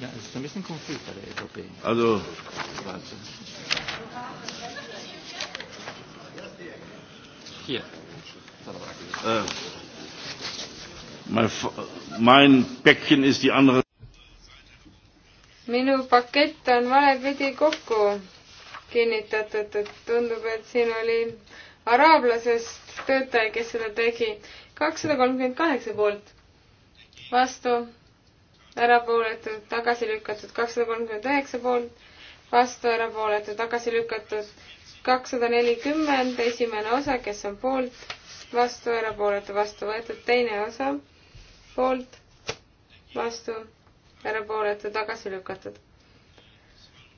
Ja, es ist ein bisschen Konflikt bei der EVP. Also. Warte. Hier. Äh, mein, mein Päckchen ist die andere. minu pakett on valepidi kokku kinnitatud, et tundub, et siin oli araablasest töötaja, kes seda tegi kakssada kolmkümmend kaheksa poolt, vastu, erapooletud, tagasi lükatud, kakssada kolmkümmend üheksa poolt, vastu, erapooletud, tagasi lükatud, kakssada nelikümmend, esimene osa, kes on poolt, vastu, erapooletu, vastu võetud, teine osa, poolt, vastu, erapooletu, tagasi lükatud.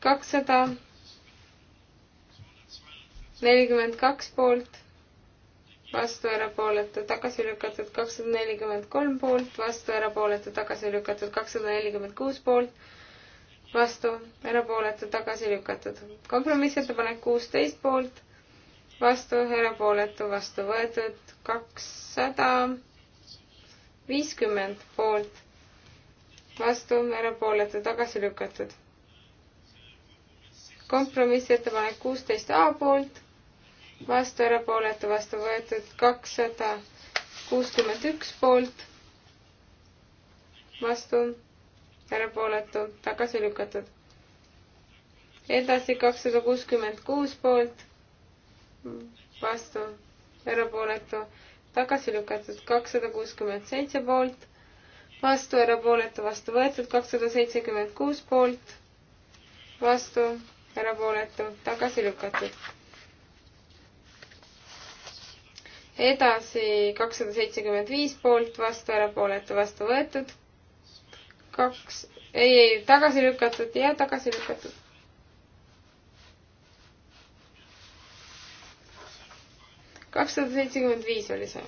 kakssada nelikümmend kaks poolt vastu, erapooletu, tagasi lükatud kakssada nelikümmend kolm poolt, vastu, erapooletu, tagasi lükatud kakssada nelikümmend kuus poolt, vastu, erapooletu, tagasi lükatud. kompromissettepanek kuusteist poolt, vastu, erapooletu, vastu võetud kakssada viiskümmend poolt, vastu, erapooletu, tagasi lükatud. kompromissettepanek kuusteist A poolt vastu, erapooletu, vastu võetud kakssada kuuskümmend üks poolt, vastu, erapooletu, tagasi lükatud. edasi kakssada kuuskümmend kuus poolt, vastu, erapooletu, tagasi lükatud, kakssada kuuskümmend seitse poolt, vastu, erapooletu, vastu võetud, kakssada seitsekümmend kuus poolt, vastu, erapooletu, tagasi lükatud edasi kakssada seitsekümmend viis poolt, vastu, erapooletu, vastu võetud. kaks, ei, ei, tagasi lükatud ja tagasi lükatud. kakssada seitsekümmend viis oli see.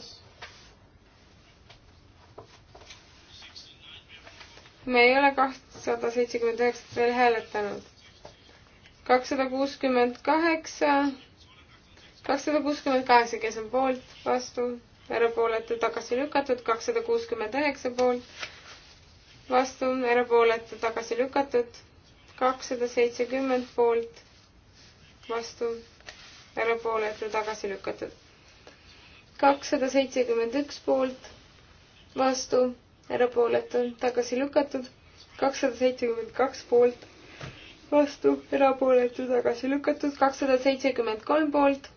me ei ole kakssada seitsekümmend üheksat veel hääletanud. kakssada kuuskümmend kaheksa kakssada kuuskümmend kaheksa, kes on poolt, vastu, erapooletu, tagasi lükatud, kakssada kuuskümmend üheksa poolt, vastu, erapooletu, tagasi lükatud, kakssada seitsekümmend poolt, vastu, erapooletu, tagasi lükatud. kakssada seitsekümmend üks poolt, vastu, erapooletu, tagasi lükatud, kakssada seitsekümmend kaks poolt, vastu, erapooletu, tagasi lükatud, kakssada seitsekümmend kolm poolt,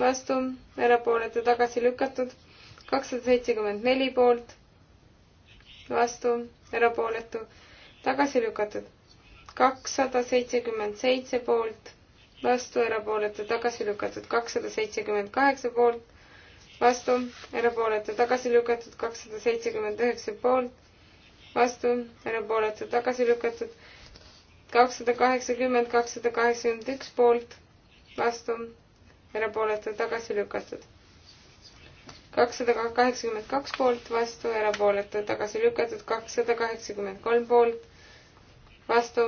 vastu, erapooletu tagasi lükatud, kakssada seitsekümmend neli poolt, vastu, erapooletu tagasi lükatud, kakssada seitsekümmend seitse poolt, vastu, erapooletu tagasi lükatud, kakssada seitsekümmend kaheksa poolt, vastu, erapooletu tagasi lükatud, kakssada seitsekümmend üheksa poolt, vastu, erapooletu tagasi lükatud, kakssada kaheksakümmend, kakssada kaheksakümmend üks poolt, vastu, erapooletud, tagasi lükatud. kakssada kaheksakümmend kaks poolt, vastu, erapooletud, tagasi lükatud, kakssada kaheksakümmend kolm poolt, vastu,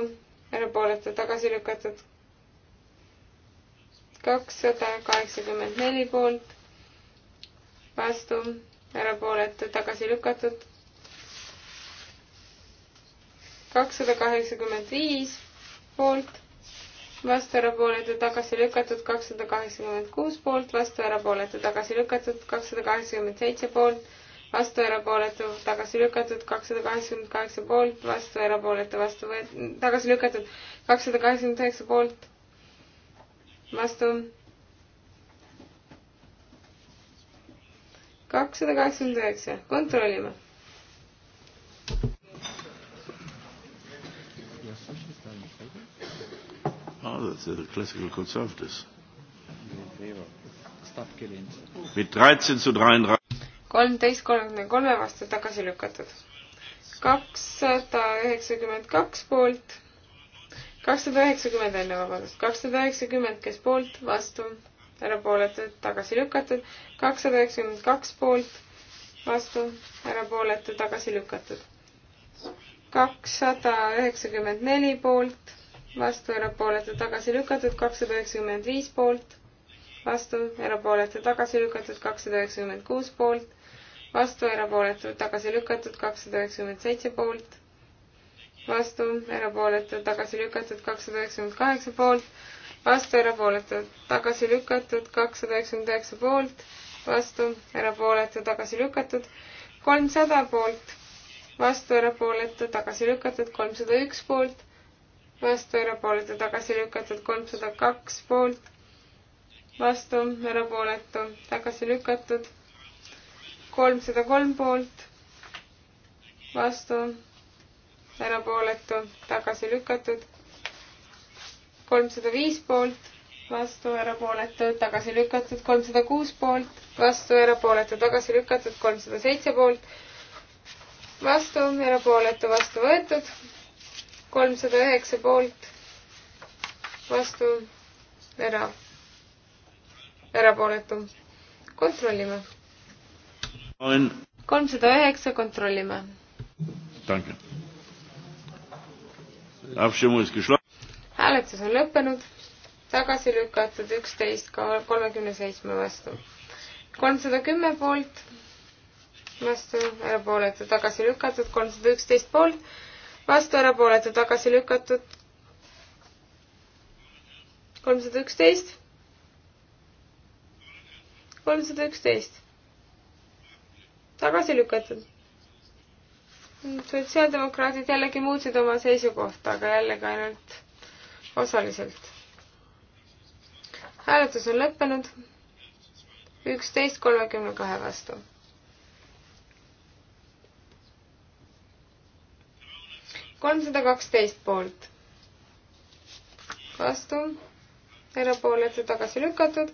erapooletud, tagasi lükatud, kakssada kaheksakümmend neli poolt, vastu, erapooletud, tagasi lükatud, kakssada kaheksakümmend viis poolt, vastu erapooletu tagasi lükatud kakssada kaheksakümmend kuus poolt, vastu erapooletu tagasi lükatud kakssada kaheksakümmend seitse poolt, vastu erapooletu tagasi lükatud kakssada kaheksakümmend kaheksa poolt, vastu erapooletu vastu võet-, tagasi lükatud kakssada kaheksakümmend üheksa poolt, vastu kakssada kaheksakümmend üheksa, kontrollime Father, the classical conservatives. mit dreizehn zu dreiunddreißig. kolmteist kolmekümne kolme vastu tagasi lükatud. kakssada üheksakümmend kaks poolt, kakssada üheksakümmend enne, vabandust, kakssada üheksakümmend, kes poolt, vastu, erapooletud, tagasi lükatud, kakssada üheksakümmend kaks poolt, vastu, erapooletu, tagasi lükatud. kakssada üheksakümmend neli poolt vastu, erapooletu, tagasi lükatud, kakssada üheksakümmend viis poolt, vastu, erapooletu, tagasi lükatud, kakssada üheksakümmend kuus poolt, vastu, erapooletu, tagasi lükatud, kakssada üheksakümmend seitse poolt, vastu, erapooletu, tagasi lükatud, kakssada üheksakümmend kaheksa poolt, vastu, erapooletu, tagasi lükatud, kakssada üheksakümmend üheksa poolt, vastu, erapooletu, tagasi lükatud, kolmsada poolt, vastu, erapooletu, tagasi lükatud, kolmsada üks poolt vastu, erapooletu, tagasi lükatud, kolmsada kaks poolt, vastu, erapooletu, tagasi lükatud, kolmsada kolm poolt, vastu, erapooletu, tagasi lükatud, kolmsada viis poolt, vastu, erapooletu, tagasi lükatud, kolmsada kuus poolt, vastu, erapooletu, tagasi lükatud, kolmsada seitse poolt, vastu, erapooletu, vastu võetud kolmsada üheksa poolt, vastu, ära, erapooletu. kontrollime. kolmsada üheksa, kontrollime. hääletus on lõppenud, tagasi lükatud üksteist kolmekümne seitsme vastu. kolmsada kümme poolt, vastu, erapooletu, tagasi lükatud, kolmsada üksteist poolt vastu, erapooletu, tagasi lükatud. kolmsada üksteist. kolmsada üksteist. tagasi lükatud. sotsiaaldemokraadid jällegi muutsid oma seisukohta, aga jällegi ainult osaliselt. hääletus on lõppenud üksteist kolmekümne kahe vastu kolmsada kaksteist poolt. vastu, erapooletu tagasi lükatud.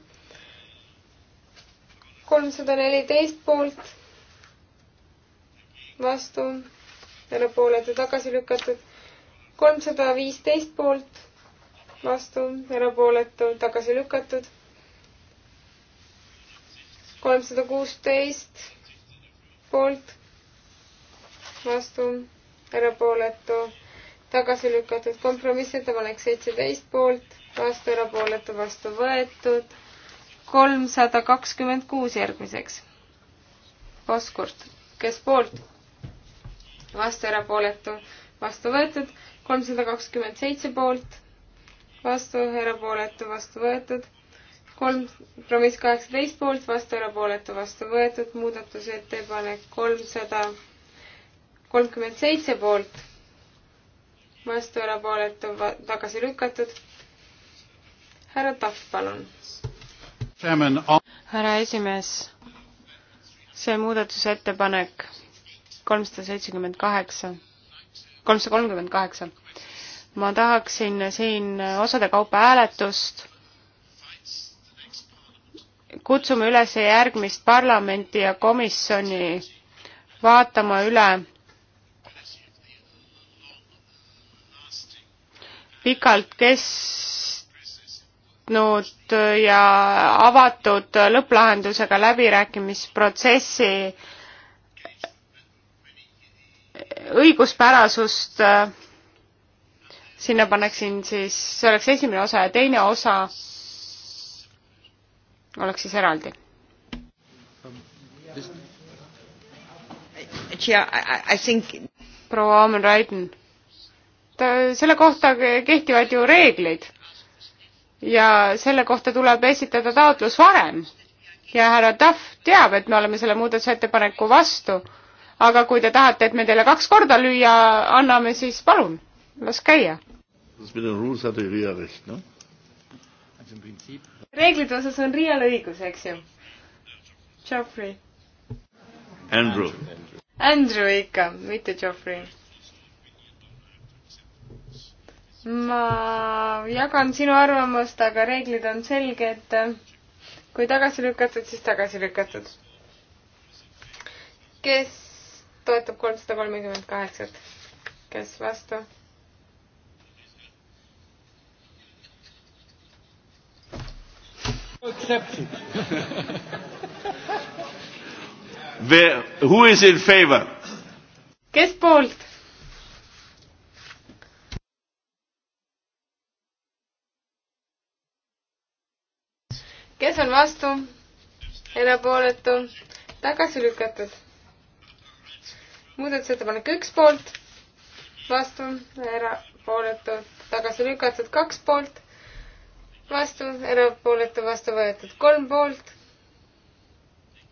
kolmsada neliteist poolt. vastu, erapooletu tagasi lükatud. kolmsada viisteist poolt. vastu, erapooletu tagasi lükatud. kolmsada kuusteist poolt. vastu erapooletu, tagasi lükatud. kompromissettepanek seitseteist poolt, vastu, erapooletu, vastu võetud. kolmsada kakskümmend kuus järgmiseks. Poskurt, kes poolt? vastu, erapooletu, vastu võetud. kolmsada kakskümmend seitse poolt, vastu, erapooletu, vastu võetud kolm, promiss kaheksateist poolt, vastu erapooletu, vastu võetud, muudatusettepanek kolmsada kolmkümmend seitse poolt, vastu erapooletu, tagasi lükatud. härra Tahv, palun. härra esimees, see muudatusettepanek kolmsada seitsekümmend kaheksa, kolmsada kolmkümmend kaheksa. ma tahaksin siin osade kaupa hääletust kutsume üles järgmist parlamenti ja komisjoni vaatama üle pikalt kestnud ja avatud lõpplahendusega läbirääkimisprotsessi õiguspärasust äh, sinna paneksin siis, see oleks esimene osa ja teine osa oleks siis eraldi. proua Omen Raidn Äh, selle kohta kehtivad ju reeglid ja selle kohta tuleb esitada taotlus varem. ja härra Tahv teab, et me oleme selle muudatusettepaneku vastu, aga kui te tahate, et me teile kaks korda lüüa anname, siis palun, las käia. reeglite osas on Riial õigus, eks ju? Geoffrey. Andrew. Andrew ikka, mitte Geoffrey ma jagan sinu arvamust, aga reeglid on selged. kui tagasi lükatud, siis tagasi lükatud. kes toetab kolmsada kolmekümmend kaheksat? kes vastu? Accepted. Who is in favor? kes poolt? kes on vastu? erapooletu, tagasi lükatud. muudatusettepanek üks poolt, vastu, erapooletu, tagasi lükatud kaks poolt, vastu, erapooletu, vastu võetud kolm poolt,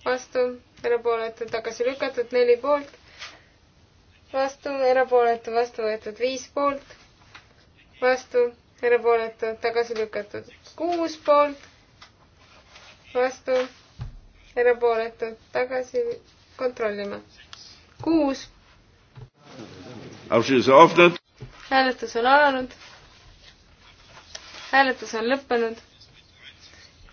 vastu, erapooletu, tagasi lükatud neli poolt, vastu, erapooletu, vastu võetud viis poolt, vastu, erapooletu, tagasi lükatud kuus poolt vastu, erapooletud, tagasi, kontrollime. kuus. hääletus on alanud. hääletus on lõppenud.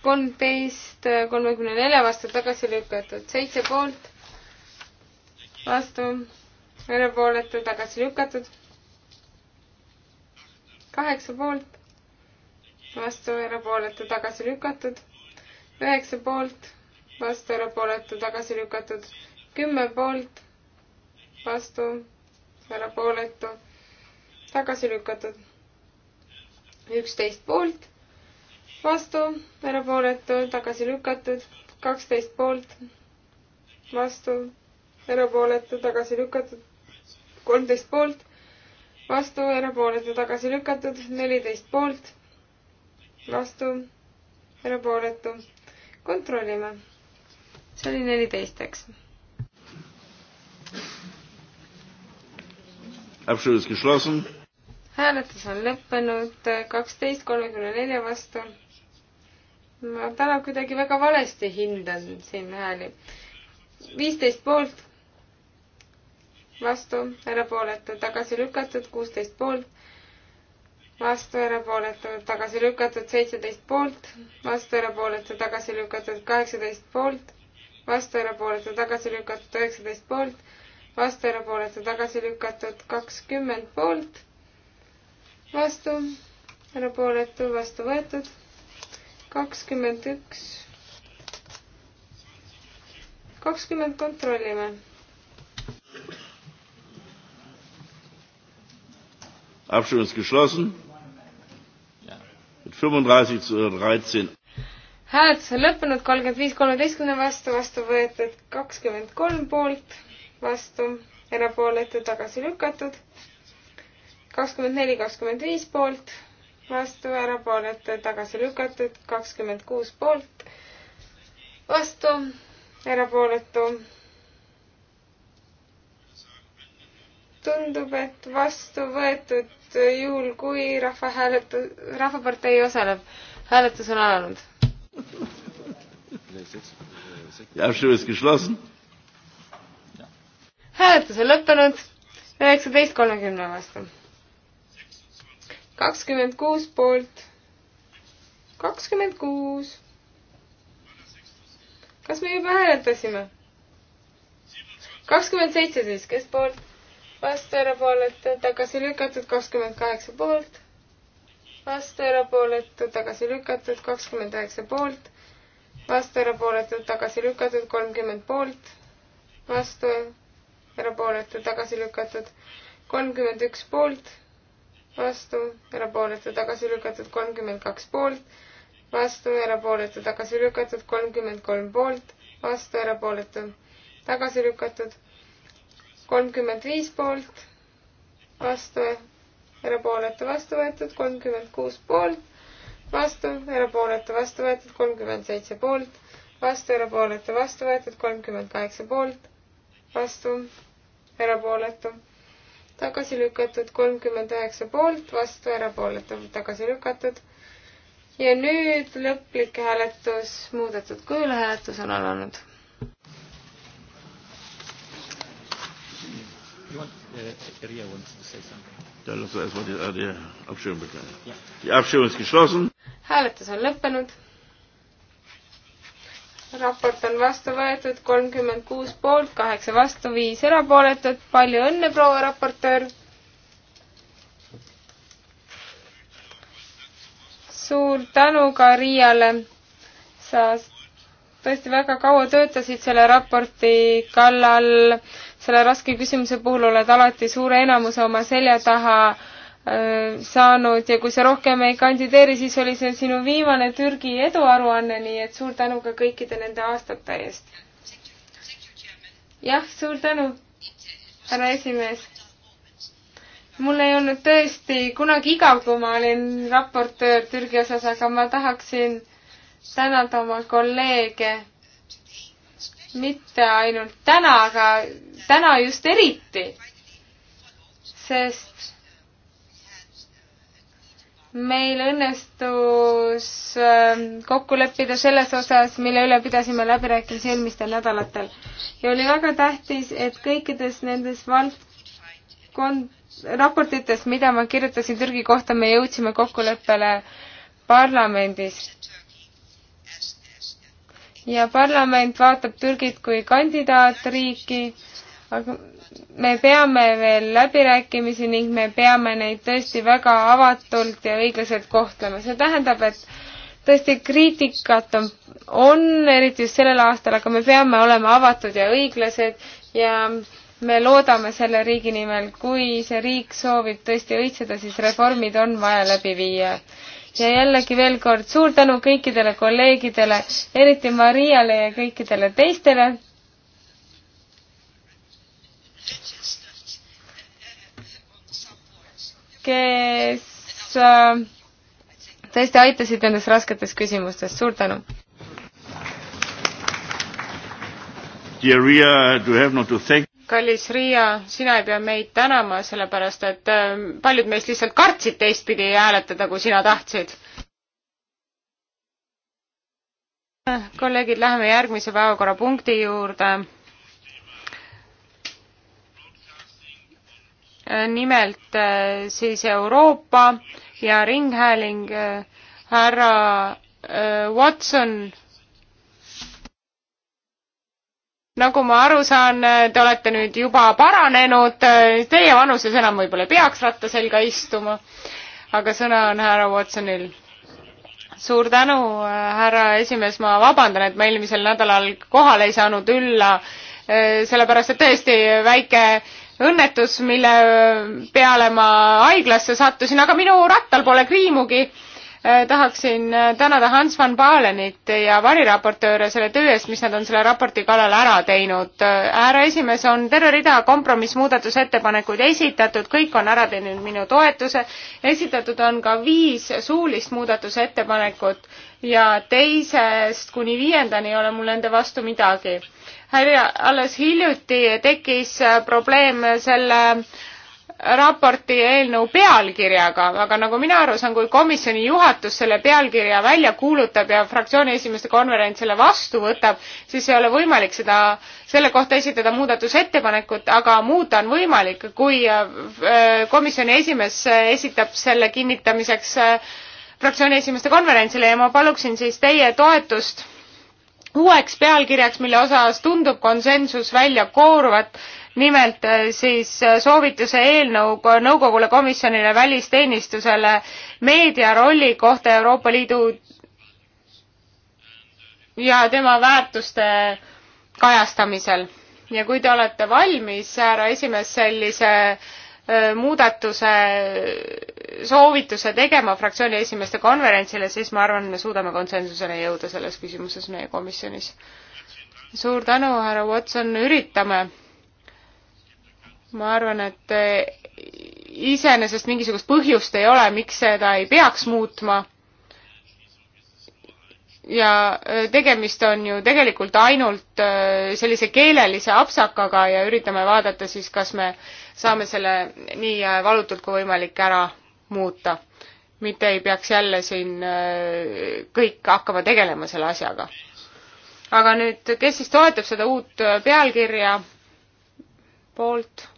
kolmteist kolmekümne nelja vastu tagasi lükatud, seitse poolt, vastu, erapooletu, tagasi lükatud. kaheksa poolt, vastu, erapooletu, tagasi lükatud üheksa poolt, vastu, erapooletu, tagasi lükatud. kümme poolt, vastu, erapooletu, tagasi lükatud. üksteist poolt, vastu, erapooletu, tagasi lükatud. kaksteist poolt, vastu, erapooletu, tagasi lükatud. kolmteist poolt, vastu, erapooletu, tagasi lükatud. neliteist poolt, vastu, erapooletu kontrollime. see oli neliteist, eks? hääletus on lõppenud kaksteist kolmekümne nelja vastu. ma täna kuidagi väga valesti hindan siin hääli. viisteist poolt, vastu, erapooletu, tagasi lükatud, kuusteist poolt vastu, erapooletud, tagasi lükatud, seitseteist poolt, vastu, erapooletud, tagasi lükatud, kaheksateist poolt, vastu, erapooletud, tagasi lükatud, üheksateist poolt, vastu, erapooletud, tagasi lükatud, kakskümmend poolt, vastu, erapooletu, vastu võetud, kakskümmend üks, kakskümmend kontrollime Abstimmung ist geschlossen hääletus on lõppenud, kolmkümmend viis kolmeteistkümne vastu, vastu võetud kakskümmend kolm poolt, vastu, erapooletu tagasi lükatud. kakskümmend neli, kakskümmend viis poolt, vastu, erapooletu tagasi lükatud, kakskümmend kuus poolt, vastu, erapooletu tundub, et vastu võetud juhul, kui rahvahääletus, Rahvapartei osaleb. hääletus on alanud. hääletus on lõppenud üheksateist kolmekümne vastu. kakskümmend kuus poolt. kakskümmend kuus. kas me juba hääletasime? kakskümmend seitse siis, kes poolt? vastu erapooletu, tagasi lükatud, kakskümmend kaheksa poolt, vastu erapooletu, tagasi lükatud, kakskümmend üheksa poolt, vastu erapooletu, tagasi lükatud, kolmkümmend poolt, vastu erapooletu, tagasi lükatud, kolmkümmend üks poolt, vastu erapooletu, tagasi lükatud, kolmkümmend kaks poolt, vastu erapooletu, tagasi lükatud, kolmkümmend kolm poolt, vastu erapooletu, tagasi lükatud kolmkümmend viis poolt, vastu, erapooletu, vastu võetud, kolmkümmend kuus poolt, vastu, erapooletu, vastu võetud, kolmkümmend seitse poolt, vastu, erapooletu, vastu võetud, kolmkümmend kaheksa poolt, vastu, erapooletu, tagasi lükatud, kolmkümmend üheksa poolt, vastu, erapooletu, tagasi lükatud. ja nüüd lõplik hääletus muudetud kujul, hääletus on alanud Want, uh, Ria wants to say something. Dann lassen wir erstmal die, äh, die Abstimmung beginnen. Ja. Die Abstimmung ist geschlossen. Hääletus on lõppenud. raport on vastu võetud, kolmkümmend kuus poolt, kaheksa vastu, viis erapooletut. palju õnne, proua raportöör. suur tänu ka Riiale. sa tõesti väga kaua töötasid selle raporti kallal selle raske küsimuse puhul oled alati suure enamuse oma selja taha äh, saanud ja kui sa rohkem ei kandideeri, siis oli see sinu viimane Türgi eduaruanne, nii et suur tänu ka kõikide nende aastate eest. jah, suur tänu, härra esimees. mul ei olnud tõesti kunagi igav, kui ma olin raportöör Türgi osas, aga ma tahaksin tänada oma kolleege mitte ainult täna, aga täna just eriti, sest meil õnnestus ähm, kokku leppida selles osas, mille üle pidasime läbirääkimisi eelmistel nädalatel. ja oli väga tähtis, et kõikides nendes valdkond, raportites, mida ma kirjutasin Türgi kohta, me jõudsime kokkuleppele parlamendis ja parlament vaatab Türgit kui kandidaatriiki, aga me peame veel läbirääkimisi ning me peame neid tõesti väga avatult ja õiglaselt kohtlema. see tähendab, et tõesti kriitikat on, on eriti just sellel aastal, aga me peame olema avatud ja õiglased ja me loodame selle riigi nimel, kui see riik soovib tõesti õitseda, siis reformid on vaja läbi viia ja jällegi veel kord suur tänu kõikidele kolleegidele, eriti Mariale ja kõikidele teistele. kes äh, tõesti aitasid nendes rasketes küsimustes, suur tänu! Dear Ria, do you have not to thank kallis Riia, sina ei pea meid tänama, sellepärast et äh, paljud meist lihtsalt kartsid teistpidi hääletada, kui sina tahtsid. Äh, kolleegid, läheme järgmise päevakorrapunkti juurde. Äh, nimelt siis Euroopa ja Ringhääling härra Watson nagu ma aru saan, te olete nüüd juba paranenud, teie vanuses enam võib-olla ei peaks ratta selga istuma, aga sõna on härra Watsonil. suur tänu, härra esimees, ma vabandan, et ma eelmisel nädalal kohale ei saanud ülla, sellepärast et tõesti väike õnnetus, mille peale ma haiglasse sattusin, aga minu rattal pole kriimugi Äh, tahaksin äh, tänada Hans van Balenit ja variraportööre selle töö eest, mis nad on selle raporti kallal ära teinud. Äh, härra esimees, on terve rida kompromissmuudatusettepanekuid esitatud, kõik on ära teinud minu toetuse. esitatud on ka viis suulist muudatusettepanekut ja teisest kuni viiendani ei ole mul nende vastu midagi. härra, alles hiljuti tekkis probleem selle raporti eelnõu pealkirjaga, aga nagu mina aru saan, kui komisjoni juhatus selle pealkirja välja kuulutab ja fraktsiooni esimeeste konverents selle vastu võtab, siis ei ole võimalik seda, selle kohta esitada muudatusettepanekut, aga muuta on võimalik, kui äh, komisjoni esimees äh, esitab selle kinnitamiseks äh, fraktsiooni esimeeste konverentsile ja ma paluksin siis teie toetust uueks pealkirjaks, mille osas tundub konsensus välja kooruvat nimelt äh, siis äh, soovituse eelnõu nõukogule, komisjonile, välisteenistusele meedia rolli kohta Euroopa Liidu ja tema väärtuste kajastamisel. ja kui te olete valmis, härra esimees, sellise äh, muudatuse soovituse tegema fraktsiooni esimeeste konverentsile, siis ma arvan, me suudame konsensusele jõuda selles küsimuses meie komisjonis. suur tänu, härra Watson, üritame ma arvan, et eh, iseenesest mingisugust põhjust ei ole, miks seda ei peaks muutma. ja eh, tegemist on ju tegelikult ainult eh, sellise keelelise apsakaga ja üritame vaadata siis, kas me saame selle nii valutult kui võimalik ära muuta. mitte ei peaks jälle siin kõik hakkama tegelema selle asjaga. aga nüüd, kes siis toetab seda uut pealkirja? poolt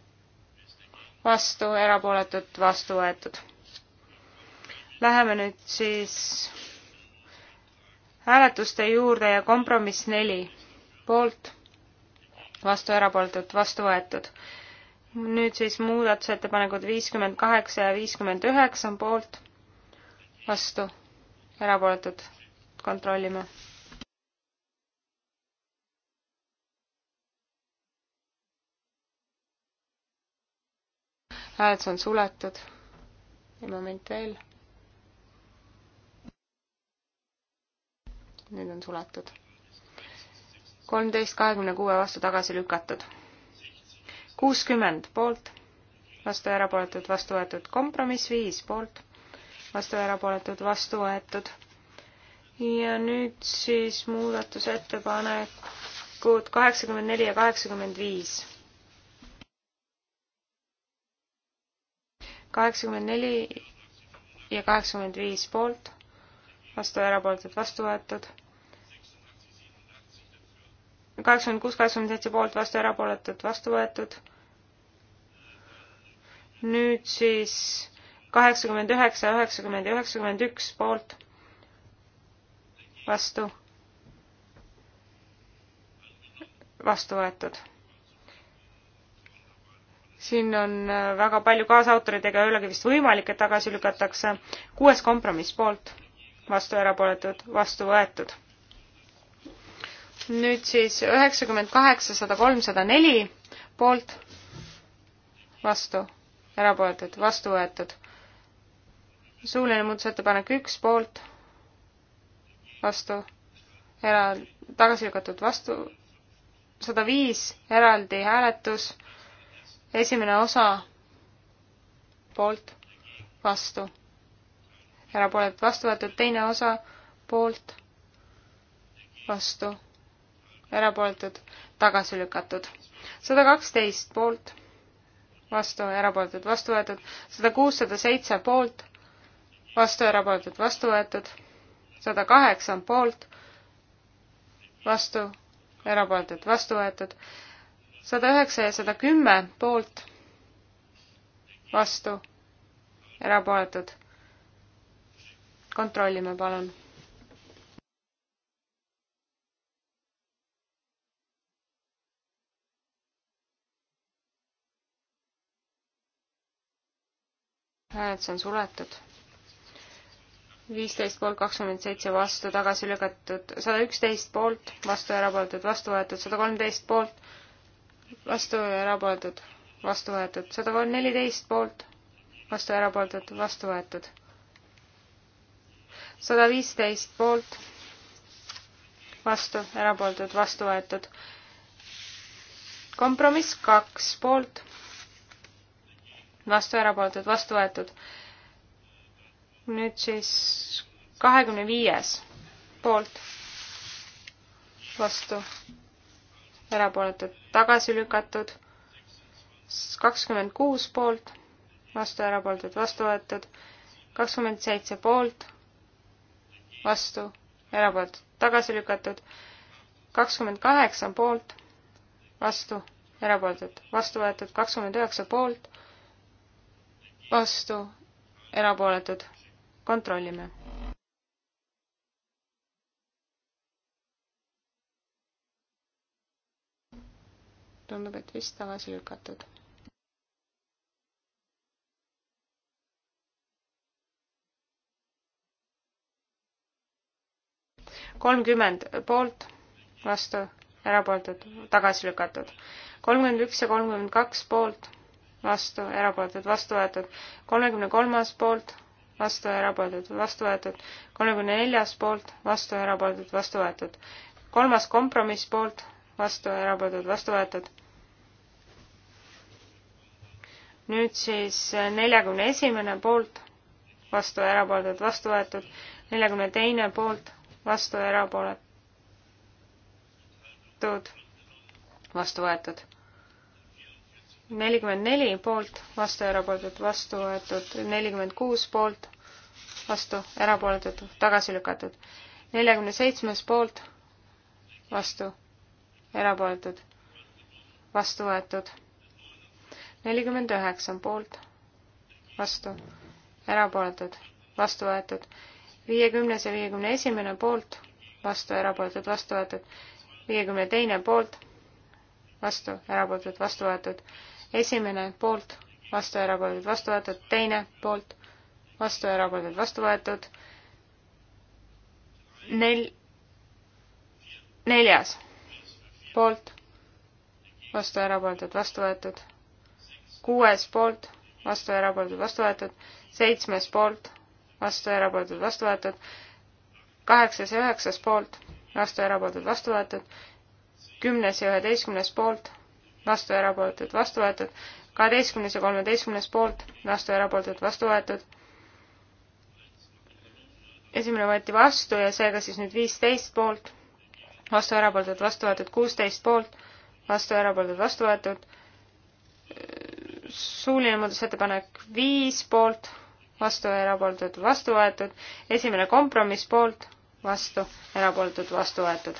vastu, erapooletud, vastu võetud. Läheme nüüd siis hääletuste juurde ja kompromiss neli poolt, vastu, erapooletud, vastu võetud. nüüd siis muudatusettepanekud viiskümmend kaheksa ja viiskümmend üheksa on poolt, vastu, erapooletud, kontrollime hääletus on suletud. ja moment veel. nüüd on suletud. kolmteist kahekümne kuue vastu tagasi lükatud. kuuskümmend poolt, vastu ja erapooletud, vastu võetud. kompromiss viis poolt, vastu ja erapooletud, vastu võetud. ja nüüd siis muudatusettepanekud kaheksakümmend neli ja kaheksakümmend viis kaheksakümmend neli ja kaheksakümmend viis poolt, vastu erapooletud, vastu võetud. kaheksakümmend kuus, kaheksakümmend seitse poolt, vastu erapooletud, vastu võetud. nüüd siis kaheksakümmend üheksa, üheksakümmend ja üheksakümmend üks poolt, vastu, vastu võetud siin on äh, väga palju kaasautoreid, ega ei olegi vist võimalik, et tagasi lükatakse. kuues kompromiss poolt, vastu erapooletud, vastu võetud. nüüd siis üheksakümmend kaheksa, sada kolm, sada neli poolt, vastu, erapooletud, vastu võetud. suuline muudatusettepanek üks poolt, vastu, era-, tagasi lükatud, vastu, sada viis eraldi hääletus esimene osa poolt, vastu, erapooletud vastu võetud, teine osa poolt, vastu, erapooletud, tagasi lükatud. sada kaksteist poolt, vastu, erapooletud, vastu võetud, sada kuus, sada seitse poolt, vastu, erapooletud, vastu võetud, sada kaheksa poolt, vastu, erapooletud, vastu võetud, sada üheksa ja sada kümme poolt, vastu, erapooletud. kontrollime, palun. hääletus on suletud. viisteist poolt, kakskümmend seitse vastu, tagasi lükatud, sada üksteist poolt, vastu erapooletud, vastu võetud, sada kolmteist poolt vastu erapooletud, vastu võetud, sada kolm neliteist poolt, vastu erapooletud, vastu võetud. sada viisteist poolt, vastu erapooletud, vastu võetud. kompromiss kaks poolt, vastu erapooletud, vastu võetud. nüüd siis kahekümne viies poolt, vastu erapooletud tagasi lükatud, kakskümmend kuus poolt, vastu erapooletud vastu võetud, kakskümmend seitse poolt, vastu erapooletud tagasi lükatud, kakskümmend kaheksa poolt, vastu erapooletud vastu võetud, kakskümmend üheksa poolt, vastu erapooletud, kontrollime tundub, et vist tagasi lükatud. kolmkümmend poolt, vastu, erapooletud, tagasi lükatud. kolmkümmend üks ja kolmkümmend kaks poolt, vastu, erapooletud, vastu võetud. kolmekümne kolmas poolt, vastu, erapooletud, vastu võetud. kolmekümne neljas poolt, vastu, erapooletud, vastu võetud. kolmas kompromiss poolt vastu, erapooletud, vastu võetud. nüüd siis äh, neljakümne esimene poolt, vastu, erapooletud, vastu võetud, neljakümne teine poolt, vastu, erapooletud, vastu võetud nelikümmend neli poolt, vastu, erapooletud, vastu võetud, nelikümmend kuus poolt, vastu, erapooletud, tagasi lükatud. neljakümne seitsmes poolt, vastu, erapooletud, vastu võetud. nelikümmend üheksa on poolt, vastu, erapooletud, vastu võetud. viiekümnes ja viiekümne esimene poolt, vastu, erapooletud, vastu võetud. viiekümne teine poolt, vastu, erapooletud, vastu võetud. esimene poolt, vastu, erapooletud, vastu võetud. teine poolt, vastu, erapooletud, vastu võetud. nel-, neljas poolt, vastu erapooletud, vastu võetud. kuues poolt, vastu erapooletud, vastu võetud. seitsmes poolt, vastu erapooletud, vastu võetud. kaheksas ja üheksas poolt, vastu erapooletud, vastu võetud. kümnes ja üheteistkümnes poolt, vastu erapooletud, vastu võetud. kaheteistkümnes ja kolmeteistkümnes poolt, vastu erapooletud, vastu võetud esimene võeti vastu ja seega siis nüüd viisteist poolt vastu erapooletud, vastu võetud kuusteist poolt, vastu erapooletud, vastu võetud. suuline muudatusettepanek viis poolt, vastu erapooletud, vastu võetud. esimene kompromiss poolt, vastu erapooletud, vastu võetud.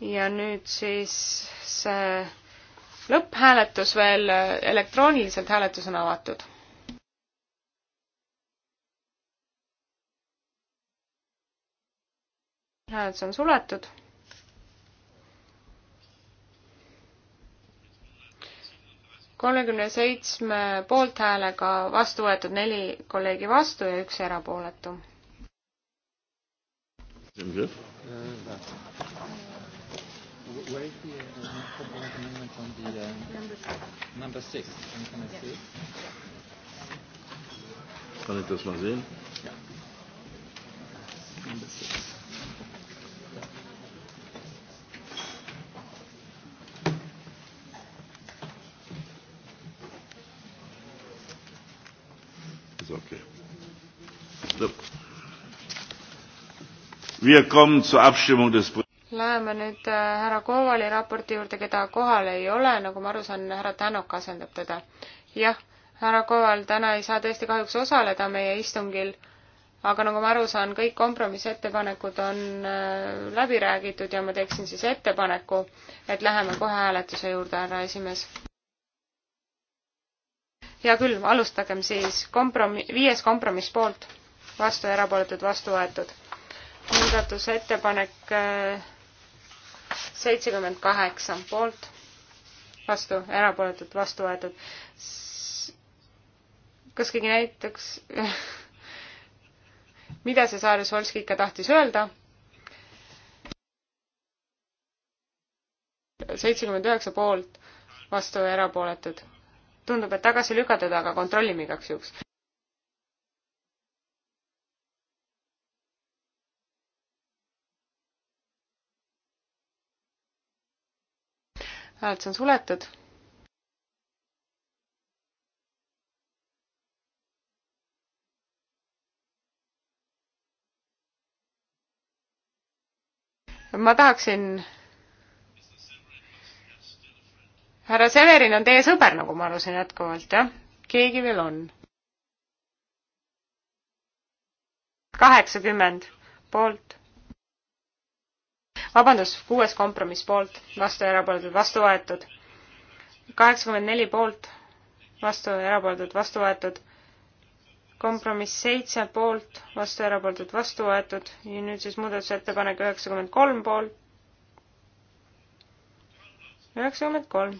ja nüüd siis see lõpphääletus veel elektrooniliselt hääletus on avatud hääletus on suletud. kolmekümne seitsme poolthäälega vastu võetud neli kolleegi vastu ja üks erapooletu. Where is the uh, compromise amendment on the uh, number six? Number six. Can I see it? Kann ich das mal sehen? Ja. Number six. Läheme nüüd äh, härra Kovali raporti juurde, keda kohal ei ole, nagu ma aru saan, härra Tänok asendab teda. jah, härra Koval täna ei saa tõesti kahjuks osaleda meie istungil, aga nagu ma aru saan, kõik kompromissettepanekud on äh, läbi räägitud ja ma teeksin siis ettepaneku, et läheme kohe hääletuse juurde, härra esimees. hea küll, alustagem siis kompromi-, viies kompromiss poolt, vastu, erapooletud, vastu võetud muudatusettepanek äh, seitsekümmend kaheksa poolt, vastu, erapooletult vastu võetud. kas keegi näitaks mida see Saarjus Holski ikka tahtis öelda? seitsekümmend üheksa poolt, vastu erapooletud. tundub, et tagasi lükatud, aga kontrollime igaks juhuks. hääletus on suletud. ma tahaksin härra Severin on teie sõber, nagu ma aru sain jätkuvalt, jah? keegi veel on? kaheksakümmend poolt vabandust, kuues kompromiss poolt, vastu erapooletud, vastu võetud. kaheksakümmend neli poolt, vastu erapooletud, vastu võetud. kompromiss seitse poolt, vastu erapooletud, vastu võetud ja nüüd siis muudatusettepanek üheksakümmend kolm poolt. üheksakümmend kolm.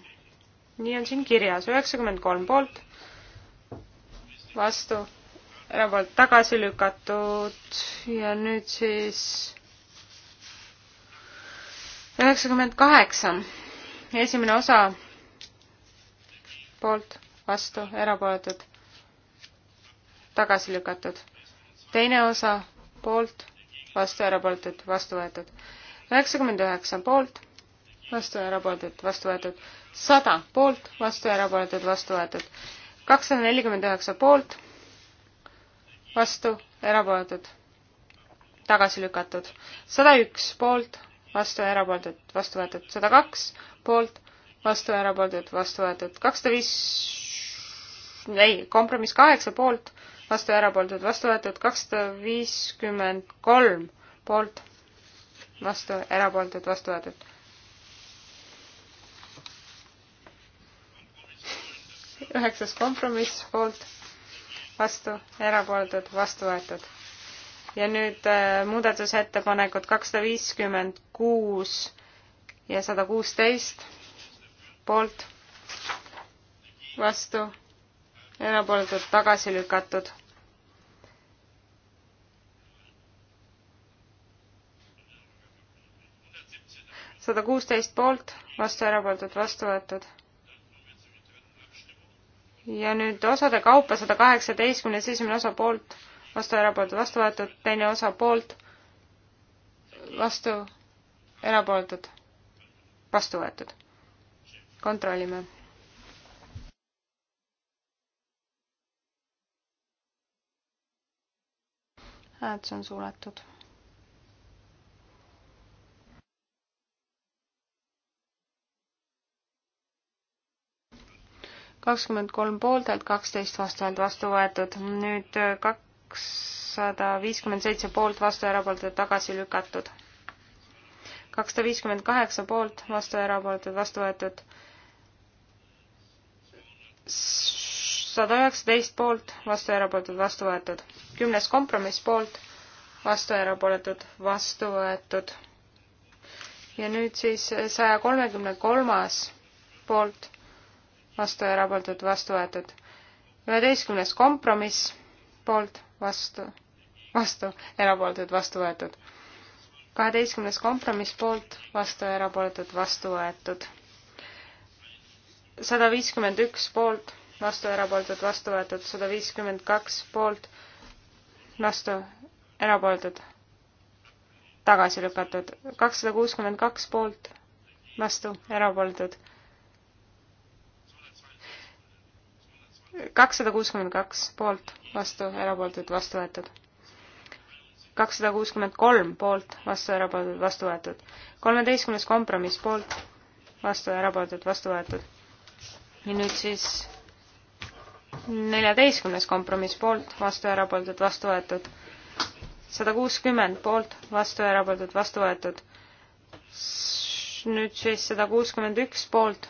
nii on siin kirjas, üheksakümmend kolm poolt, vastu erapoolt tagasi lükatud ja nüüd siis üheksakümmend kaheksa, esimene osa poolt, vastu, erapooletud, tagasi lükatud. teine osa poolt, vastu, erapooletud, vastu võetud. üheksakümmend üheksa poolt, vastu, erapooletud, vastu võetud. sada poolt, vastu, erapooletud, vastu võetud. kakssada nelikümmend üheksa poolt, vastu, erapooletud, tagasi lükatud. sada üks poolt, vastu ja erapooletud, vastu võetud sada kaks, poolt, vastu ja erapooletud, vastu võetud kakssada viis, ei, kompromiss kaheksa poolt, vastu ja erapooletud, vastu võetud kakssada viiskümmend kolm poolt, vastu, erapooletud, vastu võetud. üheksas kompromiss poolt, vastu, erapooletud, vastu võetud ja nüüd äh, muudatusettepanekud kakssada viiskümmend kuus ja sada kuusteist poolt, vastu, erapooletult tagasi lükatud. sada kuusteist poolt, vastu erapooletult vastu võetud. ja nüüd osade kaupa sada kaheksateistkümne esimene osa poolt vastu, erapooletud, vastu võetud, teine osa poolt, vastu, erapooletud, vastu võetud. kontrollime. hääletus on suletud kakskümmend kolm poolthäält, kaksteist vastuhäält vastu võetud. nüüd kak-, kakssada viiskümmend seitse poolt, vastu, erapooletud, tagasi lükatud. kakssada viiskümmend kaheksa poolt, vastu, erapooletud, vastu võetud. sada üheksateist poolt, vastu, erapooletud, vastu võetud. kümnes kompromiss poolt, vastu, erapooletud, vastu võetud. ja nüüd siis saja kolmekümne kolmas poolt, vastu, erapooletud, vastu võetud üheteistkümnes kompromiss poolt, vastu, vastu, erapooletud, vastu võetud. kaheteistkümnes kompromiss poolt, vastu, erapooletud, vastu võetud. sada viiskümmend üks poolt, vastu, erapooletud, vastu võetud, sada viiskümmend kaks poolt, vastu, erapooletud, tagasi lükatud, kakssada kuuskümmend kaks poolt, vastu, erapooletud kakssada kuuskümmend kaks poolt, vastu, erapooletud, vastu võetud. kakssada kuuskümmend kolm poolt, vastu, erapooletud, vastu võetud. kolmeteistkümnes kompromiss poolt, vastu, erapooletud, vastu võetud. ja nüüd siis neljateistkümnes kompromiss poolt, vastu, erapooletud, vastu võetud. sada kuuskümmend poolt, vastu, erapooletud, vastu võetud. nüüd siis sada kuuskümmend üks poolt,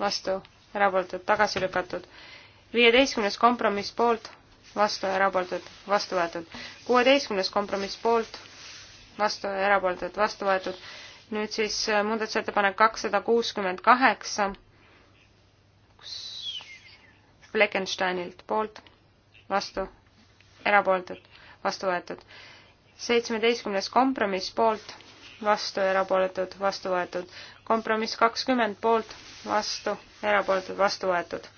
vastu, erapooletud, tagasi lükatud viieteistkümnes kompromiss poolt, vastu, erapooletud, vastu võetud. kuueteistkümnes kompromiss poolt, vastu, erapooletud, vastu võetud. nüüd siis äh, muudatusettepanek kakssada kuuskümmend kaheksa Fleckensteinilt poolt, vastu, erapooletud, vastu võetud. seitsmeteistkümnes kompromiss poolt, vastu, erapooletud, vastu võetud. kompromiss kakskümmend poolt, vastu, erapooletud, vastu võetud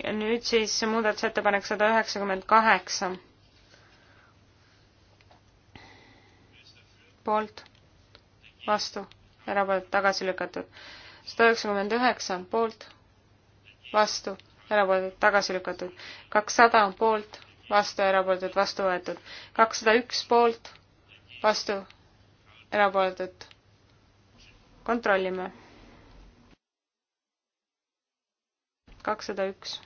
ja nüüd siis muudatusettepanek sada üheksakümmend kaheksa. poolt, vastu, erapooletud, tagasi lükatud. sada üheksakümmend üheksa, poolt, vastu, erapooletud, tagasi lükatud. kakssada, poolt, vastu, erapooletud, vastu võetud. kakssada üks, poolt, vastu, erapooletud. kontrollime kakssada üks.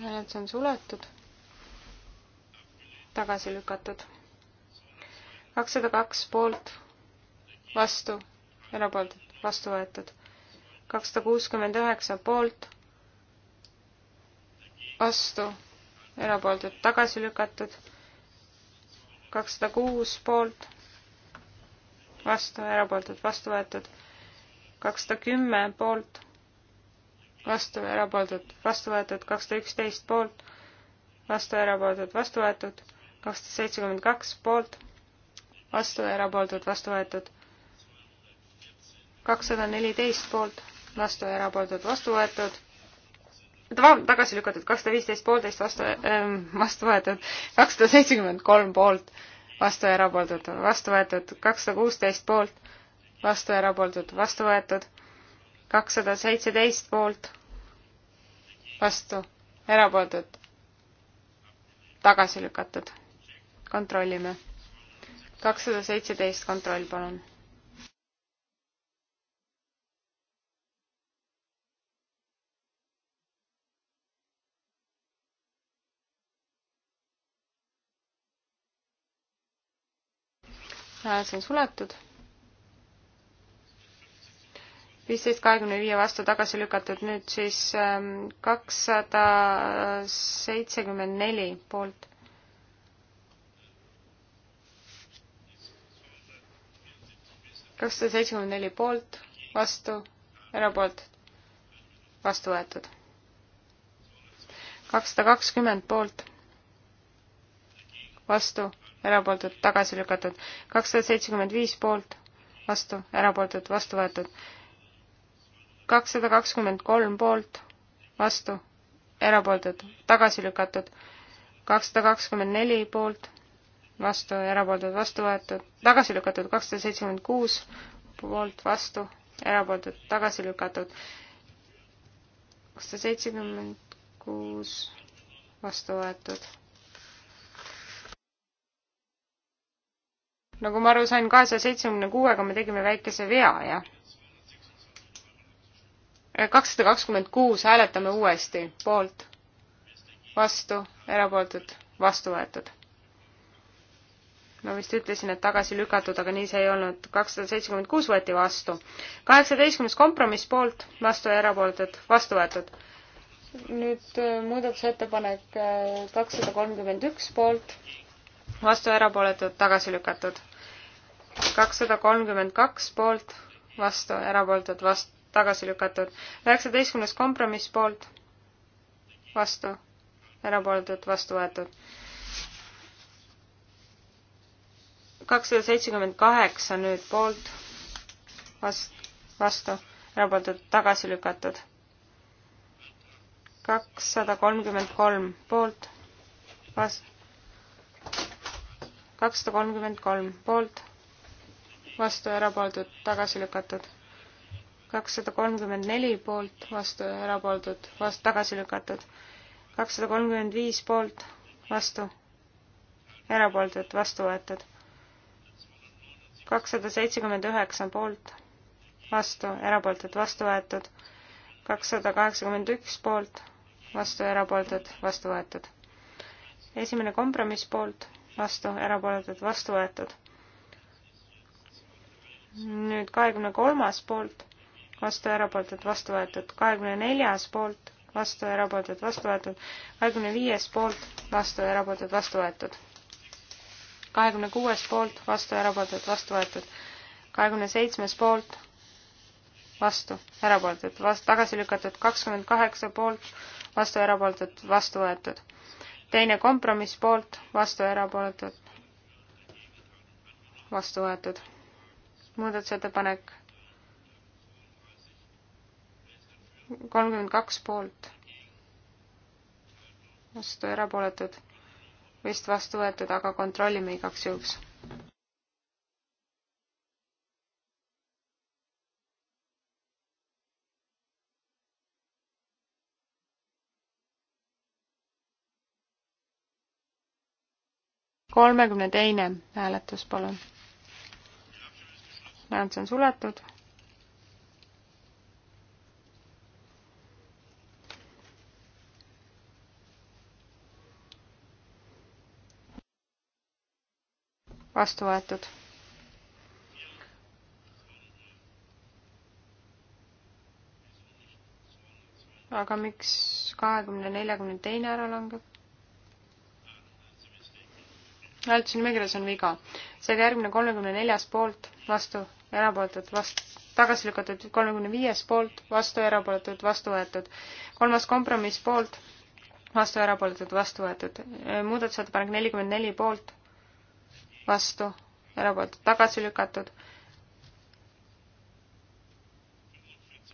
hääletus on suletud, tagasi lükatud. kakssada kaks poolt, vastu, erapooletud, vastu võetud. kakssada kuuskümmend üheksa poolt vastu, erapooletud tagasi lükatud, kakssada kuus poolt, vastu, erapooletud vastu võetud, kakssada kümme poolt, vastu, erapooletud vastu võetud, kakssada üksteist poolt, vastu, erapooletud vastu võetud, kakssada seitsekümmend kaks poolt, vastu, erapooletud vastu võetud, kakssada neliteist poolt, vastu, erapooletud vastu võetud tagasi lükatud kakssada viisteist poolteist vastu ähm,, vastu võetud kakssada seitsekümmend kolm poolt, vastu ja erapooletud, vastu võetud kakssada kuusteist poolt, vastu ja erapooletud, vastu võetud kakssada seitseteist poolt, vastu, erapooletud, tagasi lükatud. kontrollime. kakssada seitseteist, kontroll palun hääletus on suletud. viisteist kahekümne viie vastu tagasi lükatud, nüüd siis ähm, kakssada seitsekümmend neli poolt. kakssada seitsekümmend neli poolt, vastu, erapoolt, vastu võetud. kakssada kakskümmend poolt, vastu erapooletud, tagasi lükatud. kakssada seitsekümmend viis poolt, vastu, erapooletud, vastu võetud. kakssada kakskümmend kolm poolt, vastu, erapooletud, tagasi lükatud. kakssada kakskümmend neli poolt, vastu, erapooletud, vastu võetud, tagasi lükatud. kakssada seitsekümmend kuus poolt, vastu, erapooletud, tagasi lükatud. kakssada seitsekümmend kuus, vastu võetud nagu ma aru sain, kahesaja seitsmekümne kuuega me tegime väikese vea, jah? kakssada kakskümmend kuus, hääletame uuesti, poolt, vastu, erapooletud, vastu võetud. ma vist ütlesin, et tagasi lükatud, aga nii see ei olnud, kakssada seitsekümmend kuus võeti vastu. kaheksateistkümnes kompromiss poolt, vastu ja erapooletud, vastu võetud. nüüd äh, muudatusettepanek äh, kakssada kolmkümmend üks poolt, vastu ja erapooletud, tagasi lükatud kakssada kolmkümmend kaks poolt, vastu, erapooletud, vast-, tagasi lükatud. üheksateistkümnes kompromiss poolt, vastu, erapooletud, vastu võetud. kakssada seitsekümmend kaheksa nüüd poolt, vast-, vastu, erapooletud, tagasi lükatud. kakssada kolmkümmend kolm poolt, vastu, kakssada kolmkümmend kolm poolt vastu, erapooletud, tagasi lükatud. kakssada kolmkümmend neli poolt, vastu, erapooletud, vastu, tagasi lükatud. kakssada kolmkümmend viis poolt, vastu, erapooletud, vastu võetud. kakssada seitsekümmend üheksa poolt, vastu, erapooletud, vastu võetud. kakssada kaheksakümmend üks poolt, vastu, erapooletud, vastu võetud. esimene kompromiss poolt, vastu, erapooletud, vastu võetud nüüd kahekümne kolmas poolt, vastu erapooletud, vastu võetud, kahekümne neljas poolt, vastu erapooletud, vastu võetud, kahekümne viies poolt, vastu erapooletud, vastu võetud, kahekümne kuues poolt, vastu erapooletud, vastu võetud, kahekümne seitsmes poolt, vastu erapooletud, vastu tagasi lükatud, kakskümmend kaheksa poolt, vastu erapooletud, vastu võetud, teine kompromiss poolt, vastu erapooletud, vastu võetud muudatusettepanek kolmkümmend kaks poolt, vastu erapooletud, vist vastu võetud, aga kontrollime igaks juhuks. kolmekümne teine hääletus, palun hääletus on suletud. vastu võetud. aga miks kahekümne, neljakümne teine ära langeb? hääletusnimekirjas on viga, seega järgmine kolmekümne neljas poolt, vastu, erapooletud, vastu, tagasi lükatud, kolmekümne viies poolt, vastu, erapooletud, vastu võetud. kolmas kompromiss poolt, vastu, erapooletud, vastu võetud. muudatusettepanek nelikümmend neli poolt, vastu, erapooletud, tagasi lükatud.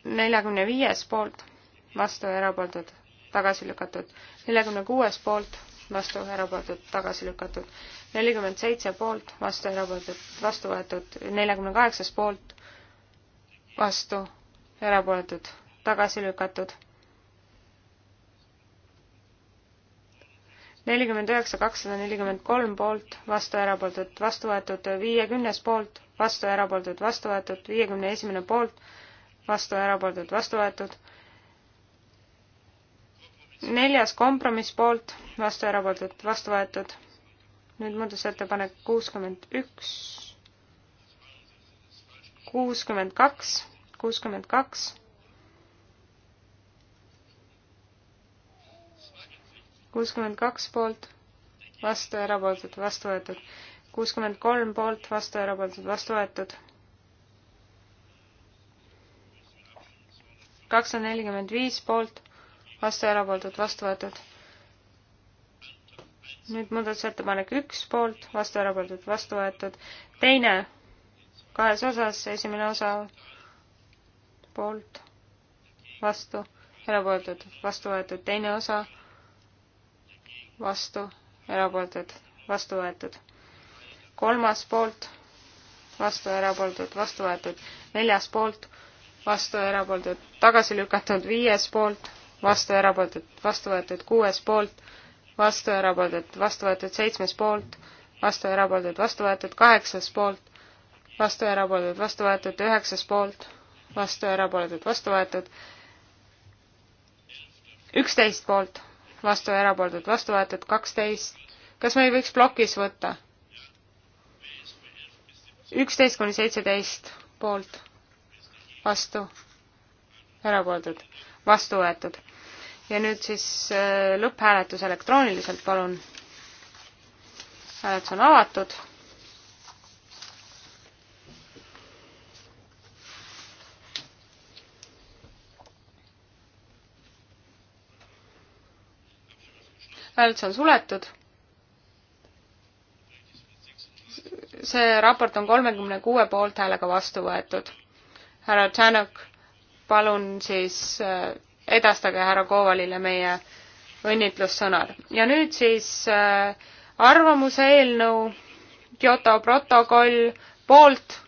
neljakümne viies poolt, vastu, erapooletud, tagasi lükatud. neljakümne kuues poolt vastu, erapooletud, tagasi lükatud. nelikümmend seitse poolt, vastu, erapooletud, vastu võetud. neljakümne kaheksas poolt, vastu, erapooletud, tagasi lükatud. nelikümmend üheksa, kakssada nelikümmend kolm poolt, vastu, erapooletud, vastu võetud. viiekümnes poolt, vastu, erapooletud, vastu võetud. viiekümne esimene poolt, vastu, erapooletud, vastu võetud neljas kompromiss poolt, vastu erapooletud, vastu võetud. nüüd muudatusettepanek kuuskümmend üks, kuuskümmend kaks, kuuskümmend kaks, kuuskümmend kaks poolt, vastu erapooletud, vastu võetud. kuuskümmend kolm poolt, vastu erapooletud, vastu võetud kakssada nelikümmend viis poolt, vastu erapooletud, vastu võetud. nüüd muudatusettepanek üks poolt, vastu erapooletud, vastu võetud. teine kahes osas, esimene osa poolt, vastu, erapooletud, vastu võetud, teine osa vastu, erapooletud, vastu võetud. kolmas poolt, vastu, erapooletud, vastu võetud. neljas poolt, vastu, erapooletud, tagasi lükatud. viies poolt, vastu erapooletud, vastu võetud kuues poolt, vastu erapooletud, vastu võetud seitsmes poolt, vastu erapooletud, vastu võetud kaheksas poolt, vastu erapooletud, vastu võetud üheksas poolt, vastu erapooletud, vastu võetud üksteist poolt, vastu erapooletud, vastu võetud kaksteist. kas me ei võiks plokis võtta? üksteist kuni seitseteist poolt, vastu, erapooletud, vastu võetud ja nüüd siis äh, lõpphääletus elektrooniliselt, palun. hääletus on avatud. hääletus on suletud. see raport on kolmekümne kuue poolthäälega vastu võetud. härra Tšanok, palun siis äh, edastage härra Kovalile meie õnnitlussõnad. ja nüüd siis äh, arvamuse eelnõu, Kyoto protokoll, poolt,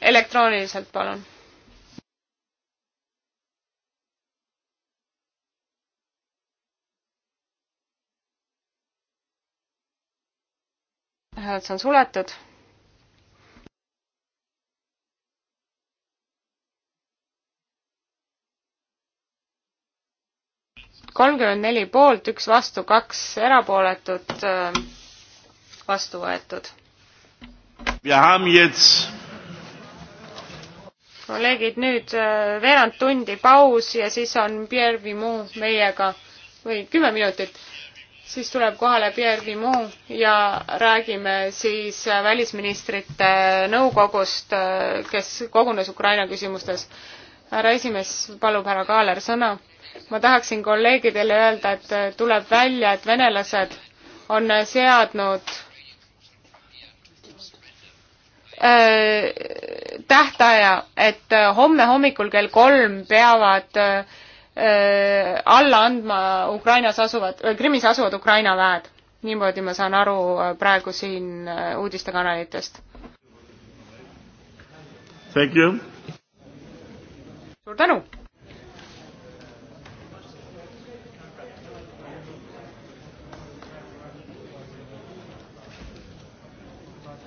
elektrooniliselt palun. hääled on suletud kolmkümmend neli poolt, üks vastu, kaks erapooletut, äh, vastu võetud. kolleegid, nüüd äh, veerand tundi paus ja siis on Pierre Vimou meiega või kümme minutit siis tuleb kohale Pierre Vimon ja räägime siis äh, välisministrite nõukogust, kes kogunes Ukraina küsimustes. härra esimees palub härra Kaaler sõna ma tahaksin kolleegidele öelda, et äh, tuleb välja, et venelased on äh, seadnud äh, tähtaja, et homme hommikul kell kolm peavad öö, alla andma Ukrainas asuvad, Krimmis asuvad Ukraina väed. niimoodi ma saan aru praegu siin uudistekanalitest. suur tänu!